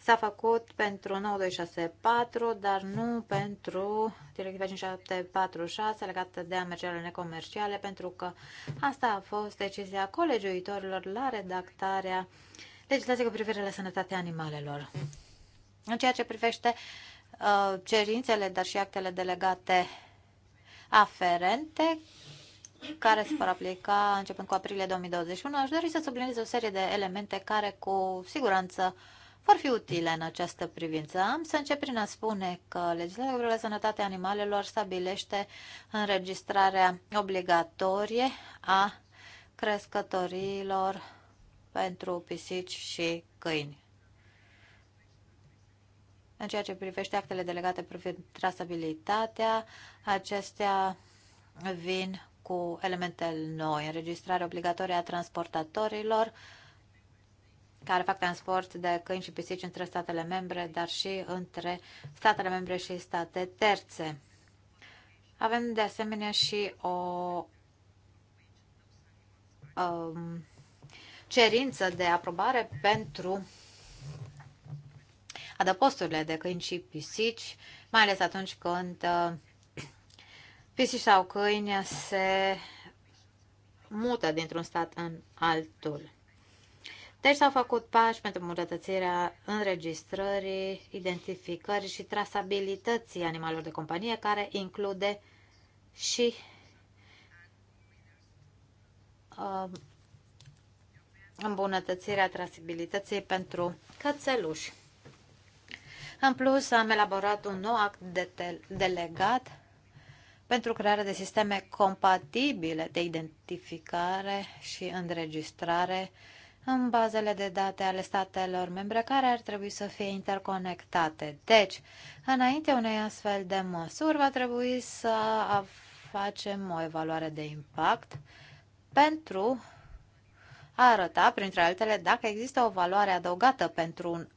s-a făcut pentru 9264, dar nu pentru directiva 5746 legată de amergerile necomerciale, pentru că asta a fost decizia colegiuitorilor la redactarea legislației cu privire la sănătatea animalelor. În ceea ce privește uh, cerințele, dar și actele delegate aferente, care se vor aplica începând cu aprilie 2021, aș dori să subliniez o serie de elemente care cu siguranță uh, vor fi utile în această privință. Am să încep prin a spune că legislația de sănătate animalelor stabilește înregistrarea obligatorie a crescătorilor pentru pisici și câini. În ceea ce privește actele delegate privind trasabilitatea, acestea vin cu elementele noi, înregistrare obligatorie a transportatorilor, care fac transport de câini și pisici între statele membre, dar și între statele membre și state terțe. Avem de asemenea și o um, cerință de aprobare pentru adăposturile de câini și pisici, mai ales atunci când uh, pisici sau câini se mută dintr-un stat în altul. Deci s-au făcut pași pentru îmbunătățirea înregistrării, identificării și trasabilității animalelor de companie, care include și uh, îmbunătățirea trasabilității pentru cățeluși. În plus, am elaborat un nou act de delegat pentru crearea de sisteme compatibile de identificare și înregistrare în bazele de date ale statelor membre care ar trebui să fie interconectate. Deci, înainte unei astfel de măsuri, va trebui să facem o evaluare de impact pentru a arăta, printre altele, dacă există o valoare adăugată pentru un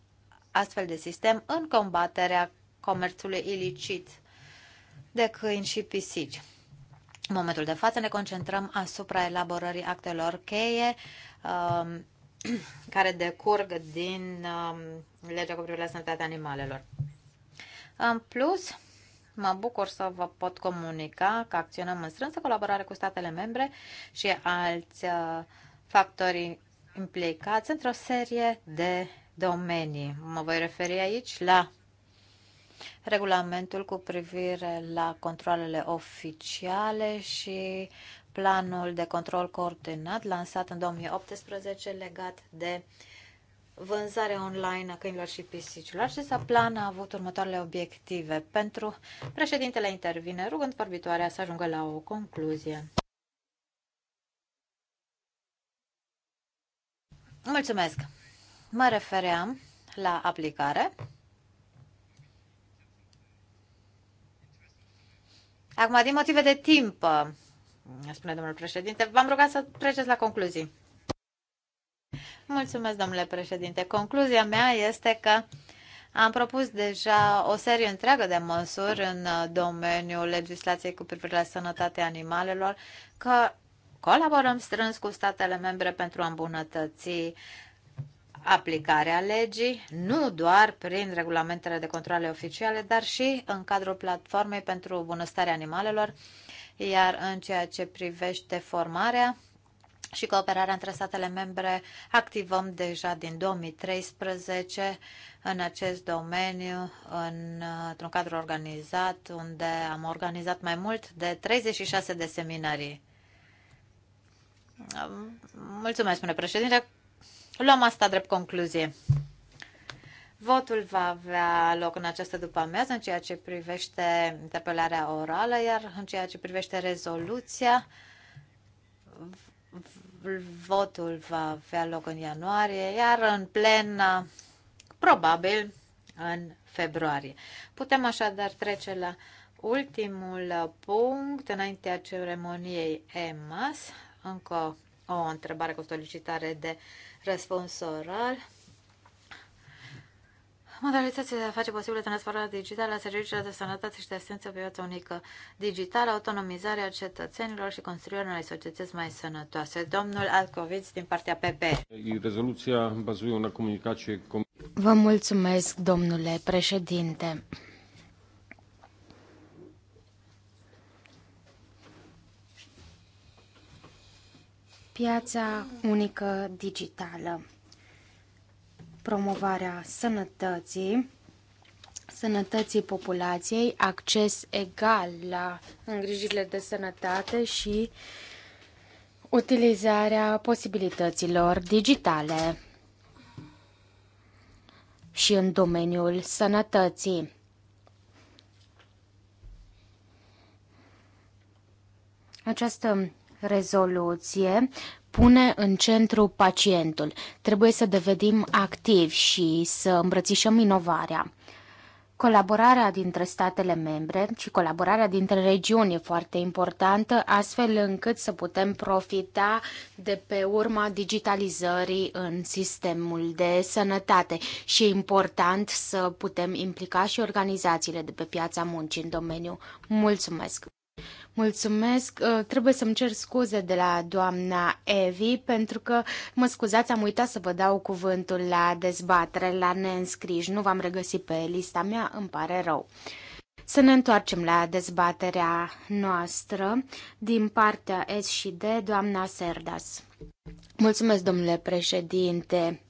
astfel de sistem în combaterea comerțului ilicit de câini și pisici. În momentul de față ne concentrăm asupra elaborării actelor cheie um, care decurg din um, legea cu privire la sănătatea animalelor. În plus, mă bucur să vă pot comunica că acționăm în strânsă colaborare cu statele membre și alți uh, factorii implicați într-o serie de domenii. Mă voi referi aici la regulamentul cu privire la controlele oficiale și planul de control coordonat lansat în 2018 legat de vânzarea online a câinilor și pisicilor. Acesta plan a avut următoarele obiective. Pentru președintele intervine rugând vorbitoarea să ajungă la o concluzie. Mulțumesc! Mă refeream la aplicare. Acum, din motive de timp, spune domnul președinte. V-am rugat să treceți la concluzii. Mulțumesc, domnule președinte. Concluzia mea este că am propus deja o serie întreagă de măsuri în domeniul legislației cu privire la sănătatea animalelor, că colaborăm strâns cu statele membre pentru a îmbunătăți aplicarea legii, nu doar prin regulamentele de controle oficiale, dar și în cadrul platformei pentru bunăstarea animalelor, iar în ceea ce privește formarea și cooperarea între statele membre, activăm deja din 2013 în acest domeniu, în, într-un cadru organizat, unde am organizat mai mult de 36 de seminarii. Mulțumesc, spune președinte. Luăm asta drept concluzie. Votul va avea loc în această după-amiază în ceea ce privește interpelarea orală, iar în ceea ce privește rezoluția, votul va avea loc în ianuarie, iar în plen, probabil, în februarie. Putem așadar trece la ultimul punct înaintea ceremoniei EMAS. Încă o întrebare cu solicitare de răspuns oral modalitățile de a face posibilă transformarea digitală a serviciilor de sănătate și de asistență pe viața unică digitală, autonomizarea cetățenilor și construirea unei societăți mai sănătoase. Domnul Alcoviț din partea PP. Rezoluția bazuie una comunicație... Vă mulțumesc, domnule președinte. Piața unică digitală promovarea sănătății, sănătății populației, acces egal la îngrijirile de sănătate și utilizarea posibilităților digitale și în domeniul sănătății. Această rezoluție pune în centru pacientul. Trebuie să devenim activi și să îmbrățișăm inovarea. Colaborarea dintre statele membre și colaborarea dintre regiuni e foarte importantă, astfel încât să putem profita de pe urma digitalizării în sistemul de sănătate și e important să putem implica și organizațiile de pe piața muncii în domeniu. Mulțumesc! Mulțumesc. Uh, trebuie să-mi cer scuze de la doamna Evi, pentru că, mă scuzați, am uitat să vă dau cuvântul la dezbatere, la neînscriși. Nu v-am regăsit pe lista mea, îmi pare rău. Să ne întoarcem la dezbaterea noastră din partea S și D, doamna Serdas. Mulțumesc, domnule președinte.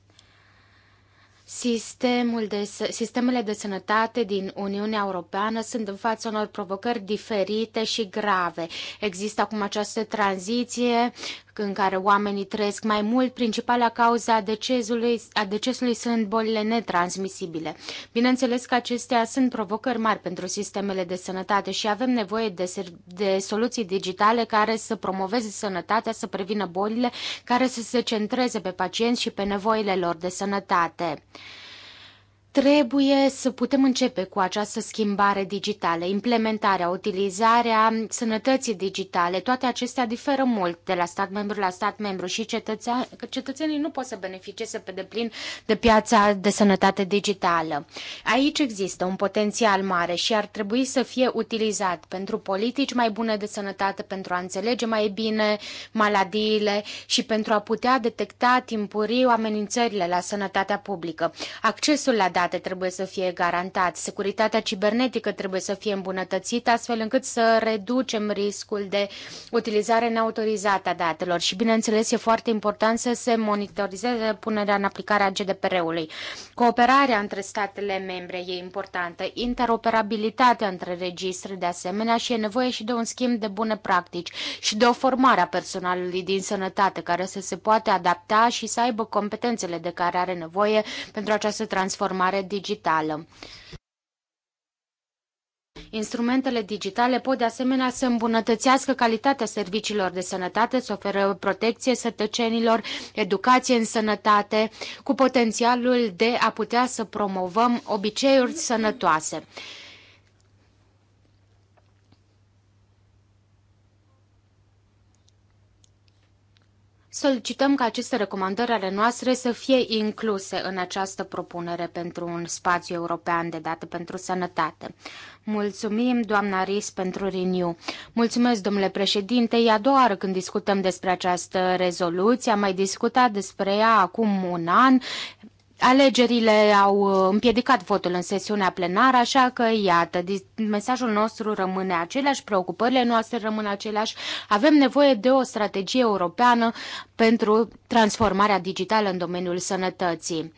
Sistemul de, sistemele de sănătate din Uniunea Europeană sunt în fața unor provocări diferite și grave. Există acum această tranziție în care oamenii trăiesc mai mult, principala cauza a decesului, a decesului sunt bolile netransmisibile. Bineînțeles că acestea sunt provocări mari pentru sistemele de sănătate și avem nevoie de, de soluții digitale care să promoveze sănătatea, să prevină bolile, care să se centreze pe pacienți și pe nevoile lor de sănătate. Trebuie să putem începe cu această schimbare digitală, implementarea, utilizarea sănătății digitale. Toate acestea diferă mult de la stat membru la stat membru și cetățean, cetățenii nu pot să beneficieze pe deplin de piața de sănătate digitală. Aici există un potențial mare și ar trebui să fie utilizat pentru politici mai bune de sănătate, pentru a înțelege mai bine maladiile și pentru a putea detecta timpuriu amenințările la sănătatea publică. Accesul la securitate trebuie să fie garantat, securitatea cibernetică trebuie să fie îmbunătățită, astfel încât să reducem riscul de utilizare neautorizată a datelor. Și, bineînțeles, e foarte important să se monitorizeze punerea în aplicare a GDPR-ului. Cooperarea între statele membre e importantă, interoperabilitatea între registre de asemenea și e nevoie și de un schimb de bune practici și de o formare a personalului din sănătate care să se poată adapta și să aibă competențele de care are nevoie pentru această transformare transformare digitală. Instrumentele digitale pot de asemenea să îmbunătățească calitatea serviciilor de sănătate, să oferă protecție sătăcenilor, educație în sănătate, cu potențialul de a putea să promovăm obiceiuri sănătoase. solicităm ca aceste recomandări ale noastre să fie incluse în această propunere pentru un spațiu european de date pentru sănătate. Mulțumim, doamna Ris, pentru Renew. Mulțumesc, domnule președinte. E a doua oară când discutăm despre această rezoluție. Am mai discutat despre ea acum un an. Alegerile au uh, împiedicat votul în sesiunea plenară, așa că, iată, mesajul nostru rămâne același, preocupările noastre rămân aceleași. Avem nevoie de o strategie europeană pentru transformarea digitală în domeniul sănătății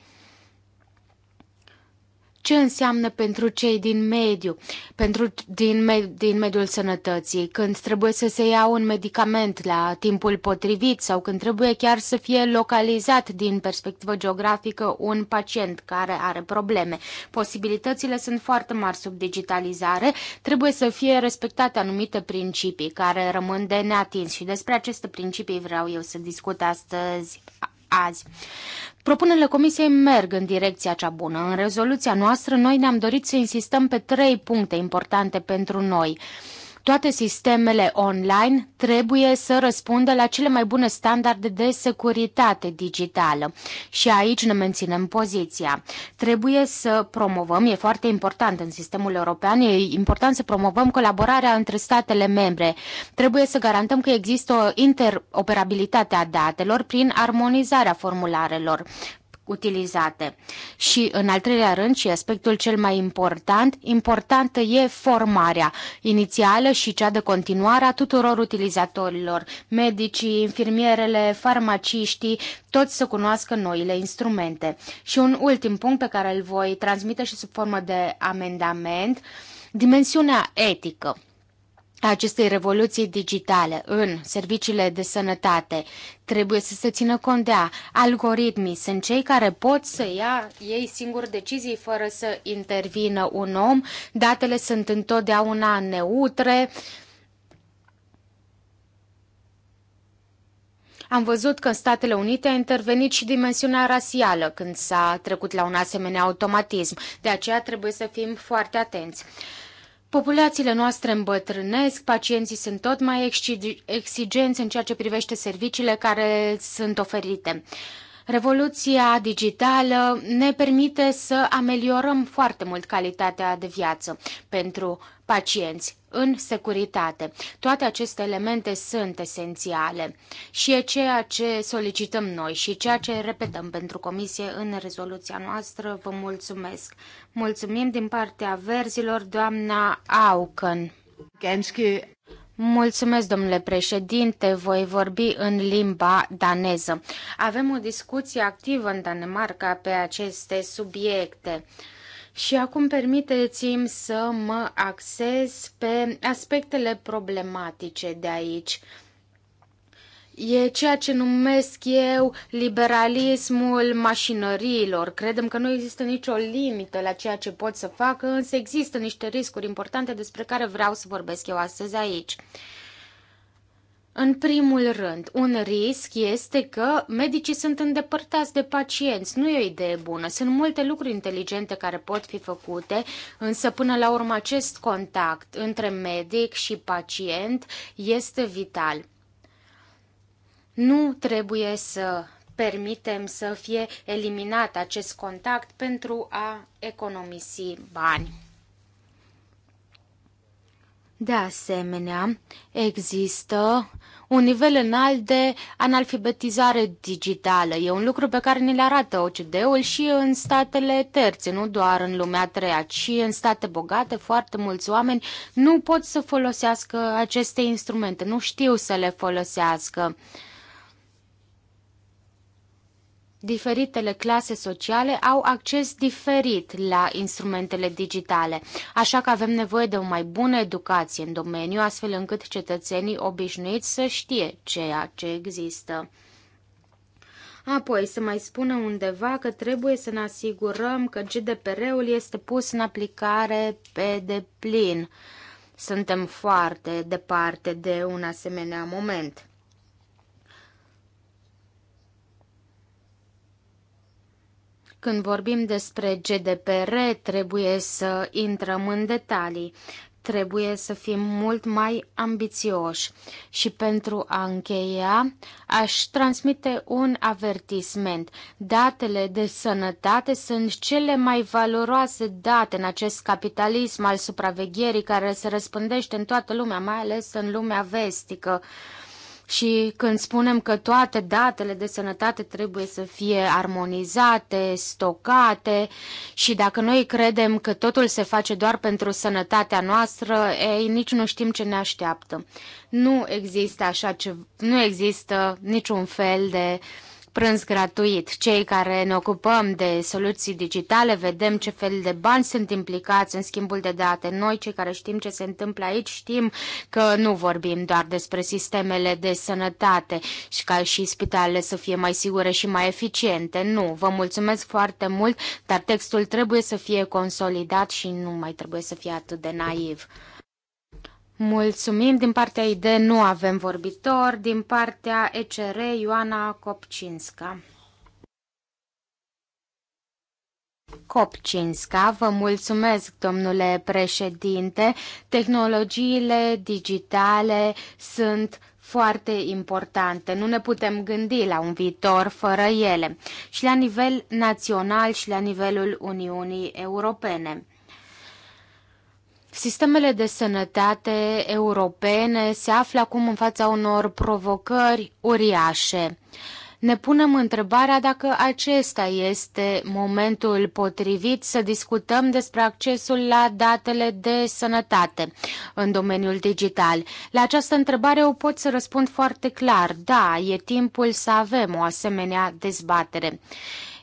ce înseamnă pentru cei din mediu, pentru, din, me, din mediul sănătății, când trebuie să se ia un medicament la timpul potrivit sau când trebuie chiar să fie localizat din perspectivă geografică un pacient care are probleme. Posibilitățile sunt foarte mari sub digitalizare, trebuie să fie respectate anumite principii care rămân de neatins și despre aceste principii vreau eu să discut astăzi azi. Propunerile Comisiei merg în direcția cea bună. În rezoluția noastră, noi ne-am dorit să insistăm pe trei puncte importante pentru noi toate sistemele online trebuie să răspundă la cele mai bune standarde de securitate digitală și aici ne menținem poziția. Trebuie să promovăm, e foarte important în sistemul european, e important să promovăm colaborarea între statele membre. Trebuie să garantăm că există o interoperabilitate a datelor prin armonizarea formularelor utilizate. Și în al treilea rând și aspectul cel mai important, importantă e formarea inițială și cea de continuare a tuturor utilizatorilor, medicii, infirmierele, farmaciștii, toți să cunoască noile instrumente. Și un ultim punct pe care îl voi transmite și sub formă de amendament, dimensiunea etică acestei revoluții digitale în serviciile de sănătate. Trebuie să se țină cont de a algoritmii. Sunt cei care pot să ia ei singuri decizii fără să intervină un om. Datele sunt întotdeauna neutre. Am văzut că în Statele Unite a intervenit și dimensiunea rasială când s-a trecut la un asemenea automatism. De aceea trebuie să fim foarte atenți. Populațiile noastre îmbătrânesc, pacienții sunt tot mai exigenți în ceea ce privește serviciile care sunt oferite. Revoluția digitală ne permite să ameliorăm foarte mult calitatea de viață pentru pacienți în securitate. Toate aceste elemente sunt esențiale și e ceea ce solicităm noi și ceea ce repetăm pentru comisie în rezoluția noastră. Vă mulțumesc! Mulțumim din partea verzilor, doamna Auken. Mulțumesc, domnule președinte. Voi vorbi în limba daneză. Avem o discuție activă în Danemarca pe aceste subiecte. Uh, și acum permiteți-mi să mă axez pe aspectele problematice de aici. E ceea ce numesc eu liberalismul mașinăriilor. Credem că nu există nicio limită la ceea ce pot să facă, însă există niște riscuri importante despre care vreau să vorbesc eu astăzi aici. În primul rând, un risc este că medicii sunt îndepărtați de pacienți. Nu e o idee bună. Sunt multe lucruri inteligente care pot fi făcute, însă până la urmă acest contact între medic și pacient este vital. Nu trebuie să permitem să fie eliminat acest contact pentru a economisi bani. De asemenea, există un nivel înalt de analfabetizare digitală. E un lucru pe care ne l arată ocd ul și în statele terțe, nu doar în lumea treia, ci în state bogate, foarte mulți oameni nu pot să folosească aceste instrumente, nu știu să le folosească diferitele clase sociale au acces diferit la instrumentele digitale, așa că avem nevoie de o mai bună educație în domeniu, astfel încât cetățenii obișnuiți să știe ceea ce există. Apoi să mai spună undeva că trebuie să ne asigurăm că GDPR-ul este pus în aplicare pe deplin. Suntem foarte departe de un asemenea moment. Când vorbim despre GDPR, trebuie să intrăm în detalii. Trebuie să fim mult mai ambițioși și pentru a încheia aș transmite un avertisment. Datele de sănătate sunt cele mai valoroase date în acest capitalism al supravegherii care se răspândește în toată lumea, mai ales în lumea vestică. Uh, și când spunem că toate datele de sănătate trebuie să fie armonizate, stocate și dacă noi credem că totul se face doar pentru sănătatea noastră, ei, nici nu știm ce ne așteaptă. Nu există așa ceva, nu există niciun fel de uh, prânz gratuit. Cei care ne ocupăm de soluții digitale vedem ce fel de bani sunt implicați în schimbul de date. Noi, cei care știm ce se întâmplă aici, știm că nu vorbim doar despre sistemele de sănătate și ca și spitalele să fie mai sigure și mai eficiente. Nu, vă mulțumesc foarte mult, dar textul trebuie să fie consolidat și nu mai trebuie să fie atât de naiv. Mulțumim. Din partea ID nu avem vorbitor. Din partea ECR, Ioana Copcinska. Copcinska, vă mulțumesc, domnule președinte. Tehnologiile digitale sunt foarte importante. Nu ne putem gândi la un viitor fără ele. Și la nivel național și la nivelul Uniunii Europene. Sistemele de sănătate europene se află acum în fața unor provocări uriașe. Ne punem întrebarea dacă acesta este momentul potrivit să discutăm despre accesul la datele de sănătate în domeniul digital. La această întrebare o pot să răspund foarte clar. Da, e timpul să avem o asemenea dezbatere.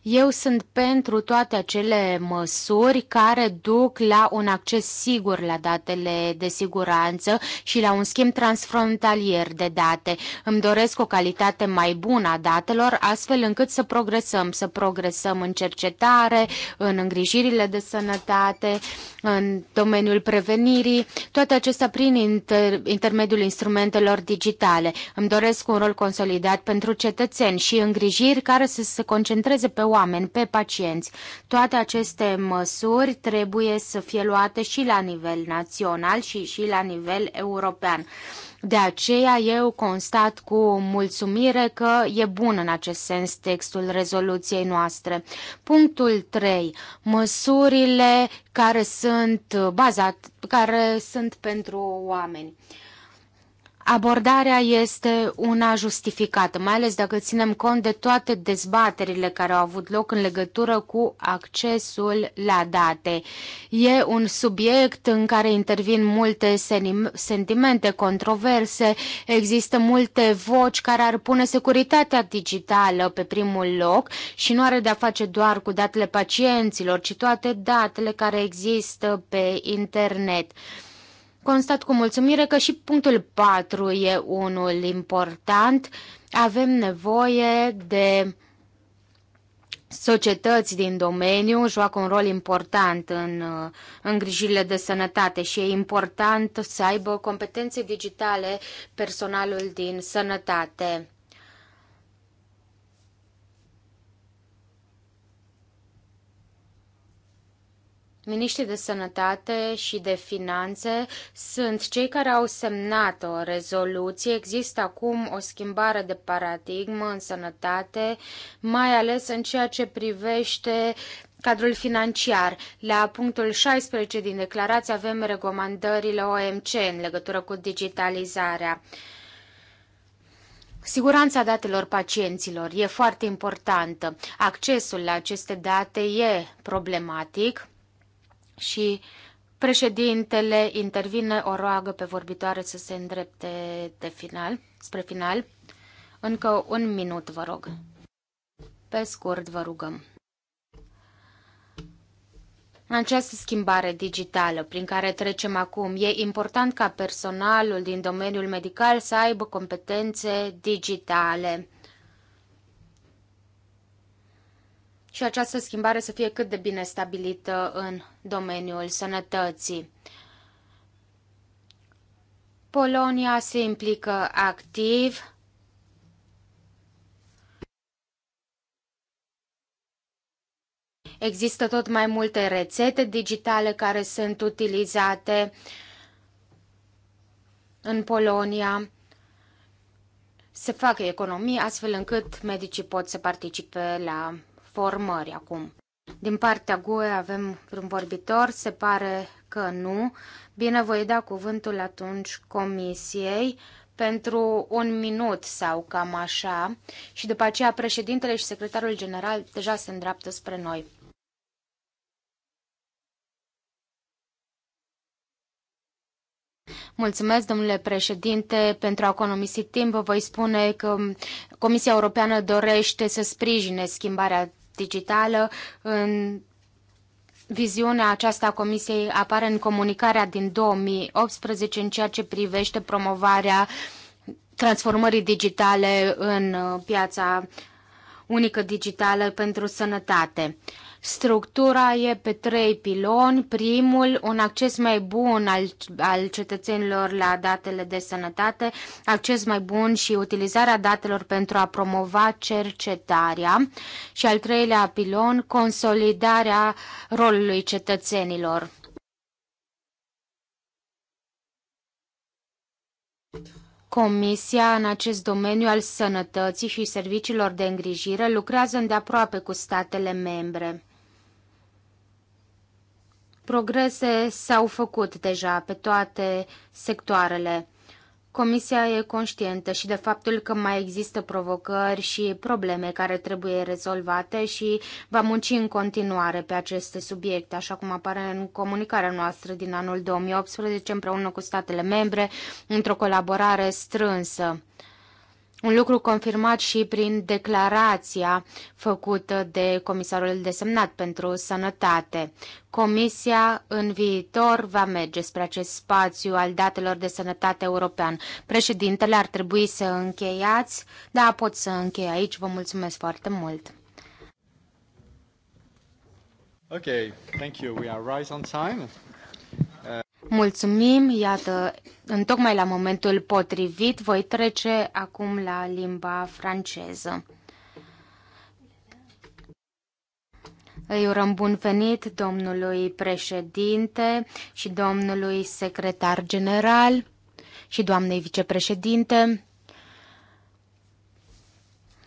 Eu sunt pentru toate acele măsuri care duc la un acces sigur la datele de siguranță și la un schimb transfrontalier de date. Îmi doresc o calitate mai bună a datelor, astfel încât să progresăm, să progresăm în cercetare, în îngrijirile de sănătate, în domeniul prevenirii, toate acestea prin inter intermediul instrumentelor digitale. Îmi doresc un rol consolidat pentru cetățeni și îngrijiri care să se concentreze pe oameni, pe pacienți. Toate aceste măsuri trebuie să fie luate și la nivel național și și la nivel european. De aceea eu constat cu mulțumire că e bun în acest sens textul rezoluției noastre. Punctul 3. Măsurile care sunt bazate, care sunt pentru oameni. Uh, Abordarea este una justificată, mai ales dacă ținem cont de toate dezbaterile care au avut loc în legătură cu accesul la date. E un subiect în care intervin multe sentimente controverse, există multe voci care ar pune securitatea digitală pe primul loc și nu are de-a face doar cu datele pacienților, ci toate datele care există pe internet constat cu mulțumire că și punctul 4 e unul important. Avem nevoie de societăți din domeniu, joacă un rol important în uh, îngrijirile de sănătate și e important să aibă competențe digitale personalul din sănătate. Miniștrii de Sănătate și de Finanțe sunt cei care au semnat o rezoluție. Există acum o schimbare de paradigmă în sănătate, mai ales în ceea ce privește cadrul financiar. La punctul 16 din declarație avem recomandările OMC în legătură cu digitalizarea. Siguranța datelor pacienților e foarte importantă. Accesul la aceste date e problematic și președintele intervine, o roagă pe vorbitoare să se îndrepte de final, spre final. Încă un minut, vă rog. Pe scurt, vă rugăm. Această schimbare digitală prin care trecem acum, e important ca personalul din domeniul medical să aibă competențe digitale și această schimbare să fie cât de bine stabilită în domeniul sănătății. Polonia se implică activ Există tot mai multe rețete digitale care sunt utilizate în Polonia. Se fac economii astfel încât medicii pot să participe la formări acum. Din partea GUE avem vreun vorbitor? Se pare că nu. Bine, voi da cuvântul atunci comisiei pentru un minut sau cam așa și după aceea președintele și secretarul general deja se îndreaptă spre noi. Mulțumesc, domnule președinte, pentru a economisi timp. Vă voi spune că Comisia Europeană dorește să sprijine schimbarea digitală în Viziunea aceasta a Comisiei apare în comunicarea din 2018 în ceea ce privește promovarea transformării digitale în uh, piața unică digitală pentru sănătate. Structura e pe trei piloni. Primul, un acces mai bun al, al cetățenilor la datele de sănătate, acces mai bun și utilizarea datelor pentru a promova cercetarea. Și al treilea pilon, consolidarea rolului cetățenilor. Comisia în acest domeniu al sănătății și serviciilor de îngrijire lucrează îndeaproape cu statele membre. Progrese s-au făcut deja pe toate sectoarele. Comisia e conștientă și de faptul că mai există provocări și probleme care trebuie rezolvate și va munci în continuare pe aceste subiecte, așa cum apare în comunicarea noastră din anul 2018 împreună cu statele membre, într-o colaborare strânsă un lucru confirmat și prin declarația făcută de comisarul desemnat pentru sănătate. Comisia în viitor va merge spre acest spațiu al datelor de sănătate european. Președintele, ar trebui să încheiați. Da, pot să închei aici. Vă mulțumesc foarte mult. Okay, thank you. We are right on time. Mulțumim, iată, în tocmai la momentul potrivit voi trece acum la limba franceză. Îi urăm bun venit domnului președinte și domnului secretar general și doamnei vicepreședinte.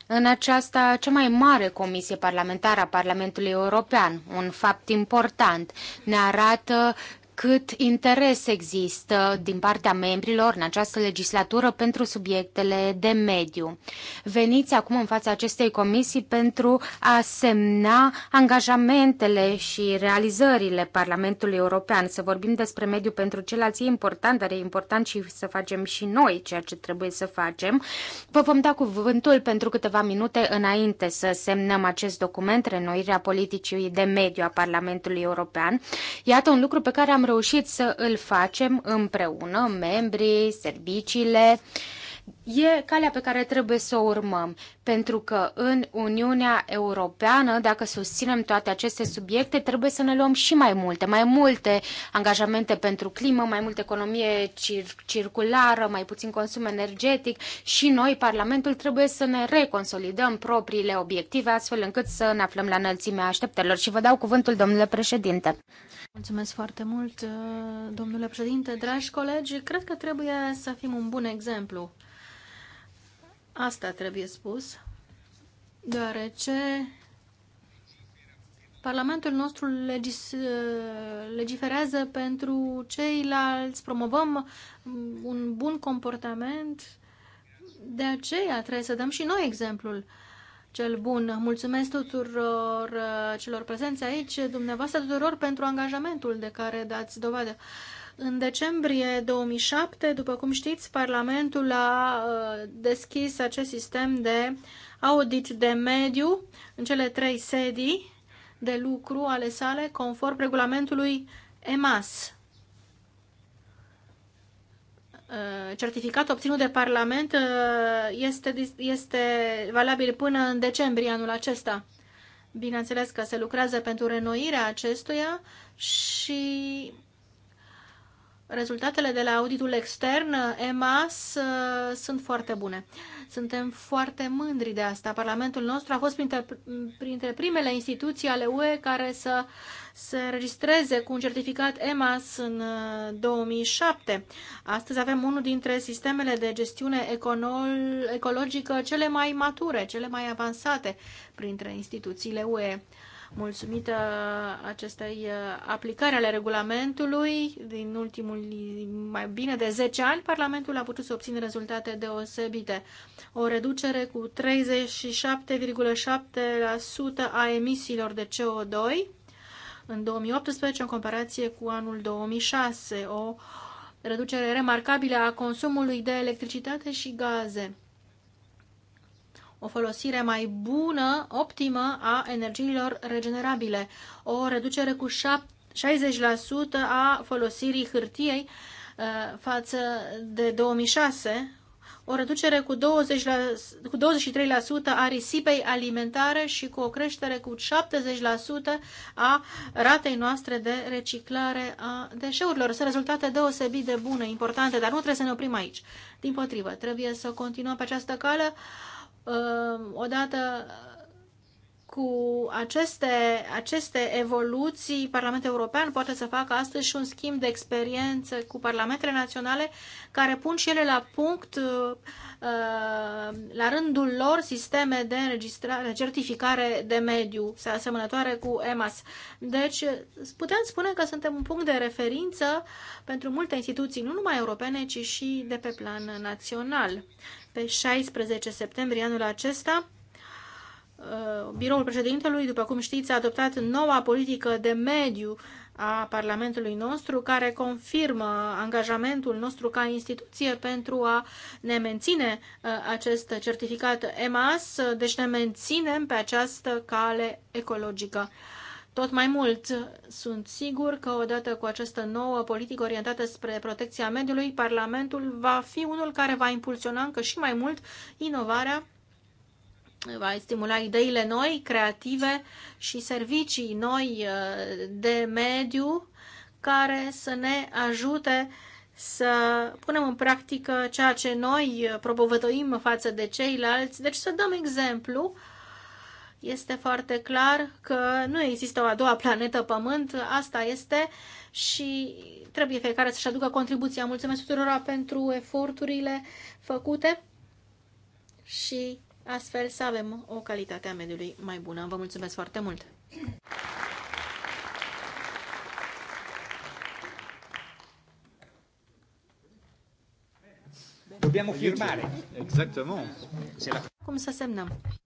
În aceasta, cea mai mare comisie parlamentară a Parlamentului European, un fapt important, ne arată cât interes există din partea membrilor în această legislatură pentru subiectele de mediu. Veniți acum în fața acestei comisii pentru a semna angajamentele și realizările Parlamentului European. Să vorbim despre mediu pentru ceilalți e important, dar e important și să facem și noi ceea ce trebuie să facem. Vă vom da cuvântul pentru câteva minute înainte să semnăm acest document, renoirea politicii de mediu a Parlamentului European. Iată un lucru pe care am am reușit să îl facem împreună, membrii, serviciile, E calea pe care trebuie să o urmăm, pentru că în Uniunea Europeană, dacă susținem toate aceste subiecte, trebuie să ne luăm și mai multe, mai multe angajamente pentru climă, mai multă economie cir- circulară, mai puțin consum energetic și noi, Parlamentul, trebuie să ne reconsolidăm propriile obiective, astfel încât să ne aflăm la înălțimea așteptărilor. Și vă dau cuvântul, domnule președinte. Mulțumesc foarte mult, domnule președinte. Dragi colegi, cred că trebuie să fim un bun exemplu Asta trebuie spus, deoarece Parlamentul nostru legis, legiferează pentru ceilalți, promovăm un bun comportament, de aceea trebuie să dăm și noi exemplul cel bun. Mulțumesc tuturor uh, celor prezenți aici, dumneavoastră tuturor pentru angajamentul de care dați dovadă. În decembrie 2007, după cum știți, Parlamentul a uh, deschis acest sistem de audit de mediu în cele trei sedii de lucru ale sale, conform regulamentului EMAS. Uh, certificat obținut de Parlament uh, este, este valabil până în decembrie anul acesta. Bineînțeles că se lucrează pentru renoirea acestuia și Rezultatele de la auditul extern eh, EMAS eh, sunt foarte bune. Suntem foarte mândri de asta. Parlamentul nostru a fost printre, printre primele instituții ale UE care să se registreze cu un certificat EMAS în 2007. Eh, Astăzi avem unul dintre sistemele de gestiune ecologică cele mai mature, cele mai avansate printre instituțiile UE mulțumită acestei uh, aplicări ale regulamentului din ultimul mai bine de 10 ani, Parlamentul a putut să obțină rezultate deosebite. O reducere cu 37,7% a emisiilor de CO2 în 2018 în comparație cu anul 2006, o reducere remarcabilă a consumului de electricitate și gaze o folosire mai bună, optimă a energiilor regenerabile, o reducere cu 60% a folosirii hârtiei uh, față de 2006, o reducere cu, 20 la, cu 23% a risipei alimentare și cu o creștere cu 70% a ratei noastre de reciclare a deșeurilor. Sunt rezultate deosebit de bune, importante, dar nu trebuie să ne oprim aici. Din potrivă, trebuie să continuăm pe această cale odată cu aceste, aceste evoluții, Parlamentul European poate să facă astăzi și un schimb de experiență cu parlamentele naționale care pun și ele la punct, uh, uh, la rândul lor, sisteme de înregistrare, certificare de mediu asemănătoare cu EMAS. Deci, putem spune că suntem un punct de referință pentru multe instituții, nu numai europene, ci și de pe plan național pe 16 septembrie anul acesta. Uh, biroul președintelui, după cum știți, a adoptat noua politică de mediu a Parlamentului nostru, care confirmă angajamentul nostru ca instituție pentru a ne menține uh, acest certificat EMAS, deci ne menținem pe această cale ecologică tot mai mult. Sunt sigur că odată cu această nouă politică orientată spre protecția mediului, Parlamentul va fi unul care va impulsiona încă și mai mult inovarea, va stimula ideile noi, creative și servicii noi uh, de mediu care să ne ajute să punem în practică ceea ce noi propovătoim față de ceilalți, deci să dăm exemplu este foarte clar că nu există o a doua planetă Pământ, asta este și trebuie fiecare să-și aducă contribuția. Mulțumesc tuturor pentru eforturile făcute și astfel să avem o calitate a mediului mai bună. Vă mulțumesc foarte mult! Dobbiamo firmare. Exactement. Cum să semnăm?